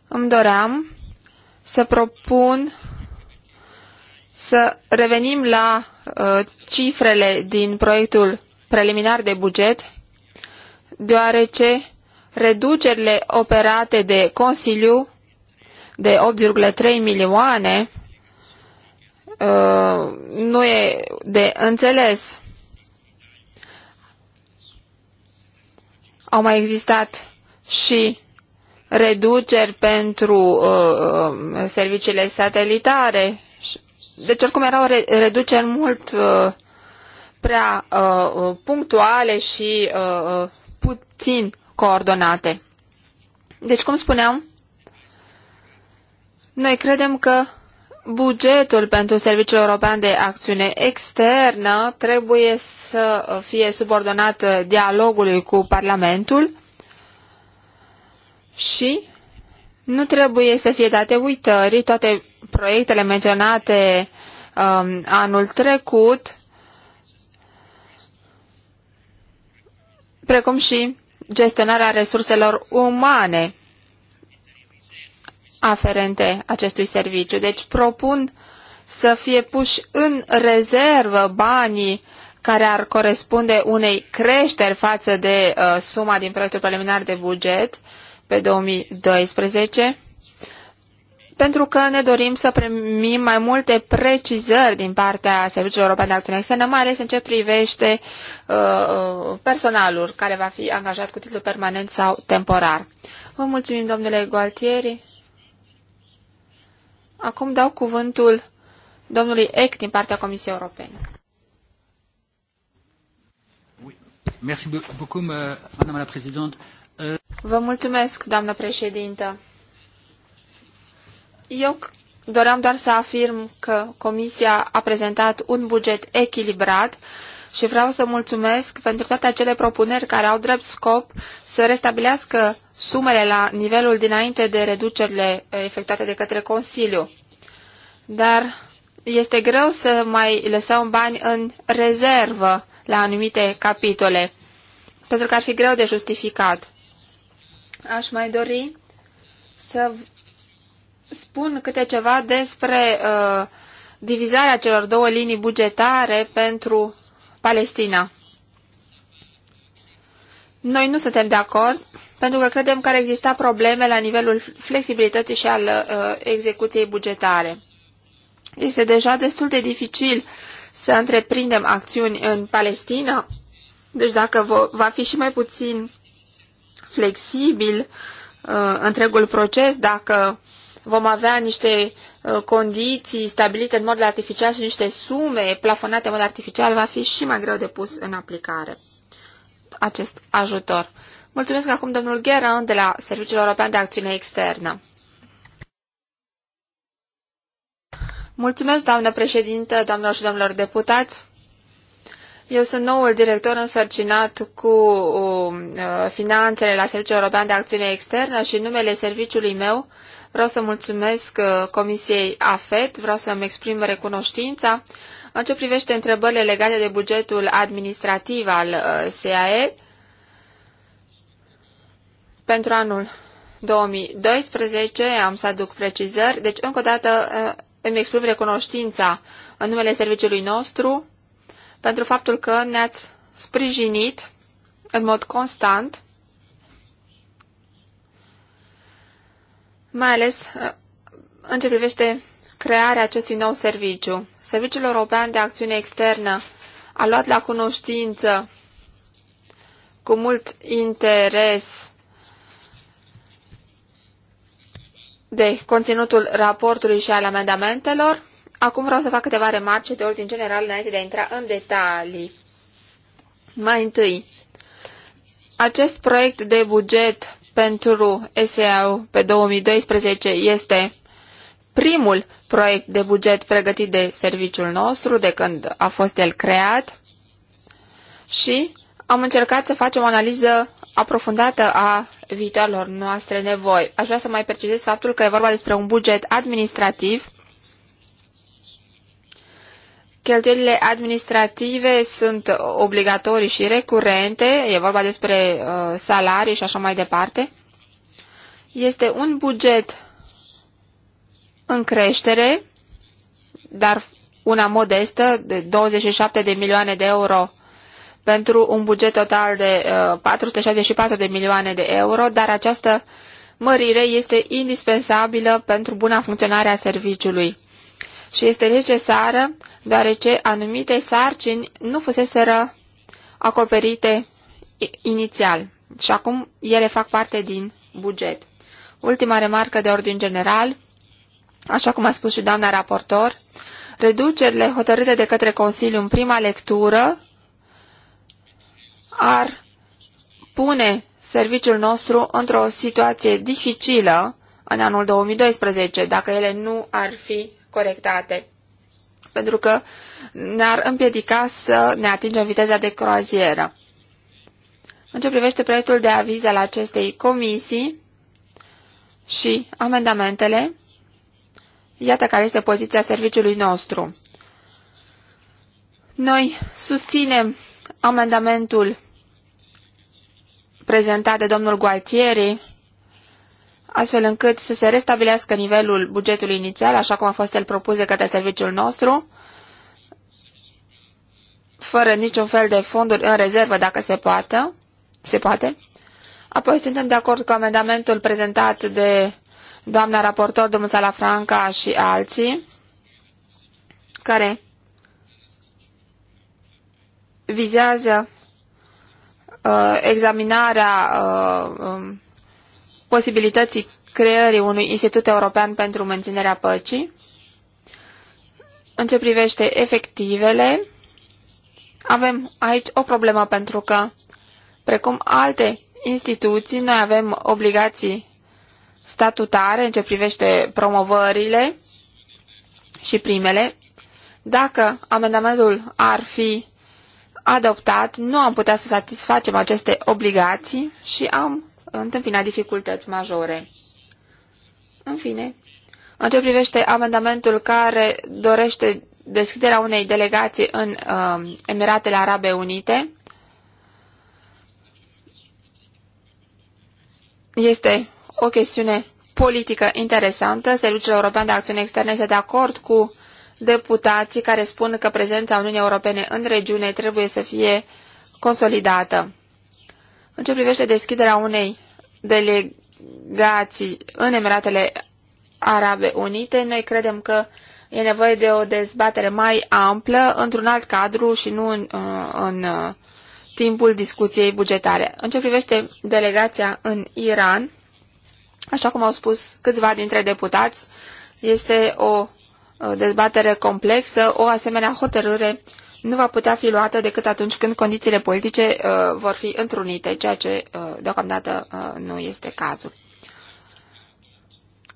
Îmi doream să propun să revenim la uh, cifrele din proiectul preliminar de buget, deoarece reducerile operate de Consiliu de 8,3 milioane uh, nu e de înțeles. Au mai existat și reduceri pentru uh, uh serviciile satelitare. Deci, oricum, erau re- reduceri mult uh, prea uh, uh punctuale și uh, uh, puțin coordonate. Deci, cum spuneam, noi credem că Bugetul pentru Serviciul European de Acțiune Externă trebuie să fie subordonat dialogului cu Parlamentul și nu trebuie să fie date uitării toate proiectele menționate um, anul trecut, precum și gestionarea resurselor umane aferente acestui serviciu. Deci propun să fie puși în rezervă banii care ar corespunde unei creșteri față de uh, suma din proiectul preliminar de buget pe 2012, pentru că ne dorim să primim mai multe precizări din partea Serviciului European de Acțiune Externă, mai ales în ce privește uh, uh personalul care va fi angajat cu titlu permanent sau temporar. Vă mulțumim, domnule Gualtieri. Acum dau cuvântul domnului Eck din partea Comisiei Europene. Euh, Vă mulțumesc, doamnă președintă. Eu doream doar să afirm că Comisia a prezentat un buget echilibrat și vreau să mulțumesc pentru toate acele propuneri care au drept scop să restabilească sumele la nivelul dinainte de reducerile eh, efectuate de către Consiliu. Dar este greu să mai lăsăm bani în rezervă la anumite capitole, pentru că ar fi greu de justificat. Aș mai dori să spun câte ceva despre uh, divizarea celor două linii bugetare pentru Palestina. Noi nu suntem de acord pentru că credem că ar exista probleme la nivelul flexibilității și al uh, execuției bugetare. Este deja destul de dificil să întreprindem acțiuni în Palestina, deci dacă va fi și mai puțin flexibil uh, întregul proces, dacă uh, vom avea niște uh, condiții stabilite în mod artificial și niște sume plafonate în mod artificial, va fi și mai greu de pus în aplicare acest ajutor. Mulțumesc acum domnul Gheran de la Serviciul European de Acțiune Externă. Mulțumesc, doamnă președintă, doamnelor și domnilor deputați. Eu sunt noul director însărcinat cu um, uh, finanțele la Serviciul European de Acțiune Externă și numele serviciului meu Vreau să mulțumesc uh, Comisiei AFET, vreau să-mi exprim recunoștința. În ce privește întrebările legate de bugetul administrativ al uh, SAE, pentru anul 2012 am să aduc precizări, deci încă o dată uh, îmi exprim recunoștința în numele serviciului nostru pentru faptul că ne-ați sprijinit în mod constant mai ales uh, în ce privește crearea acestui nou serviciu. Serviciul European de Acțiune Externă a luat la cunoștință cu mult interes de conținutul raportului și al amendamentelor. Acum vreau să fac câteva remarce de ordin general înainte de a intra în detalii. Mai întâi, acest proiect de buget pentru SEAU pe 2012 este primul proiect de buget pregătit de serviciul nostru de când a fost el creat și am încercat să facem o analiză aprofundată a viitoarelor noastre nevoi. Aș vrea să mai precizez faptul că e vorba despre un buget administrativ Cheltuielile administrative sunt obligatorii și recurente, e vorba despre uh, salarii și așa mai departe. Este un buget în creștere, dar una modestă, de 27 de milioane de euro pentru un buget total de uh, 464 de milioane de euro, dar această mărire este indispensabilă pentru buna funcționare a serviciului și este necesară deoarece anumite sarcini nu fuseseră acoperite inițial și acum ele fac parte din buget. Ultima remarcă de ordin general, așa cum a spus și doamna raportor, reducerile hotărâte de către Consiliu în prima lectură ar pune serviciul nostru într-o situație dificilă în anul 2012, dacă ele nu ar fi corectate, pentru că ne-ar împiedica să ne atingem viteza de croazieră. În ce privește proiectul de aviz al acestei comisii și amendamentele, iată care este poziția serviciului nostru. Noi susținem amendamentul prezentat de domnul Gualtieri astfel încât să se restabilească nivelul bugetului inițial, așa cum a fost el propus de către serviciul nostru, fără niciun fel de fonduri în rezervă, dacă se poate. Se poate. Apoi suntem de acord cu amendamentul prezentat de doamna raportor, domnul Salafranca și alții, care vizează uh, examinarea uh, um, posibilității creării unui institut european pentru menținerea păcii, în ce privește efectivele, avem aici o problemă pentru că, precum alte instituții, noi avem obligații statutare în ce privește promovările și primele. Dacă amendamentul ar fi adoptat, nu am putea să satisfacem aceste obligații și am întâmpina dificultăți majore. În fine, în ce privește amendamentul care dorește deschiderea unei delegații în uh, Emiratele Arabe Unite, este o chestiune politică interesantă. Serviciul European de Acțiune Externă este de acord cu deputații care spun că prezența Uniunii Europene în regiune trebuie să fie consolidată. În ce privește deschiderea unei delegații în Emiratele Arabe Unite, noi credem că e nevoie de o dezbatere mai amplă într-un alt cadru și nu în, uh, în, în uh, timpul discuției bugetare. În ce privește delegația în Iran, așa cum au spus câțiva dintre deputați, este o uh, dezbatere complexă, o asemenea hotărâre nu va putea fi luată decât atunci când condițiile politice uh, vor fi întrunite, ceea ce uh, deocamdată uh, nu este cazul.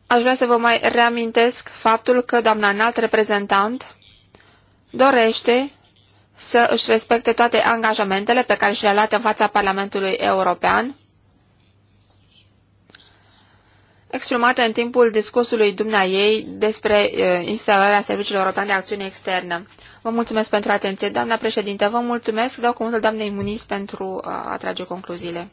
Aș vrea să vă mai reamintesc faptul că doamna înalt reprezentant dorește să își respecte toate angajamentele pe care și le-a luat în fața Parlamentului European exprimată în timpul discursului ei despre instalarea Serviciului European de Acțiune Externă. Vă mulțumesc pentru atenție, doamna președinte. Vă mulțumesc. Dau cuvântul doamnei Muniz pentru a trage concluziile.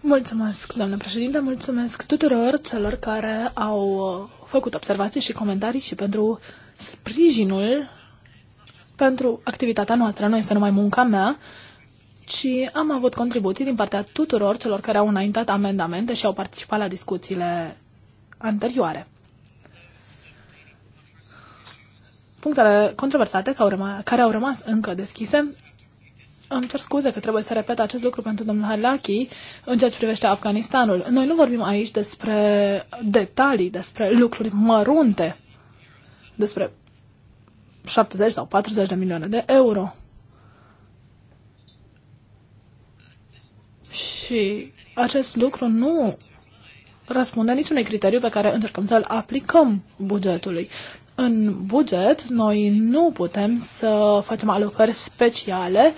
Mulțumesc, doamnă președinte. Mulțumesc tuturor celor care au uh, făcut observații și comentarii și pentru sprijinul pentru activitatea noastră. Nu este numai munca mea, ci am avut contribuții din partea tuturor celor care au înaintat amendamente și au participat la discuțiile anterioare. Punctele controversate care au rămas încă deschise îmi cer scuze că trebuie să repet acest lucru pentru domnul Halaki în ceea ce privește Afganistanul. Noi nu vorbim aici despre detalii, despre lucruri mărunte, despre 70 sau 40 de milioane de euro. Și acest lucru nu răspunde niciunui criteriu pe care încercăm să-l aplicăm bugetului. În buget, noi nu putem să facem alocări speciale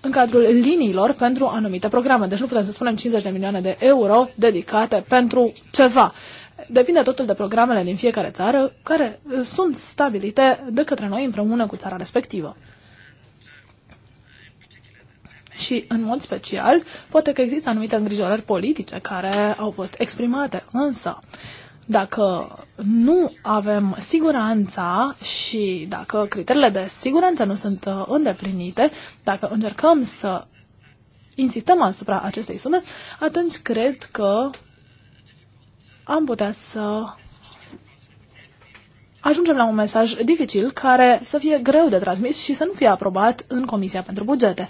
în cadrul liniilor pentru anumite programe. Deci nu putem să spunem 50 de milioane de euro dedicate pentru ceva. Depinde totul de programele din fiecare țară care sunt stabilite de către noi împreună cu țara respectivă și, în mod special, poate că există anumite îngrijorări politice care au fost exprimate, însă dacă nu avem siguranța și dacă criteriile de siguranță nu sunt uh, îndeplinite, dacă încercăm să insistăm asupra acestei sume, atunci cred că am putea să ajungem la un mesaj dificil care să fie greu de transmis și să nu fie aprobat în Comisia pentru Bugete.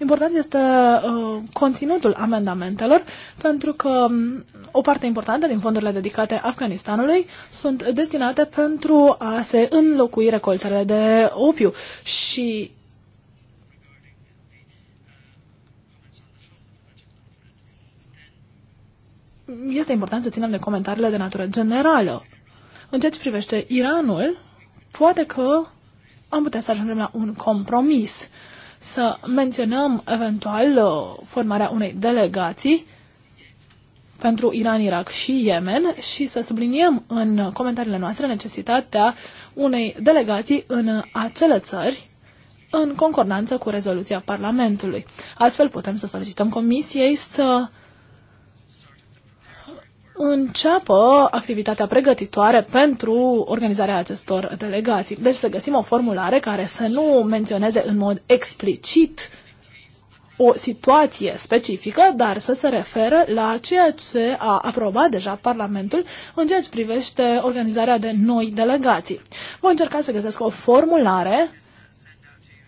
Important este uh, conținutul amendamentelor, pentru că um, o parte importantă din fondurile dedicate Afganistanului sunt destinate pentru a se înlocui recoltele de opiu și este important să ținem de comentariile de natură generală. În ceea ce privește Iranul, poate că am putea să ajungem la un compromis. Uh, să menționăm eventual uh, formarea unei delegații pentru Iran, Irak și Yemen și să subliniem în comentariile noastre necesitatea unei delegații în acele țări în concordanță cu rezoluția Parlamentului. Astfel putem să solicităm Comisiei să înceapă activitatea pregătitoare pentru organizarea acestor delegații. Deci să găsim o formulare care să nu menționeze în mod explicit o situație specifică, dar să se referă la ceea ce a aprobat deja Parlamentul în ceea ce privește organizarea de noi delegații. Voi încerca să găsesc o formulare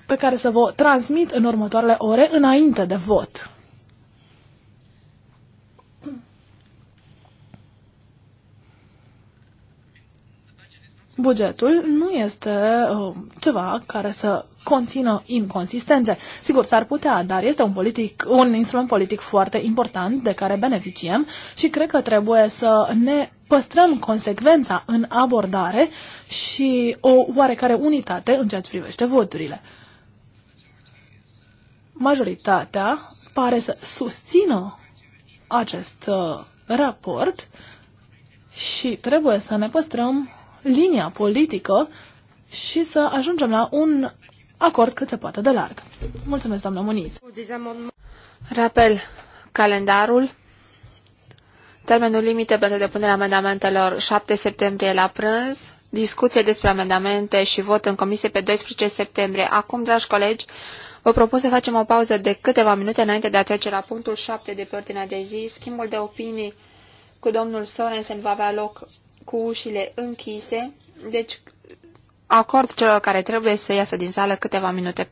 pe care să vă transmit în următoarele ore înainte de vot. bugetul nu este uh, ceva care să conțină inconsistențe. Sigur, s-ar putea, dar este un, politic, un instrument politic foarte important de care beneficiem și cred că trebuie să ne păstrăm consecvența în abordare și o oarecare unitate în ceea ce privește voturile. Majoritatea pare să susțină acest uh, raport și trebuie să ne păstrăm linia politică și să ajungem la un acord cât se poate de larg.
Mulțumesc, doamna Muniz. Rapel calendarul. Termenul limită pentru depunerea amendamentelor 7 septembrie la prânz, discuție despre amendamente și vot în comisie pe 12 septembrie. Acum, dragi colegi, vă propun să facem o pauză de câteva minute înainte de a trece la punctul 7 de pe ordinea de zi. Schimbul de opinii cu domnul Sorensen va avea loc cu ușile închise, deci acord celor care trebuie să iasă din sală câteva minute